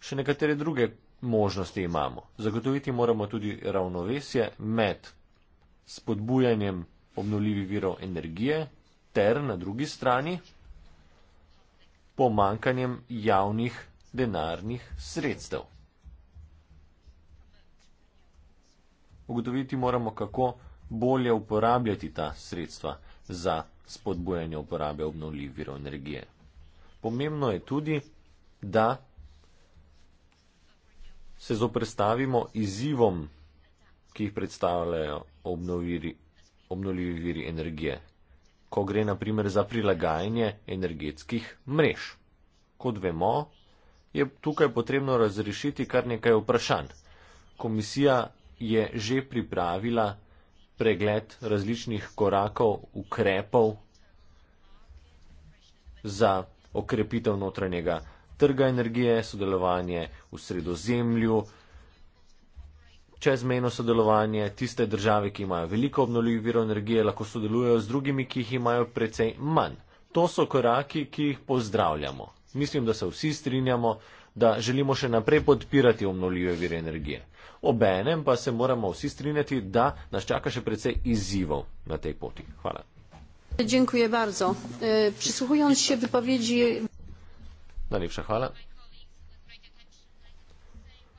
še nekatere druge možnosti imamo. Zagotoviti moramo tudi ravnovesje med spodbujanjem obnoljivih virov energije ter na drugi strani pomankanjem javnih denarnih sredstev. Ugotoviti moramo, kako bolje uporabljati ta sredstva za spodbujanje uporabe obnovljivih virov energije. Pomembno je tudi, da se zoprestavimo izzivom, ki jih predstavljajo obnovljivi viri energije, ko gre naprimer za prilagajanje energetskih mrež. Kot vemo, je tukaj potrebno razrešiti kar nekaj vprašanj. Komisija je že pripravila pregled različnih korakov, ukrepov za okrepitev notranjega trga energije, sodelovanje v sredozemlju, čezmejno sodelovanje, tiste države, ki imajo veliko obnovljivih virov energije, lahko sodelujejo z drugimi, ki jih imajo precej manj. To so koraki, ki jih pozdravljamo. Mislim, da se vsi strinjamo, da želimo še naprej podpirati obnovljive vire energije. Obenem pa se moramo vsi strinjati, da nas čaka še precej izzivov na tej poti. Hvala. Dziękuję bardzo. E, przysłuchując się wypowiedzi. Najlepša hvala.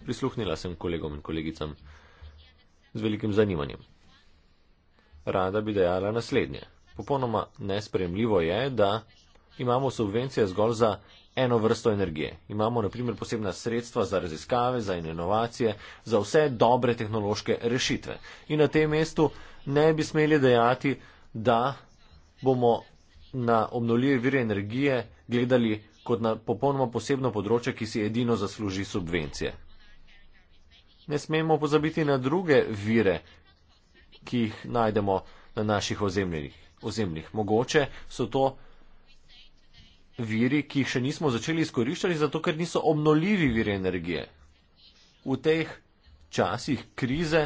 Prisluhnila sem kolegom in kolegicam z velikim zanimanjem. Rada bi dejala naslednje. Popolnoma nespremljivo je, da imamo subvencije zgolj za eno vrsto energije. Imamo naprimer posebna sredstva za raziskave, za inovacije, za vse dobre tehnološke rešitve. In na tem mestu ne bi smeli dejati, da bomo na obnoljive vire energije gledali kot na popolnoma posebno področje, ki si edino zasluži subvencije. Ne smemo pozabiti na druge vire, ki jih najdemo na naših ozemljih. ozemljih. Mogoče so to viri, ki jih še nismo začeli izkoriščati, zato ker niso obnoljivi viri energije. V teh časih krize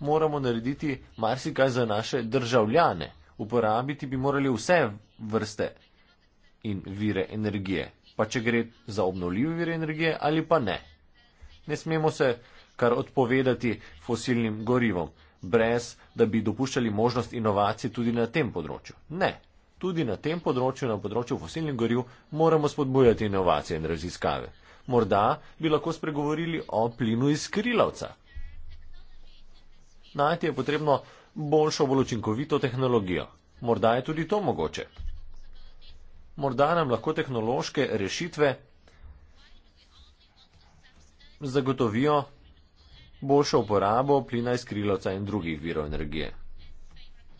moramo narediti marsikaj za naše državljane. Uporabiti bi morali vse vrste in vire energije, pa če gre za obnovljive vire energije ali pa ne. Ne smemo se kar odpovedati fosilnim gorivom, brez da bi dopuščali možnost inovacij tudi na tem področju. Ne, tudi na tem področju, na področju fosilnih goriv, moramo spodbujati inovacije in raziskave. Morda bi lahko spregovorili o plinu iz krilavca. Najti je potrebno boljšo, bolj učinkovito tehnologijo. Morda je tudi to mogoče morda nam lahko tehnološke rešitve zagotovijo boljšo uporabo plina iz krilovca in drugih virov energije.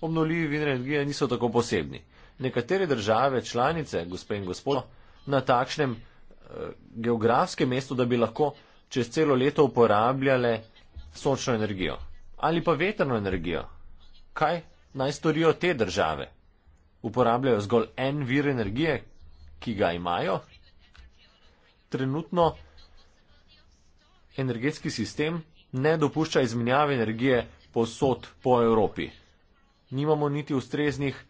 Obnovljivi viri energije niso tako posebni. Nekatere države, članice, gospe in gospodo, na takšnem eh, geografskem mestu, da bi lahko čez celo leto uporabljale sončno energijo ali pa veterno energijo. Kaj naj storijo te države? uporabljajo zgolj en vir energije, ki ga imajo, trenutno energetski sistem ne dopušča izmenjave energije posod po Evropi. Nimamo niti ustreznih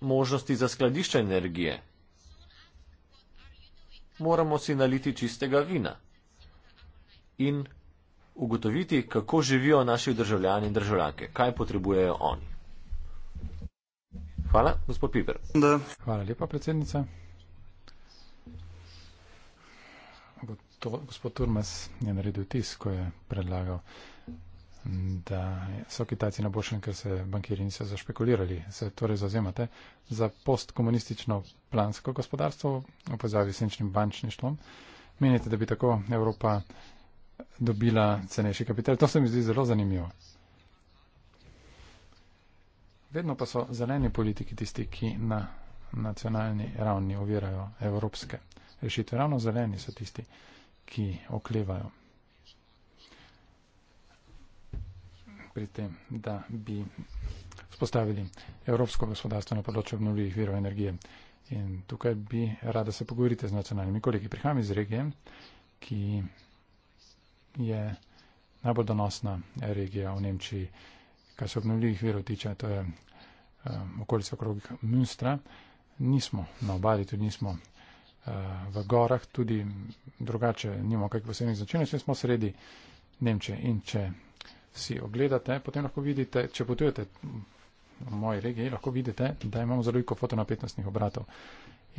možnosti za skladišče energije. Moramo si naliti čistega vina in ugotoviti, kako živijo naši državljani in državljanke, kaj potrebujejo oni. Hvala, gospod Piper. Da. Hvala lepa, predsednica. To, gospod Turmas je naredil tis, ko je predlagal, da so Kitajci na boljšem, ker se bankiri niso zašpekulirali. Se torej zazemate za postkomunistično plansko gospodarstvo v pozavi s senčnim bančništvom. Menite, da bi tako Evropa dobila cenejši kapital. To se mi zdi zelo zanimivo. Vedno pa so zeleni politiki tisti, ki na nacionalni ravni ovirajo evropske rešitve. Ravno zeleni so tisti, ki oklevajo pri tem, da bi spostavili evropsko gospodarstvo na področju obnovljivih virov energije. In tukaj bi rada se pogovorite z nacionalnimi kolegi. Prihajam iz regije, ki je najbolj donosna regija v Nemčiji kar se obnovljivih virov tiče, to je uh, eh, okolica okrog Münstra. Nismo na obali, tudi nismo uh, v gorah, tudi drugače nimamo kakšnih posebnih značilnosti, smo sredi Nemčije. In če si ogledate, potem lahko vidite, če potujete v moji regiji, lahko vidite, da imamo zelo veliko fotonapetnostnih obratov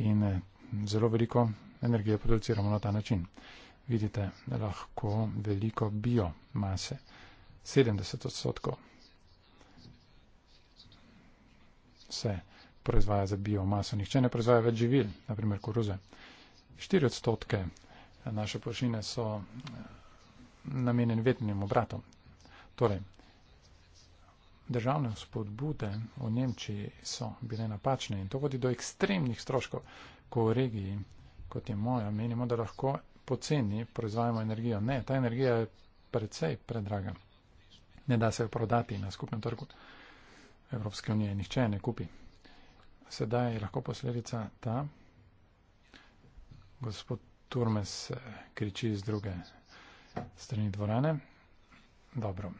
in eh, zelo veliko energije produciramo na ta način. Vidite, lahko veliko biomase, 70 odstotkov. se proizvaja za biomaso. Nihče ne proizvaja več živil, naprimer koruze. 4 odstotke naše površine so eh, namenjene vetrnim obratom. Torej, državne spodbude v Nemčiji so bile napačne in to vodi do ekstremnih stroškov, ko v regiji, kot je moja, menimo, da lahko poceni proizvajamo energijo. Ne, ta energija je precej predraga. Ne da se jo prodati na skupnem trgu. Uh, Evropske unije nihče ne kupi. Sedaj je lahko posledica ta. Gospod Turmes kriči iz druge strani dvorane. Dobro.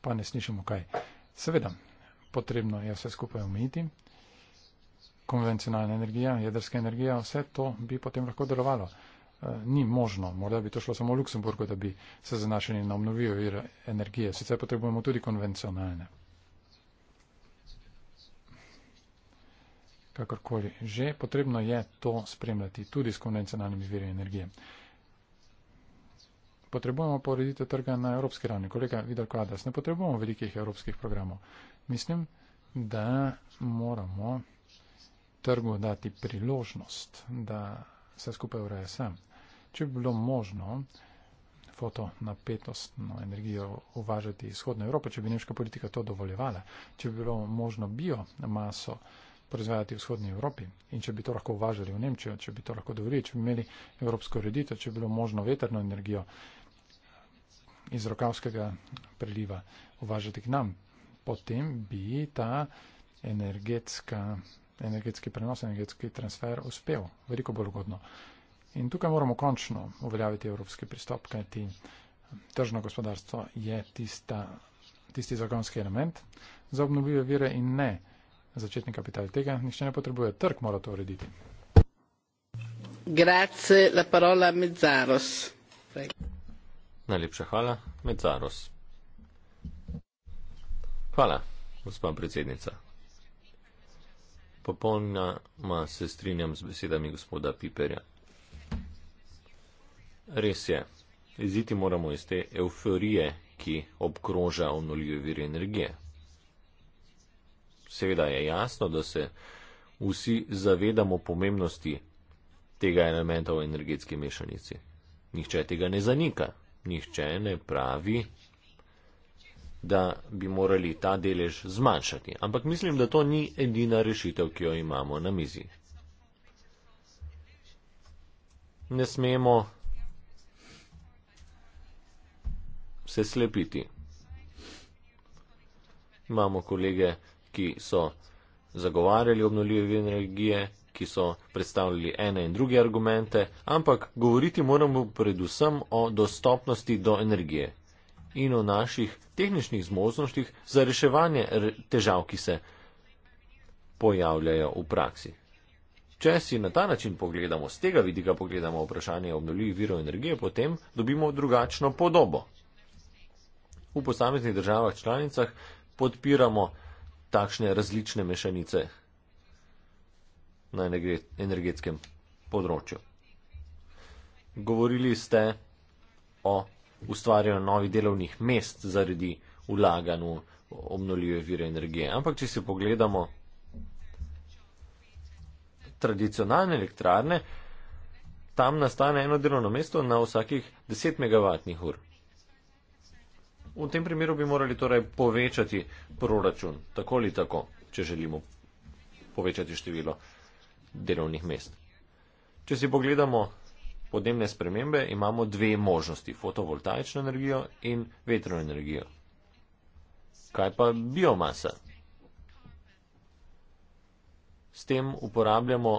Pa ne slišimo kaj. Seveda, potrebno je vse skupaj omejiti. Konvencionalna energija, jedrska energija, vse to bi potem lahko delovalo. E, ni možno, morda bi to šlo samo v Luksemburgu, da bi se zanašali na obnovijo energije. Sicer potrebujemo tudi konvencionalne. kakorkoli že, potrebno je to spremljati tudi s konvencionalnimi izvirami energije. Potrebujemo pa ureditev trga na evropski ravni. Kolega Vidal Kvadas, ne potrebujemo velikih evropskih programov. Mislim, da moramo trgu dati priložnost, da se skupaj ureje sam. Če bi bilo možno fotonapetostno energijo uvažati iz vzhodne Evrope, če bi nemška politika to dovoljevala, če bi bilo možno biomaso uh, proizvajati v vzhodni Evropi in če bi to lahko uvažali v Nemčijo, če bi to lahko dovolili, če bi imeli evropsko ureditev, če bi bilo možno veterno energijo iz rokavskega priliva uvažati k nam, potem bi ta energetska, energetski prenos, energetski transfer uspel veliko bolj ugodno. In tukaj moramo končno uveljaviti evropski pristop, kajti tržno gospodarstvo je tista, tisti zagonski element za obnovljive vire in ne začetni kapital tega nihče ne potrebuje, trg mora to urediti. Grazie, la parola Medzaros. Najlepša hvala, Medzaros. Hvala, gospod predsednica. Popolnoma se strinjam z besedami gospoda Piperja. Res je, iziti moramo iz te euforije, ki obkroža obnoljive vire energije. Seveda je jasno, da se vsi zavedamo pomembnosti tega elementa v energetski mešanici. Nihče tega ne zanika, nihče ne pravi, da bi morali ta delež zmanjšati. Ampak mislim, da to ni edina rešitev, ki jo imamo na mizi. Ne smemo se slepiti. Imamo kolege ki so zagovarjali obnoljive vire energije, ki so predstavljali ene in druge argumente, ampak govoriti moramo predvsem o dostopnosti do energije in o naših tehničnih zmožnostih za reševanje težav, ki se pojavljajo v praksi. Če si na ta način pogledamo, z tega vidika pogledamo vprašanje obnoljivih virov energije, potem dobimo drugačno podobo. V posameznih državah članicah podpiramo takšne različne mešanice na energetskem področju. Govorili ste o ustvarjanju novih delovnih mest zaradi ulaganj v obnoljive vire energije. Ampak, če si pogledamo tradicionalne elektrarne, tam nastane eno delovno mesto na vsakih 10 MWh. V tem primeru bi morali torej povečati proračun, tako ali tako, če želimo povečati število delovnih mest. Če si pogledamo podnebne spremembe, imamo dve možnosti, fotovoltaično energijo in vetrno energijo. Kaj pa biomasa? S tem uporabljamo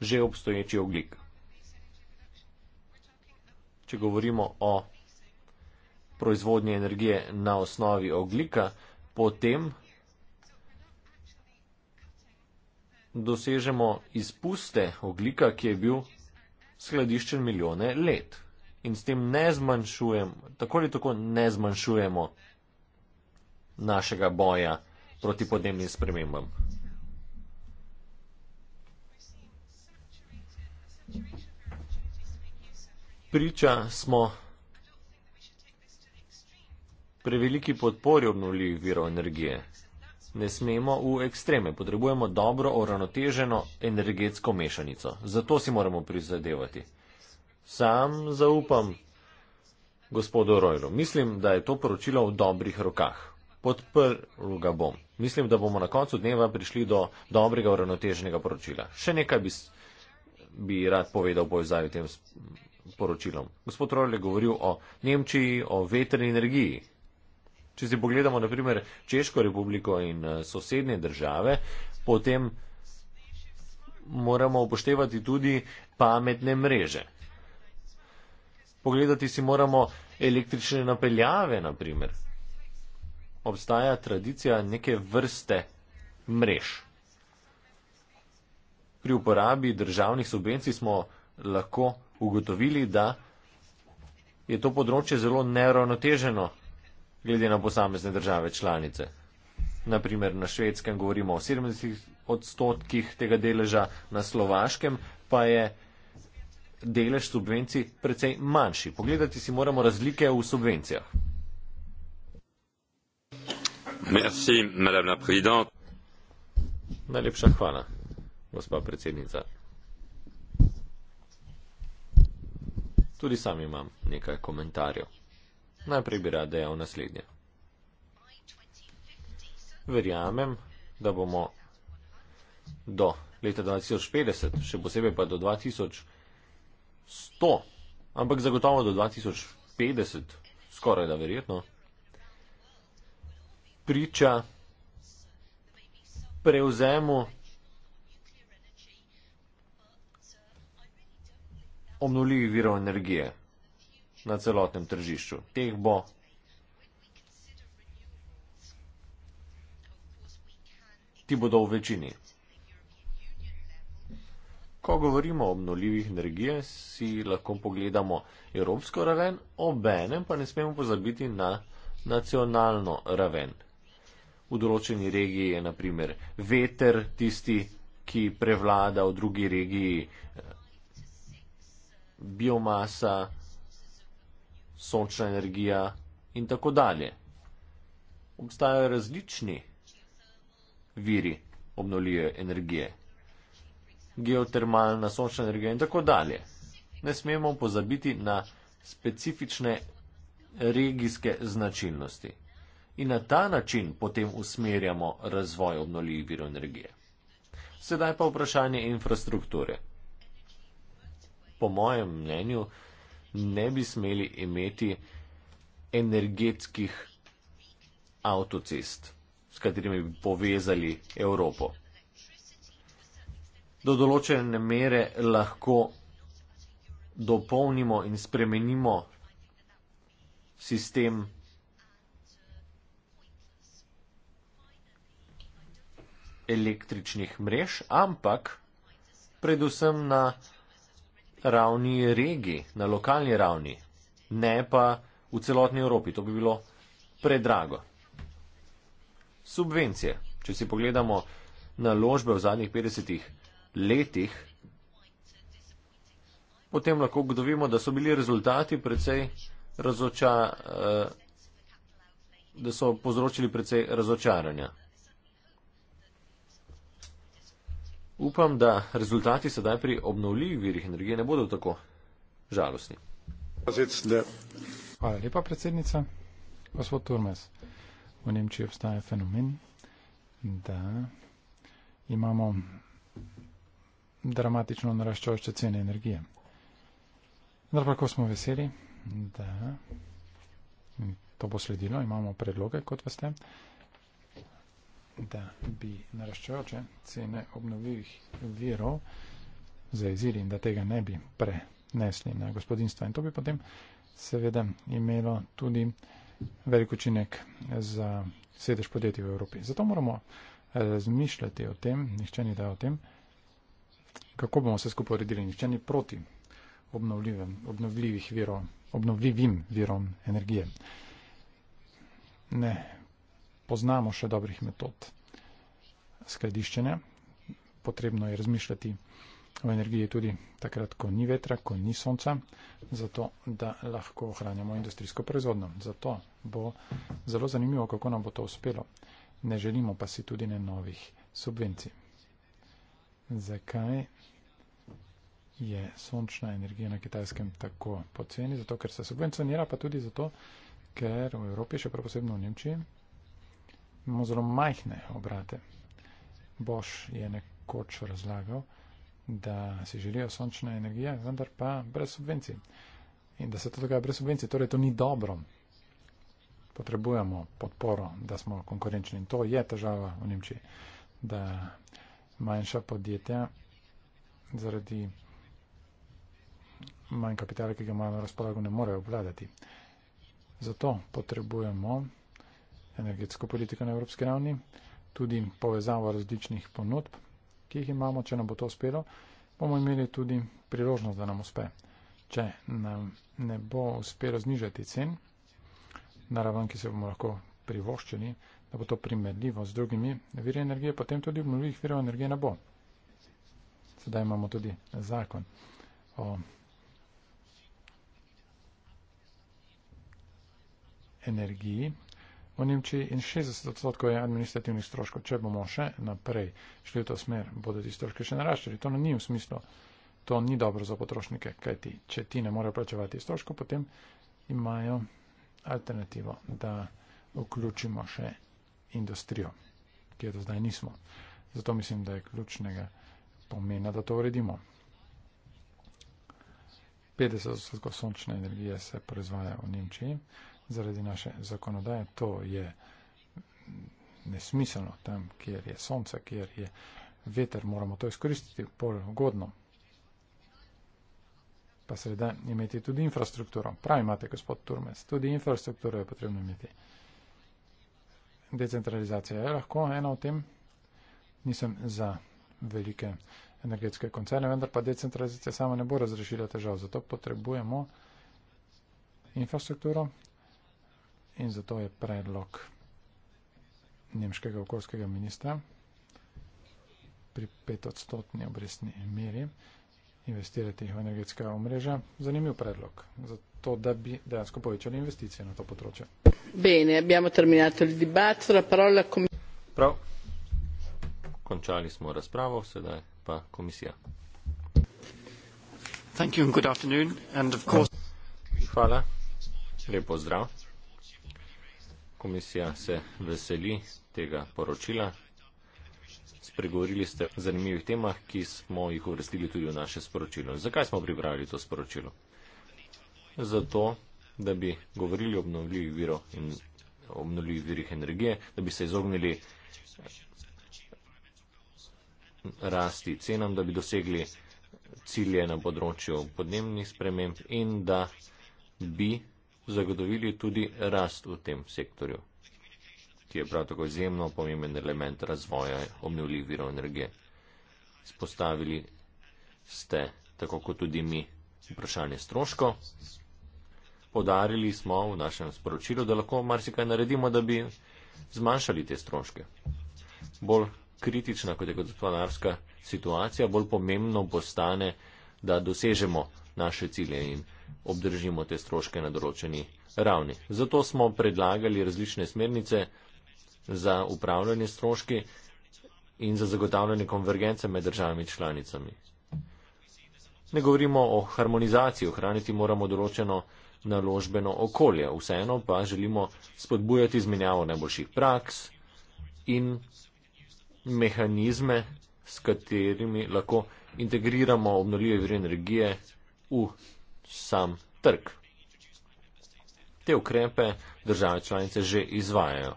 že obstoječi oglik. Če govorimo o proizvodnje energije na osnovi oglika, potem dosežemo izpuste oglika, ki je bil skladiščen milijone let. In s tem ne zmanjšujemo, tako ali tako ne zmanjšujemo našega boja proti podnebnim spremembam. Priča smo preveliki podpori obnovljivih virov energije. Ne smemo v ekstreme, potrebujemo dobro oranoteženo energetsko mešanico. Zato si moramo prizadevati. Sam zaupam gospodu Rojlu. Mislim, da je to poročilo v dobrih rokah. Podprl ga bom. Mislim, da bomo na koncu dneva prišli do dobrega uravnoteženega poročila. Še nekaj bi, bi rad povedal v povezavi s tem poročilom. Gospod Rojl je govoril o Nemčiji, o vetrni energiji. Če si pogledamo, naprimer, Češko republiko in eh, sosednje države, potem moramo upoštevati tudi pametne mreže. Pogledati si moramo električne napeljave, naprimer. Obstaja tradicija neke vrste mrež. Pri uporabi državnih subvencij smo lahko ugotovili, da je to področje zelo neravnoteženo glede na posamezne države članice. Naprimer na švedskem govorimo o 70 odstotkih tega deleža, na slovaškem pa je delež subvencij precej manjši. Pogledati si moramo razlike v subvencijah. Merci, madame la présidente. Najlepša hvala, gospa predsednica. Tudi sam imam nekaj komentarjev. Najprej bi rad dejal naslednje. Verjamem, da bomo do leta 2050, še posebej pa do 2100, ampak zagotovo do 2050, skoraj da verjetno, priča prevzemu obnovljivih virov energije na celotnem tržišču. Teh bo. Ti bodo v večini. Ko govorimo o obnoljivih energije, si lahko pogledamo evropsko raven, obenem pa ne smemo pozabiti na nacionalno raven. V določeni regiji je naprimer veter tisti, ki prevlada, v drugi regiji eh, biomasa, sončna energija in tako dalje. Obstajajo različni viri obnovljive energije, geotermalna sončna energija in tako dalje. Ne smemo pozabiti na specifične regijske značilnosti. In na ta način potem usmerjamo razvoj obnovljivih virov energije. Sedaj pa vprašanje infrastrukture. Po mojem mnenju, ne bi smeli imeti energetskih avtocest, s katerimi bi povezali Evropo. Do določene mere lahko dopolnimo in spremenimo sistem. električnih mrež, ampak predvsem na ravni regi, na lokalni ravni, ne pa v celotni Evropi. To bi bilo predrago. Subvencije. Če si pogledamo naložbe v zadnjih 50 letih, potem lahko gotovimo, da so bili rezultati precej razoča, eh, da so povzročili precej razočaranja. Upam, da rezultati sedaj pri obnovljivih virih energije ne bodo tako žalostni. Hvala lepa, predsednica. Gospod Turmes, v Nemčiji obstaja fenomen, da imamo dramatično naraščajoče cene energije. Zdaj smo veseli, da to bo sledilo, imamo predloge, kot veste da bi naraščajoče cene obnovljivih virov zaezili in da tega ne bi prenesli na gospodinstva. In to bi potem seveda imelo tudi velik učinek za sedež podjetij v Evropi. Zato moramo razmišljati o tem, nihče ni da o tem, kako bomo se skupaj uredili. Nihče ni proti obnovljivih virov, obnovljivim virom energije. Ne, poznamo še dobrih metod skladiščenja. Potrebno je razmišljati o energiji tudi takrat, ko ni vetra, ko ni sonca, zato da lahko ohranjamo industrijsko proizvodno. Zato bo zelo zanimivo, kako nam bo to uspelo. Ne želimo pa si tudi ne novih subvencij. Zakaj je sončna energija na kitajskem tako poceni? Zato, ker se subvencionira, pa tudi zato, ker v Evropi, še prav posebno v Nemčiji, imamo zelo majhne obrate. Boš je nekoč razlagal, da si želijo sončne energije, vendar pa brez subvencij. In da se to dogaja brez subvencij, torej to ni dobro. Potrebujemo podporo, da smo konkurenčni. In to je težava v Nemčiji, da manjša podjetja zaradi manj kapitala, ki ga imajo na razpolago, ne morejo obvladati. Zato potrebujemo energetsko politiko na evropski ravni, tudi povezavo različnih ponudb, ki jih imamo, če nam bo to uspelo, bomo imeli tudi priložnost, da nam uspe. Če nam ne bo uspelo znižati cen na raven, ki se bomo lahko privoščili, da bo to primerljivo z drugimi viri energije, potem tudi obnovljivih virov energije ne bo. Sedaj imamo tudi zakon o energiji, v Nemčiji in 60 odstotkov je administrativnih stroškov. Če bomo še naprej šli v to smer, bodo ti stroški še naraščali. To ni v smislu, to ni dobro za potrošnike, kajti če ti ne morejo plačevati stroškov, potem imajo alternativo, da vključimo še industrijo, ki je do zdaj nismo. Zato mislim, da je ključnega pomena, da to uredimo. 50 odstotkov sončne energije se proizvaja v Nemčiji, zaradi naše zakonodaje. To je nesmiselno tam, kjer je sonce, kjer je veter, moramo to izkoristiti bolj ugodno. Pa seveda imeti tudi infrastrukturo. Prav imate, gospod Turmes, tudi infrastrukturo je potrebno imeti. Decentralizacija je lahko ena od tem. Nisem za velike energetske koncerne, vendar pa decentralizacija sama ne bo razrešila težav. Zato potrebujemo infrastrukturo, in zato je predlog nemškega okoljskega ministra pri petodstotni obrestni meri investirati v energetska omrežja. Zanimiv predlog za to, da bi dejansko povečali investicije na to področje. Bene, abbiamo terminato il dibattito, la parola com... Prav. Končali smo razpravo, sedaj pa komisija. Thank you and good afternoon and of course... Hvala. Lep pozdrav komisija se veseli tega poročila. Spregovorili ste o zanimivih temah, ki smo jih uvrstili tudi v naše sporočilo. Zakaj smo pripravili to sporočilo? Zato, da bi govorili o obnovljivih virov in obnovljivih virih energije, da bi se izognili rasti cenam, da bi dosegli cilje na področju podnebnih sprememb in da bi zagotovili tudi rast v tem sektorju, ki je prav tako izjemno pomemben element razvoja obnovljivih virov energije. Spostavili ste, tako kot tudi mi, vprašanje stroško. Podarili smo v našem sporočilu, da lahko marsikaj naredimo, da bi zmanjšali te stroške. Bolj kritična kot je gospodarska situacija, bolj pomembno postane, da dosežemo naše cilje in obdržimo te stroške na določeni ravni. Zato smo predlagali različne smernice za upravljanje stroški in za zagotavljanje konvergence med državami članicami. Ne govorimo o harmonizaciji, ohraniti moramo določeno naložbeno okolje. Vseeno pa želimo spodbujati izmenjavo najboljših praks in mehanizme, s katerimi lahko integriramo obnoljive vire energije v sam trg. Te ukrepe države članice že izvajajo.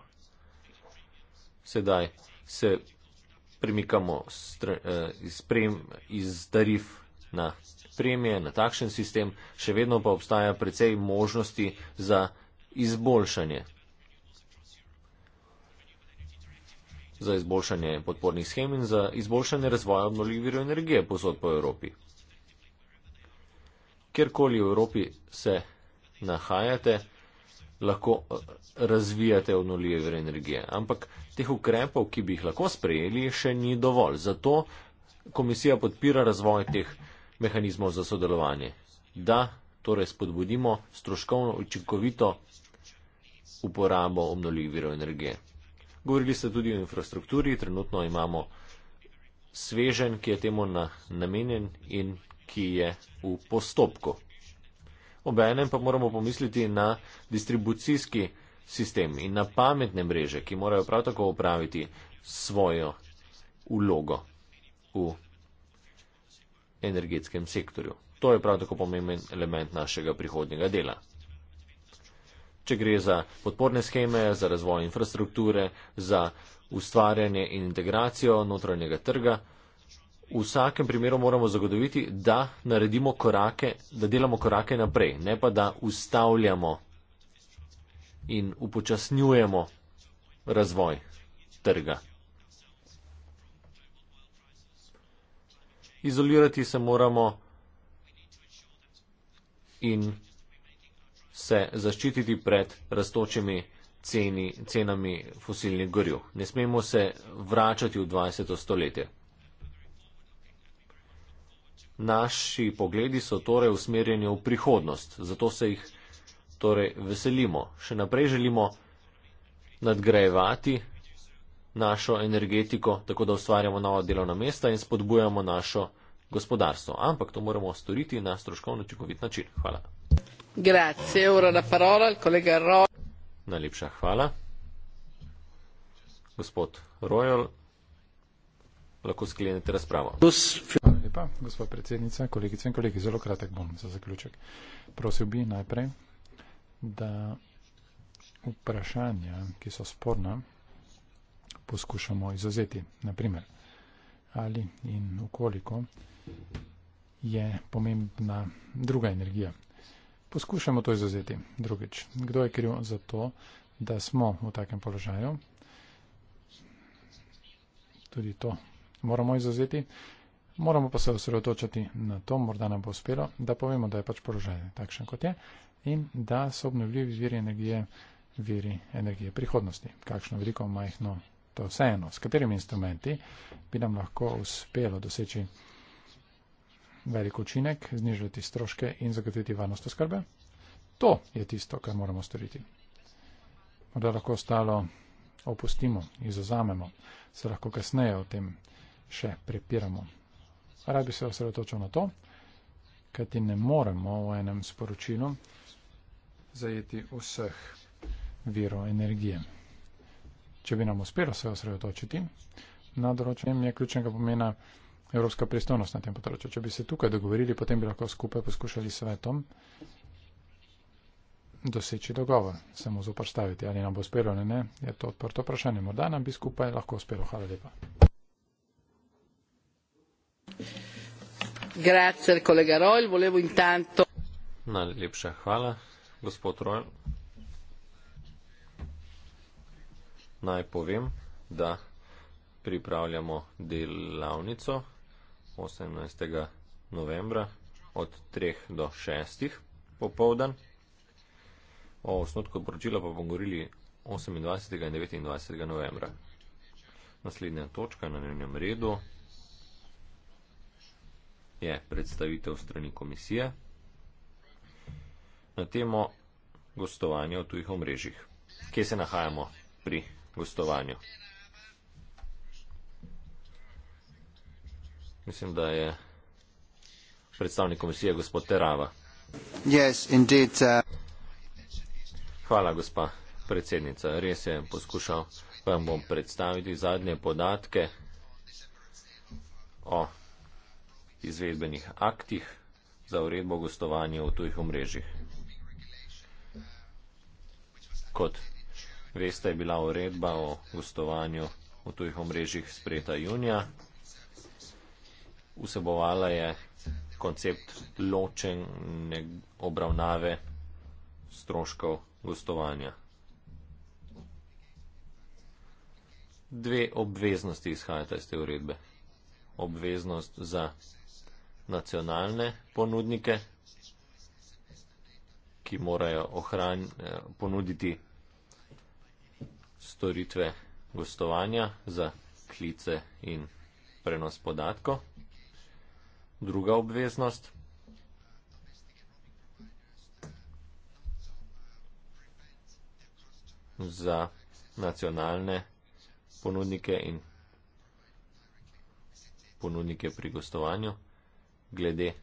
Sedaj se premikamo eh, iz tarif na premije, na takšen sistem, še vedno pa obstaja precej možnosti za izboljšanje. Za izboljšanje podpornih schem in za izboljšanje razvoja obnovljivih virov energije posod po Evropi kjerkoli v Evropi se nahajate, lahko eh, razvijate obnovljive energije. Ampak teh ukrepov, ki bi jih lahko sprejeli, še ni dovolj. Zato komisija podpira razvoj teh mehanizmov za sodelovanje. Da torej spodbudimo stroškovno učinkovito uporabo obnovljivih virov energije. Govorili ste tudi o infrastrukturi, trenutno imamo svežen, ki je temu na, namenjen in ki je v postopku. Obenem pa moramo pomisliti na distribucijski sistem in na pametne mreže, ki morajo prav tako upraviti svojo ulogo v energetskem sektorju. To je prav tako pomemben element našega prihodnjega dela. Če gre za podporne scheme, za razvoj infrastrukture, za ustvarjanje in integracijo notranjega trga, v vsakem primeru moramo zagotoviti, da naredimo korake, da delamo korake naprej, ne pa da ustavljamo in upočasnjujemo razvoj trga. Izolirati se moramo in se zaščititi pred raztočimi cenami fosilnih goriv. Ne smemo se vračati v 20. stoletje. Naši pogledi so torej usmerjeni v prihodnost, zato se jih torej veselimo. Še naprej želimo nadgrajevati našo energetiko, tako da ustvarjamo nova delovna mesta in spodbujamo našo gospodarstvo. Ampak to moramo storiti na stroškovno učinkovit način. Hvala. Grazie, ora la parola al collega Royal. Najlepša hvala. Gospod Royal, lahko sklenete razpravo. Plus, lepa, gospod predsednica, kolegice in kolegi. Zelo kratek bom za zaključek. Prosil bi najprej, da vprašanja, ki so sporna, poskušamo izuzeti. Naprimer, ali in ukoliko je pomembna druga energija. Poskušamo to izuzeti. Drugič, kdo je kriv za to, da smo v takem položaju? Tudi to moramo izuzeti. Moramo pa se osredotočiti na to, morda nam bo uspelo, da povemo, da je pač položaj takšen, kot je in da so obnovljivi viri energije viri energije prihodnosti. Kakšno veliko majhno to vseeno, s katerimi instrumenti bi nam lahko uspelo doseči velik učinek, znižati stroške in zagotoviti varnost oskrbe. To je tisto, kar moramo storiti. Morda lahko ostalo opustimo, izozamemo, se lahko kasneje o tem še prepiramo. Rad bi se osredotočil na to, kaj ti ne moremo v enem sporočilu zajeti vseh virov energije. Če bi nam uspelo se osredotočiti na določenem je ključnega pomena evropska pristojnost na tem področju. Če bi se tukaj dogovorili, potem bi lahko skupaj poskušali svetom doseči dogovor, se mu zoprstaviti. Ali nam bo uspelo ali ne, je to odprto vprašanje. Morda nam bi skupaj lahko uspelo. Hvala lepa. Grazie, kolega Rojl, volevo intanto. Najlepša hvala, gospod Rojl. Naj povem, da pripravljamo delavnico 18. novembra od 3 do 6. popovdan. O osnotku poročila pa bomo govorili 28. in 29. novembra. Naslednja točka na njenem redu je predstavitev strani komisije na temo gostovanja v tujih omrežjih. Kje se nahajamo pri gostovanju? Mislim, da je predstavnik komisije gospod Terava. Yes, indeed, uh... Hvala, gospa predsednica. Res je poskušal vam bom predstaviti zadnje podatke o izvedbenih aktih za uredbo gostovanja v tujih omrežjih. Kot veste, je bila uredba o gostovanju v tujih omrežjih sprejeta junija. Vsebovala je koncept ločene obravnave stroškov gostovanja. Dve obveznosti izhajata iz te uredbe. Obveznost za nacionalne ponudnike, ki morajo ohranj, eh, ponuditi storitve gostovanja za klice in prenos podatkov. Druga obveznost za nacionalne ponudnike in ponudnike pri gostovanju glede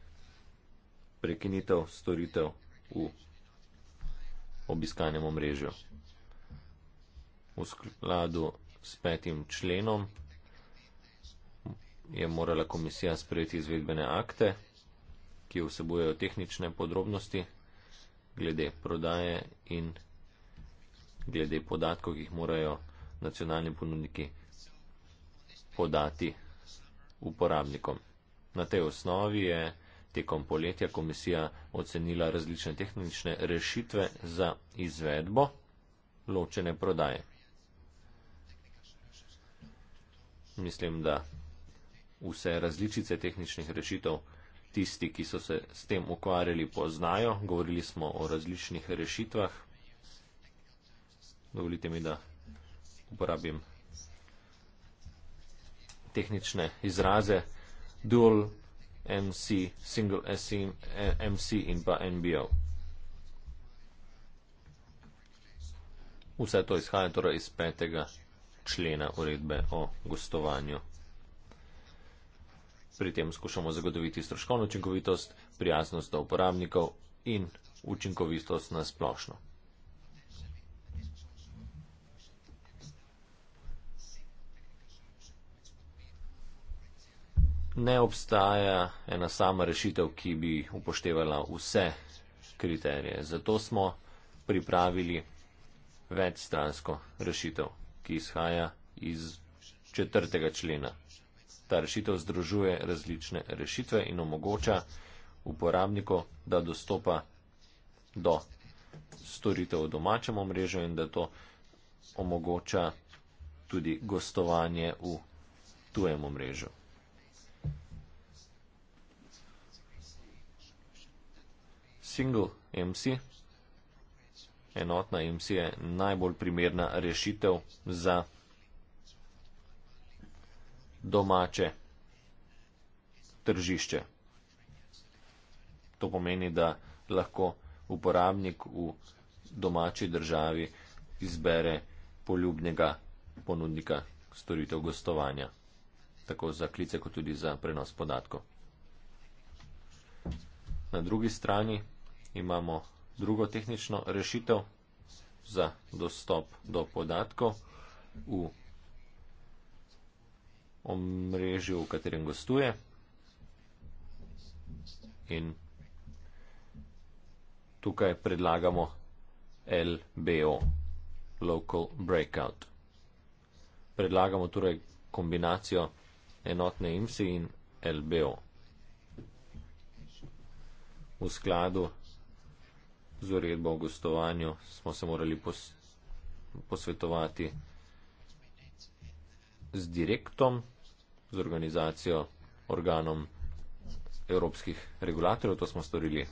prekinitev storitev v obiskanem omrežju. V skladu s petim členom je morala komisija sprejeti izvedbene akte, ki vsebujejo tehnične podrobnosti glede prodaje in glede podatkov, ki jih morajo nacionalni ponudniki podati uporabnikom. Na tej osnovi je tekom poletja komisija ocenila različne tehnične rešitve za izvedbo ločene prodaje. Mislim, da vse različice tehničnih rešitev tisti, ki so se s tem ukvarjali, poznajo. Govorili smo o različnih rešitvah. Dovolite mi, da uporabim tehnične izraze dual MC, single SC, eh, MC in pa NBO. Vse to izhaja torej iz petega člena uredbe o gostovanju. Pri tem skušamo zagotoviti stroškovno učinkovitost, prijaznost do uporabnikov in učinkovitost na splošno. ne obstaja ena sama rešitev, ki bi upoštevala vse kriterije. Zato smo pripravili večstransko rešitev, ki izhaja iz četrtega člena. Ta rešitev združuje različne rešitve in omogoča uporabniku, da dostopa do storitev v domačem omrežju in da to omogoča tudi gostovanje v tujem omrežju. single MC. Enotna MC je najbolj primerna rešitev za domače tržišče. To pomeni, da lahko uporabnik v domači državi izbere poljubnega ponudnika storitev gostovanja, tako za klice kot tudi za prenos podatkov. Na drugi strani imamo drugo tehnično rešitev za dostop do podatkov v omrežju, v katerem gostuje in tukaj predlagamo LBO, Local Breakout. Predlagamo torej kombinacijo enotne IMSI in LBO. V skladu z uredbo o gostovanju smo se morali pos, posvetovati z direktom, z organizacijo, organom evropskih regulatorjev. To smo storili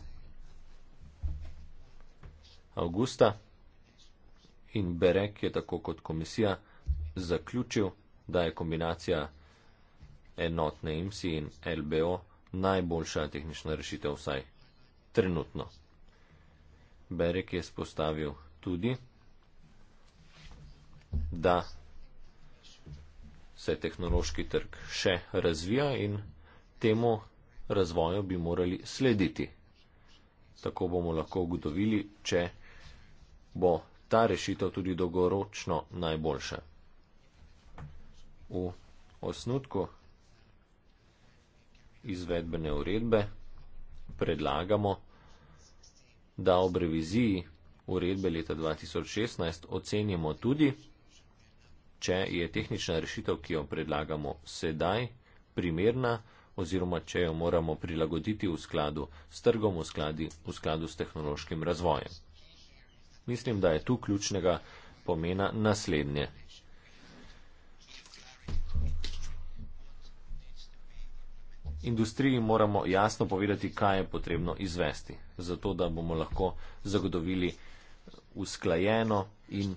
avgusta in Berek je tako kot komisija zaključil, da je kombinacija enotne IMSI in LBO najboljša tehnična rešitev vsaj trenutno. Berek je spostavil tudi, da se tehnološki trg še razvija in temu razvoju bi morali slediti. Tako bomo lahko ugotovili, če bo ta rešitev tudi dolgoročno najboljša. V osnutku izvedbene uredbe predlagamo, da ob reviziji uredbe leta 2016 ocenimo tudi, če je tehnična rešitev, ki jo predlagamo sedaj, primerna oziroma če jo moramo prilagoditi v skladu s trgom, v, skladi, v skladu s tehnološkim razvojem. Mislim, da je tu ključnega pomena naslednje. industriji moramo jasno povedati, kaj je potrebno izvesti, zato da bomo lahko zagotovili usklajeno in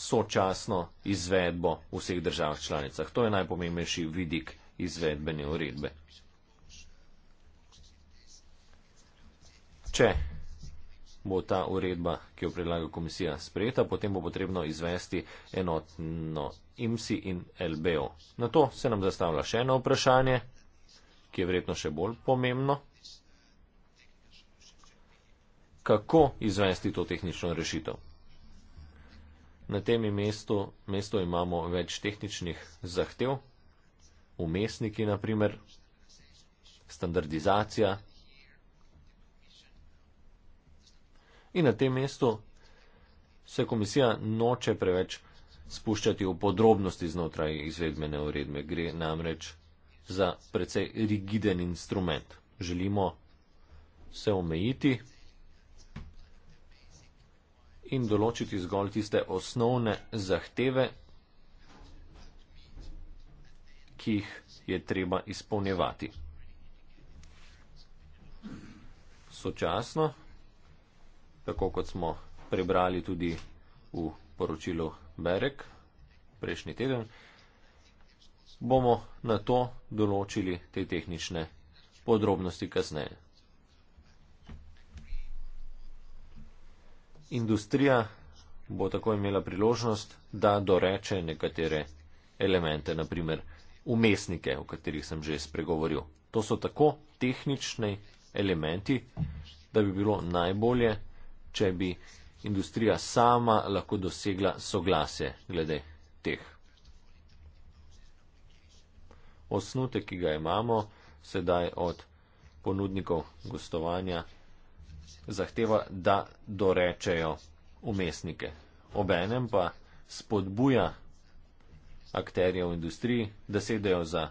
sočasno izvedbo v vseh državah članicah. To je najpomembnejši vidik izvedbene uredbe. Če bo ta uredba, ki jo predlaga komisija, sprejeta, potem bo potrebno izvesti enotno IMSI in LBO. Na to se nam zastavlja še eno vprašanje, ki je verjetno še bolj pomembno. Kako izvesti to tehnično rešitev? Na tem mestu, mestu imamo več tehničnih zahtev, umestniki naprimer, standardizacija, In na tem mestu se komisija noče preveč spuščati v podrobnosti znotraj izvedbene uredbe. Gre namreč za precej rigiden instrument. Želimo se omejiti in določiti zgolj tiste osnovne zahteve, ki jih je treba izpolnjevati. Sočasno tako kot smo prebrali tudi v poročilu Berek prejšnji teden, bomo na to določili te tehnične podrobnosti kasneje. Industrija bo tako imela priložnost, da doreče nekatere elemente, naprimer umestnike, o katerih sem že spregovoril. To so tako tehnični elementi, da bi bilo najbolje če bi industrija sama lahko dosegla soglase glede teh. Osnutek, ki ga imamo sedaj od ponudnikov gostovanja, zahteva, da dorečejo umestnike. Obenem pa spodbuja akterje v industriji, da sedejo za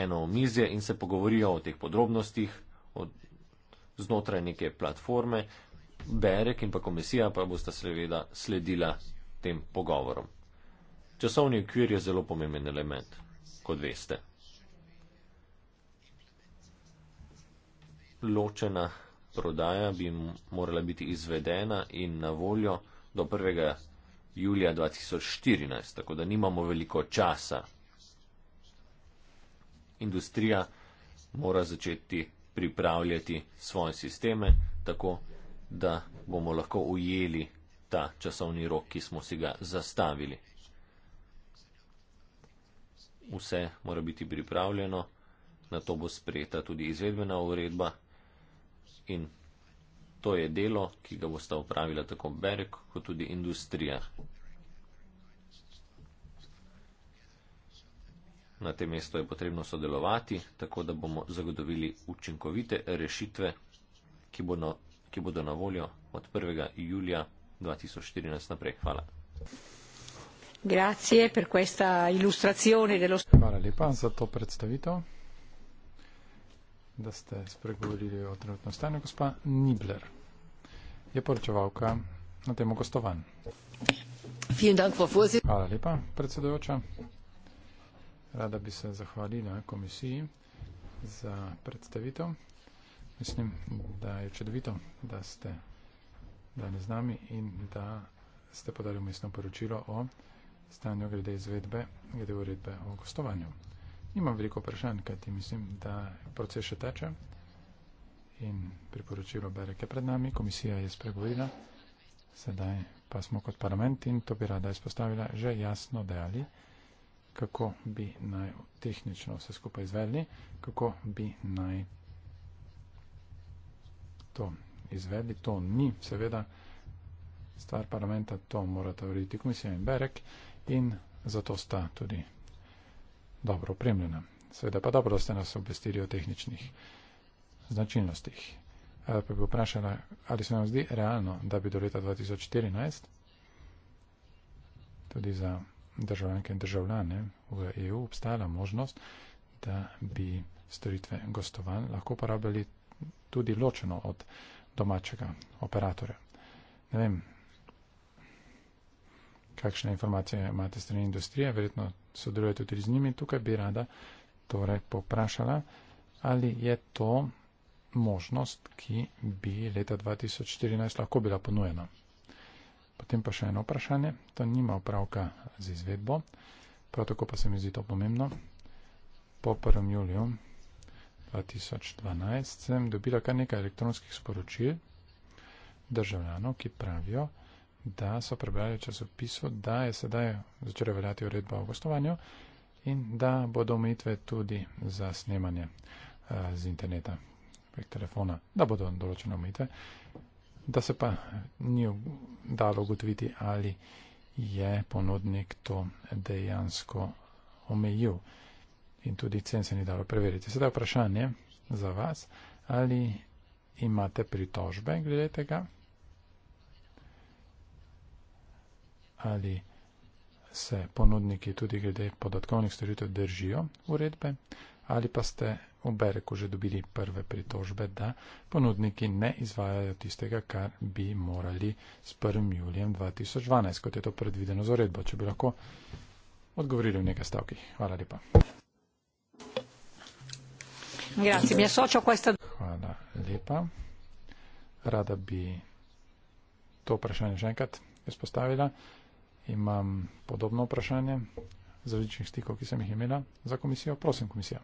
eno omizje in se pogovorijo o teh podrobnostih, o znotraj neke platforme, Berek in pa komisija pa bosta seveda sledila tem pogovorom. Časovni okvir je zelo pomemben element, kot veste. Ločena prodaja bi morala biti izvedena in na voljo do 1. julija 2014, tako da nimamo veliko časa. Industrija mora začeti pripravljati svoje sisteme tako, da bomo lahko ujeli ta časovni rok, ki smo si ga zastavili. Vse mora biti pripravljeno, na to bo sprejeta tudi izvedbena uredba in to je delo, ki ga bosta upravila tako Berg kot tudi industrija. Na tem mestu je potrebno sodelovati, tako da bomo zagotovili učinkovite rešitve, ki bodo, ki bodo na voljo od 1. julija 2014 naprej. Hvala. Dello... Hvala lepa za to predstavitev, da ste spregovorili o trenutnem stanju. Gospa Nibler je poročevalka na temo gostovanj. Hvala lepa, predsedujoča. Rada bi se zahvalila komisiji za predstavitev. Mislim, da je čudovito, da ste danes z nami in da ste podali umestno poročilo o stanju glede izvedbe, glede uredbe o gostovanju. Imam veliko vprašanj, kajti mislim, da proces še teče in priporočilo bereke pred nami. Komisija je spregovorila, sedaj pa smo kot parlament in to bi rada izpostavila, že jasno dejali kako bi naj tehnično vse skupaj izvedli, kako bi naj to izvedli. To ni seveda stvar parlamenta, to morata urediti komisija in Berek in zato sta tudi dobro opremljena. Seveda pa dobro, da ste nas obvestili o tehničnih značilnostih. Ali pa bi vprašala, ali se nam zdi realno, da bi do leta 2014 tudi za državljanke in državljane v EU obstajala možnost, da bi storitve gostovanj lahko uporabljali tudi ločeno od domačega operatorja. Ne vem, kakšne informacije imate strani industrije, verjetno sodelujete tudi z njimi. Tukaj bi rada torej poprašala, ali je to možnost, ki bi leta 2014 lahko bila ponujena. Potem pa še eno vprašanje, to nima opravka z izvedbo, prav tako pa se mi zdi to pomembno. Po 1. juliju 2012 sem dobila kar nekaj elektronskih sporočil državljanov, ki pravijo, da so prebrali časopisu, da je sedaj začela veljati uredba o gostovanju in da bodo omejitve tudi za snemanje uh, z interneta prek telefona, da bodo določene omejitve da se pa ni dalo ugotoviti, ali je ponudnik to dejansko omejil. In tudi cen se ni dalo preveriti. Sedaj vprašanje za vas, ali imate pritožbe glede tega? Ali se ponudniki tudi glede podatkovnih storitev držijo uredbe? ali pa ste v Bereku že dobili prve pritožbe, da ponudniki ne izvajajo tistega, kar bi morali s 1. julijem 2012, kot je to predvideno z uredbo, če bi lahko odgovorili v nekaj stavkih. Hvala lepa. Hvala lepa. Rada bi to vprašanje še enkrat izpostavila. Imam podobno vprašanje, z različnih stikov, ki sem jih imela za komisijo. Prosim, komisija.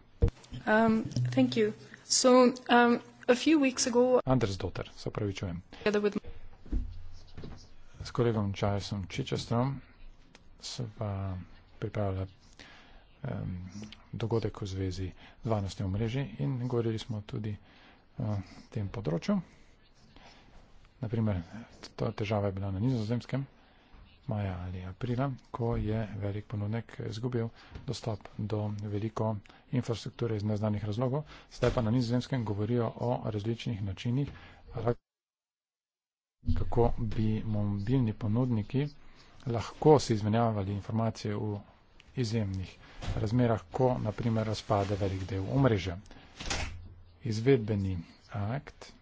Um, thank you. So, um, a few weeks ago... Anders Dotter, se pravi čujem. With... S kolegom Charlesom Čičestom so pa pripravila um, dogodek v zvezi z varnostjo omrežji in govorili smo tudi o uh, tem področju. Naprimer, ta težava je bila na nizozemskem, maja ali aprila, ko je velik ponudnik izgubil dostop do veliko infrastrukture iz neznanih razlogov. Zdaj pa na nizozemskem govorijo o različnih načinih, kako bi mobilni ponudniki lahko si izmenjavali informacije v izjemnih razmerah, ko naprimer razpade velik del omrežja. Izvedbeni akt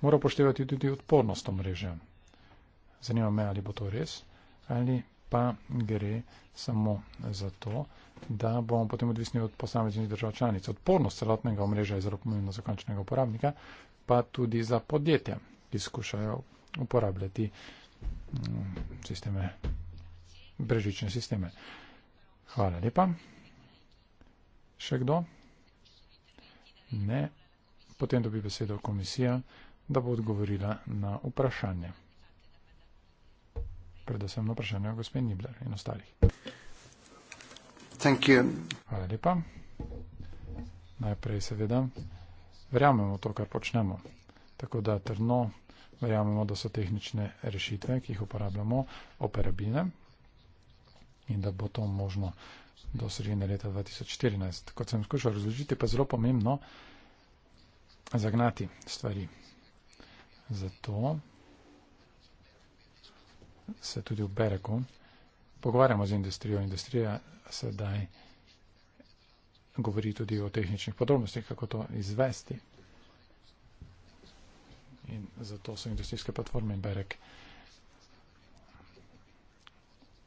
mora poštevati tudi odpornost omrežja. Zanima me, ali bo to res, ali pa gre samo za to, da bomo potem odvisni od posameznih držav članic. Odpornost celotnega omrežja je zelo pomembna za končnega uporabnika, pa tudi za podjetja, ki skušajo uporabljati mm, sisteme, brežične sisteme. Hvala lepa. Še kdo? Ne. Potem dobi besedo komisija, da bo odgovorila na vprašanje predvsem na vprašanje gospe Nibler in ostalih. Thank you. Hvala lepa. Najprej seveda verjamemo to, kar počnemo. Tako da trdno verjamemo, da so tehnične rešitve, ki jih uporabljamo, operabilne in da bo to možno do sredine leta 2014. Kot sem skušal razložiti, pa zelo pomembno zagnati stvari. Zato se tudi v Berekom. Pogovarjamo z industrijo. Industrija sedaj govori tudi o tehničnih podrobnostih, kako to izvesti. In zato so industrijske platforme in Berek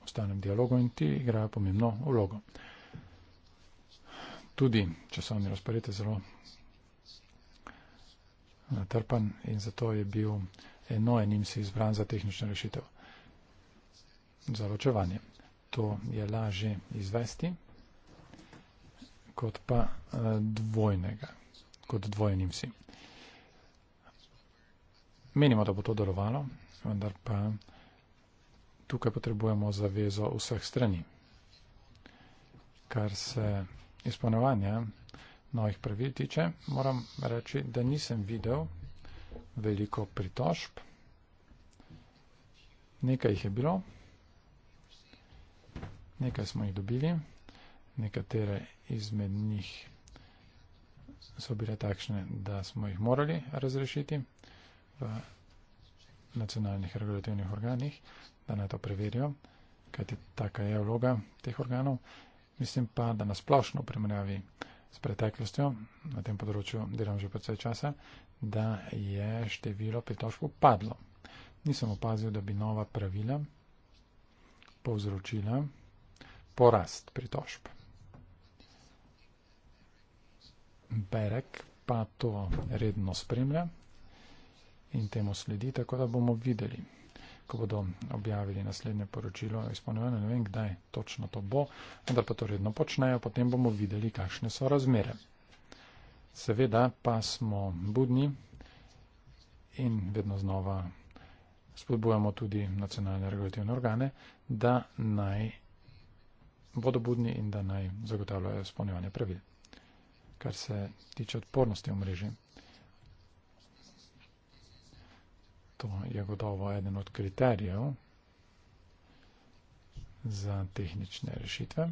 v stalnem dialogu in ti igrajo pomembno vlogo. Tudi časovni razpored je zelo natrpan in zato je bil enojen in si izbran za tehnično rešitev za ločevanje. To je lažje izvesti kot pa eh, dvojnega, kot dvojenim si. Menimo, da bo to delovalo, vendar pa tukaj potrebujemo zavezo vseh strani. Kar se izpolnjevanja novih pravil tiče, moram reči, da nisem videl veliko pritožb. Nekaj jih je bilo, Nekaj smo jih dobili, nekatere izmed njih so bile takšne, da smo jih morali razrešiti v nacionalnih regulativnih organih, da naj to preverijo, kajti taka je vloga teh organov. Mislim pa, da na splošno v primerjavi s preteklostjo, na tem področju delam že predvsej časa, da je število pritožb upadlo. Nisem opazil, da bi nova pravila povzročila porast pritožb. Berek pa to redno spremlja in temu sledi, tako da bomo videli, ko bodo objavili naslednje poročilo izpolnjeno, ne vem, kdaj točno to bo, vendar pa to redno počnejo, potem bomo videli, kakšne so razmere. Seveda pa smo budni in vedno znova spodbujamo tudi nacionalne regulativne organe, da naj bodo budni in da naj zagotavljajo spolnjevanje pravil, kar se tiče odpornosti v mreži. To je gotovo eden od kriterijev za tehnične rešitve.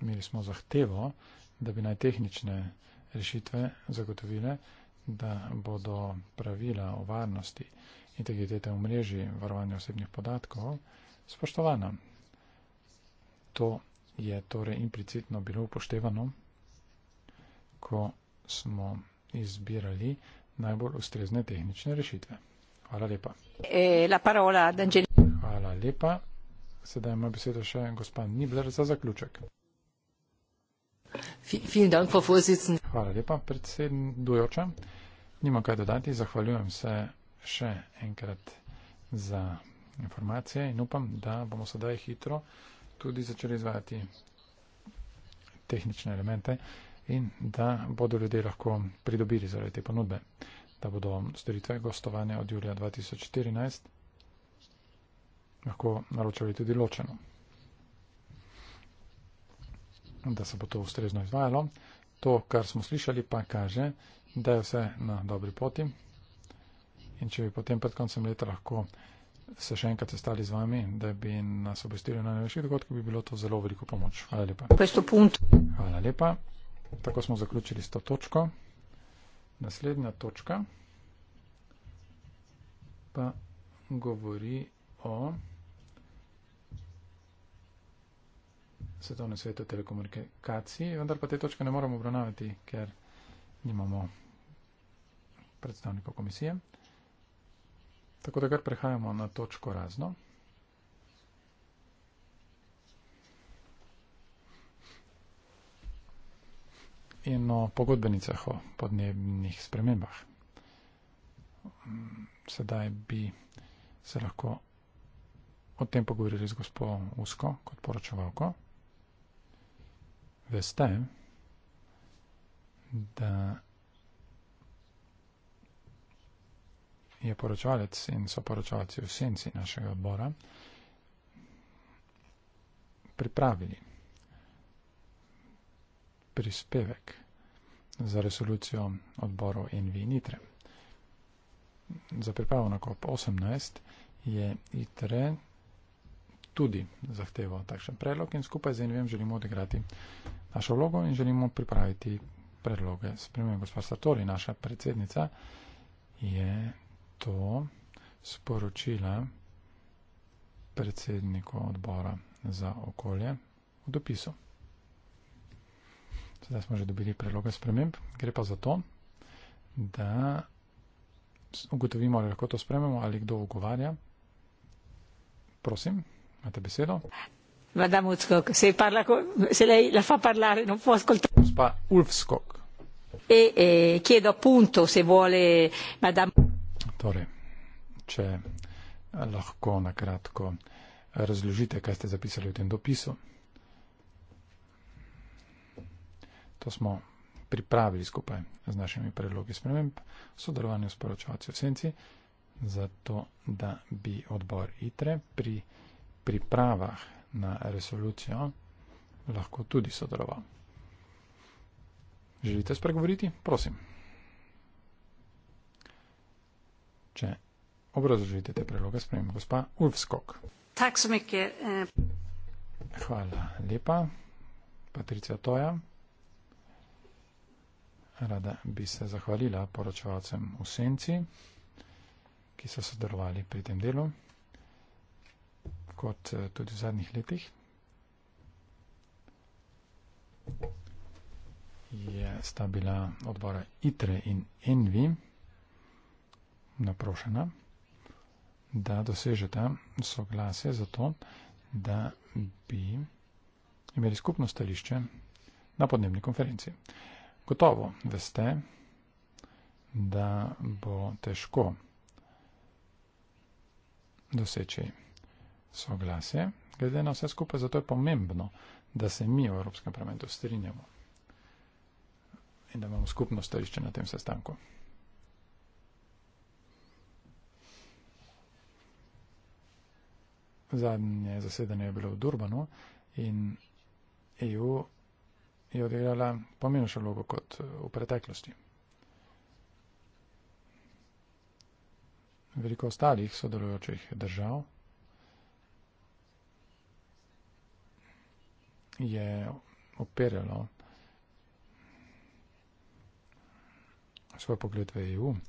Imeli smo zahtevo, da bi naj tehnične rešitve zagotovile, da bodo pravila o varnosti integritete omrežij in varovanja osebnih podatkov, spoštovana. To je torej implicitno bilo upoštevano, ko smo izbirali najbolj ustrezne tehnične rešitve. Hvala lepa. E, Hvala lepa. Sedaj ima besedo še gospa Nibler za zaključek. Hvala lepa, predsedujoča. Nima kaj dodati. Zahvaljujem se še enkrat za informacije in upam, da bomo sedaj hitro tudi začeli izvajati tehnične elemente in da bodo ljudje lahko pridobili zaradi te ponudbe, da bodo storitve gostovanja od julija 2014 lahko naročali tudi ločeno. Da se bo to ustrezno izvajalo. To, kar smo slišali, pa kaže, da je vse na dobri poti in če bi potem pred koncem leta lahko se še enkrat sestali z vami, da bi nas obvestili na največjih dogodkih, bi bilo to zelo veliko pomoč. Hvala lepa. Hvala lepa. Tako smo zaključili s to točko. Naslednja točka pa govori o svetovnem svetu telekomunikacij, vendar pa te točke ne moramo obravnavati, ker nimamo predstavnikov komisije. Tako da kar prehajamo na točko razno. In o pogodbenicah o podnebnih spremembah. Sedaj bi se lahko o tem pogovorili z gospod Usko kot poročevalko. Veste, da je je poročevalec in so poročevalci v senci našega odbora pripravili prispevek za resolucijo odborov Envi in ITRE. Za pripravo na COP18 je ITRE tudi zahteval takšen predlog in skupaj z Envijem želimo odigrati našo vlogo in želimo pripraviti predloge. Spremem gospod Sartori, naša predsednica, je to sporočila predsedniku odbora za okolje v dopisu. Sedaj smo že dobili predloge sprememb, gre pa za to, da ugotovimo, ali lahko to sprememo, ali kdo ogovarja. Prosim, imate besedo. Madame Utskog, se je parla, se lei la fa parlare, non può ascoltare. Gospa Ulfskog. E, e, chiedo appunto se vuole Madame. Torej, če lahko na kratko razložite, kaj ste zapisali v tem dopisu. To smo pripravili skupaj z našimi predlogi sprememb, sodelovanju s poročevalci v senci, zato da bi odbor ITRE pri pripravah na resolucijo lahko tudi sodeloval. Želite spregovoriti? Prosim. če obrazložite te predloge, spremem gospa Ulf Skok. Tak so mi, ker. Eh, Hvala lepa, Patricija Toja. Rada bi se zahvalila poročevalcem v Senci, ki so sodelovali pri tem delu, kot eh, tudi v zadnjih letih. Je sta bila odbora ITRE in ENVI naprošena, da dosežeta soglasje za to, da bi imeli skupno stališče na podnebni konferenci. Gotovo veste, da bo težko doseči soglasje, glede na vse skupaj, zato je pomembno, da se mi v Evropskem parlamentu strinjamo in da imamo skupno stališče na tem sestanku. zadnje zasedanje je bilo v Durbanu in EU je odigrala pomenjšo vlogo kot eh, v preteklosti. Veliko ostalih sodelujočih držav je operjalo svoj pogled v EU in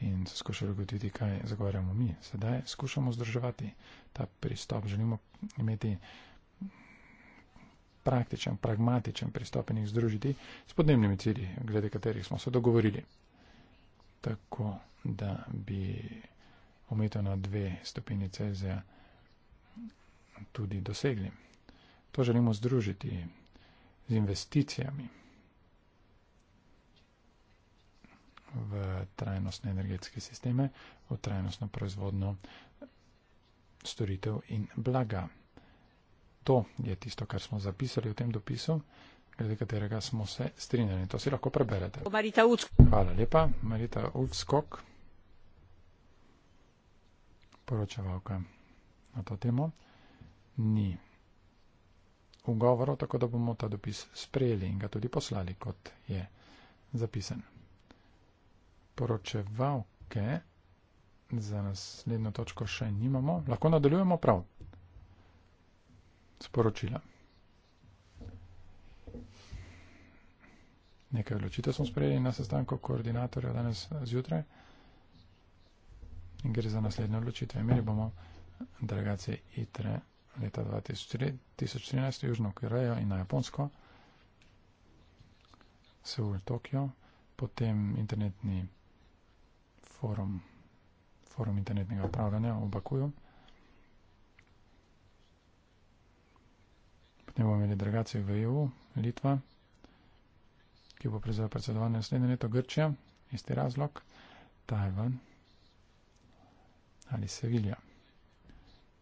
in so skušali ugotoviti, kaj zagovarjamo mi. Sedaj skušamo združevati ta pristop, želimo imeti praktičen, pragmatičen pristop in jih združiti s podnebnimi cilji, glede katerih smo se dogovorili, tako da bi omejitev na dve stopinje Celzija tudi dosegli. To želimo združiti z investicijami. v trajnostne energetske sisteme, v trajnostno proizvodno storitev in blaga. To je tisto, kar smo zapisali v tem dopisu, glede katerega smo se strinjali. To si lahko preberete. Hvala lepa, Marita Ulfskok, poročevalka na to temo. Ni ugovorov, tako da bomo ta dopis sprejeli in ga tudi poslali, kot je zapisan poročevalke za naslednjo točko še nimamo. Lahko nadaljujemo prav. Sporočila. Nekaj odločitev smo sprejeli na sestanku koordinatorja danes zjutraj. In gre za naslednjo odločitev. Imeli bomo delegacije ITRE leta 2013 v Južno Korejo in na Japonsko, Seul, Tokio, potem internetni forum, forum internetnega upravljanja v Bakuju. Potem bomo imeli delegacijo v EU, Litva, ki bo prevzela predsedovanje naslednje leto, Grčija, isti razlog, Tajvan ali Sevilja.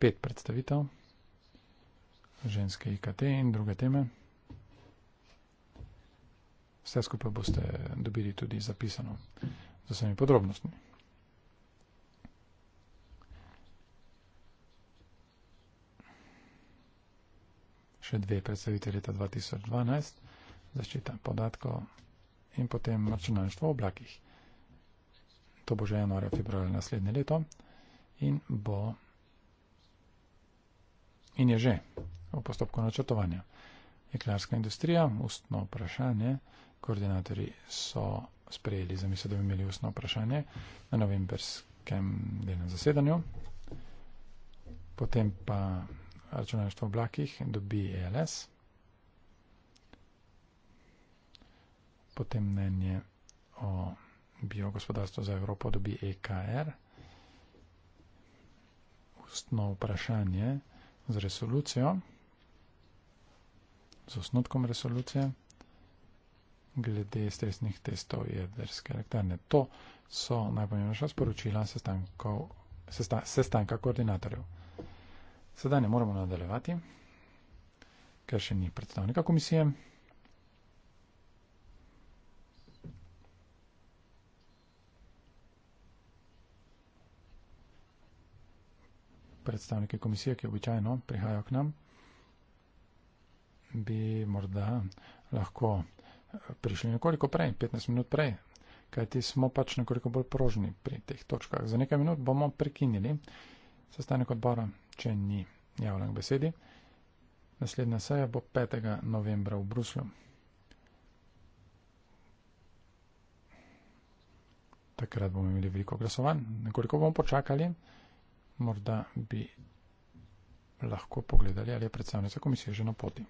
Pet predstavitev, ženske IKT in druge teme. Vse skupaj boste dobili tudi zapisano z vsemi podrobnostmi. še dve predstavitve leta 2012, zaščita podatkov in potem računalništvo v oblakih. To bo že januarja, februarja naslednje leto in bo in je že v postopku načrtovanja. Jeklarska industrija, ustno vprašanje, koordinatori so sprejeli za misel, da bi imeli ustno vprašanje na novemberskem delnem zasedanju, potem pa računalništvo v oblakih, dobi ELS. Potem mnenje o biogospodarstvu za Evropo dobi EKR. Ustno vprašanje z resolucijo, z osnotkom resolucije, glede stresnih testov jedrske elektarne. To so najpomembnejša sporočila sestanka koordinatorjev. Sedaj ne moremo nadaljevati, ker še ni predstavnika komisije. Predstavniki komisije, ki običajno prihajajo k nam, bi morda lahko eh, prišli nekoliko prej, 15 minut prej, kajti smo pač nekoliko bolj prožni pri teh točkah. Za nekaj minut bomo prekinili sestanek odbora, če ni javljen k besedi. Naslednja seja bo 5. novembra v Bruslju. Takrat bomo imeli veliko glasovanj. Nekoliko bomo počakali, morda bi lahko pogledali, ali je predstavnica komisije že na poti.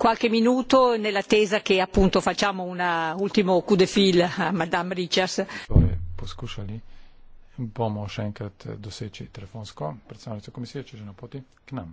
qualche minuto nell'attesa che appunto facciamo un ultimo coup de fil a Madame Richards. Poskušali bomo še enkrat doseči telefonsko predstavnico komisije, če že na poti k nam.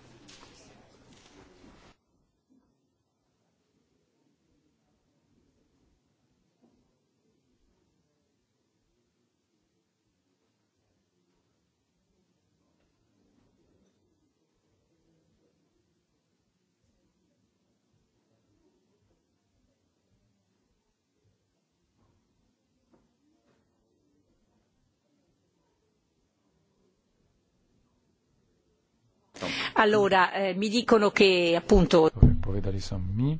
Allora, eh, mi dicono che appunto. Povedali sam mi,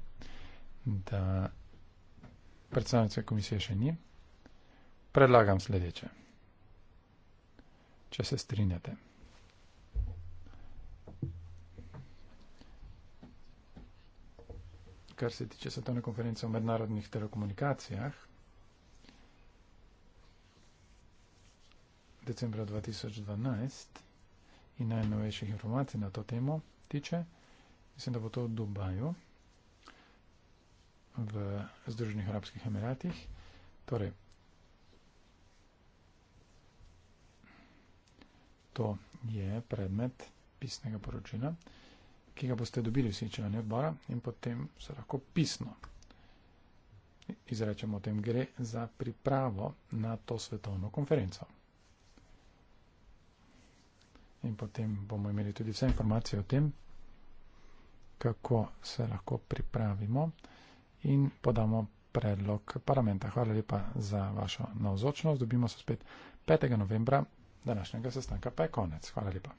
da predstavnice komisije še ni. Predlagam sledeče. Če se strinjate. Kar se tiče svetovne konference o mednarodnih telekomunikacijah, decembra 2012 in najnovejših informacij na to temo tiče. Mislim, da bo to v Dubaju, v Združenih Arabskih Emiratih. Torej, to je predmet pisnega poročila, ki ga boste dobili vsi člani odbora in potem se lahko pisno izrečemo o tem, gre za pripravo na to svetovno konferenco in potem bomo imeli tudi vse informacije o tem, kako se lahko pripravimo in podamo predlog parlamenta. Hvala lepa za vašo navzočnost. Dobimo se spet 5. novembra današnjega sestanka. Pa je konec. Hvala lepa.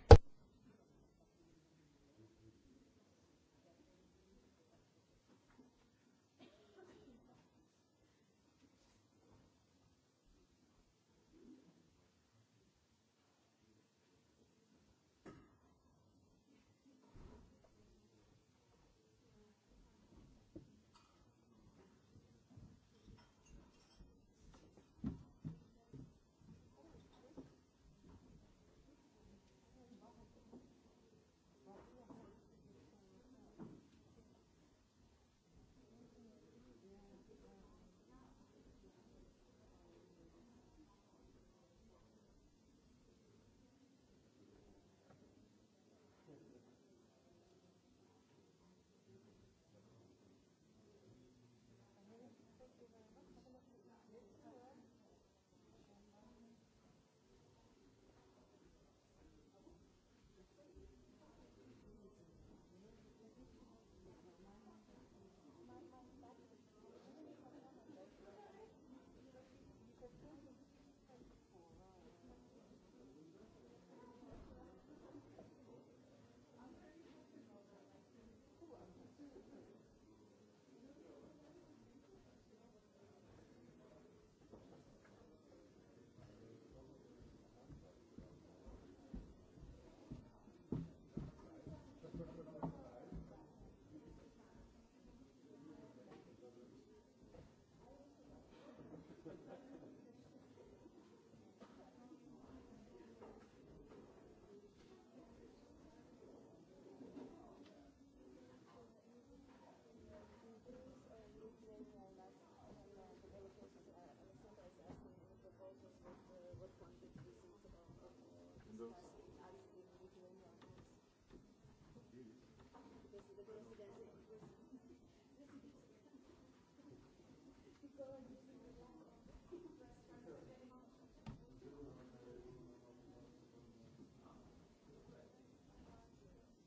Thank you.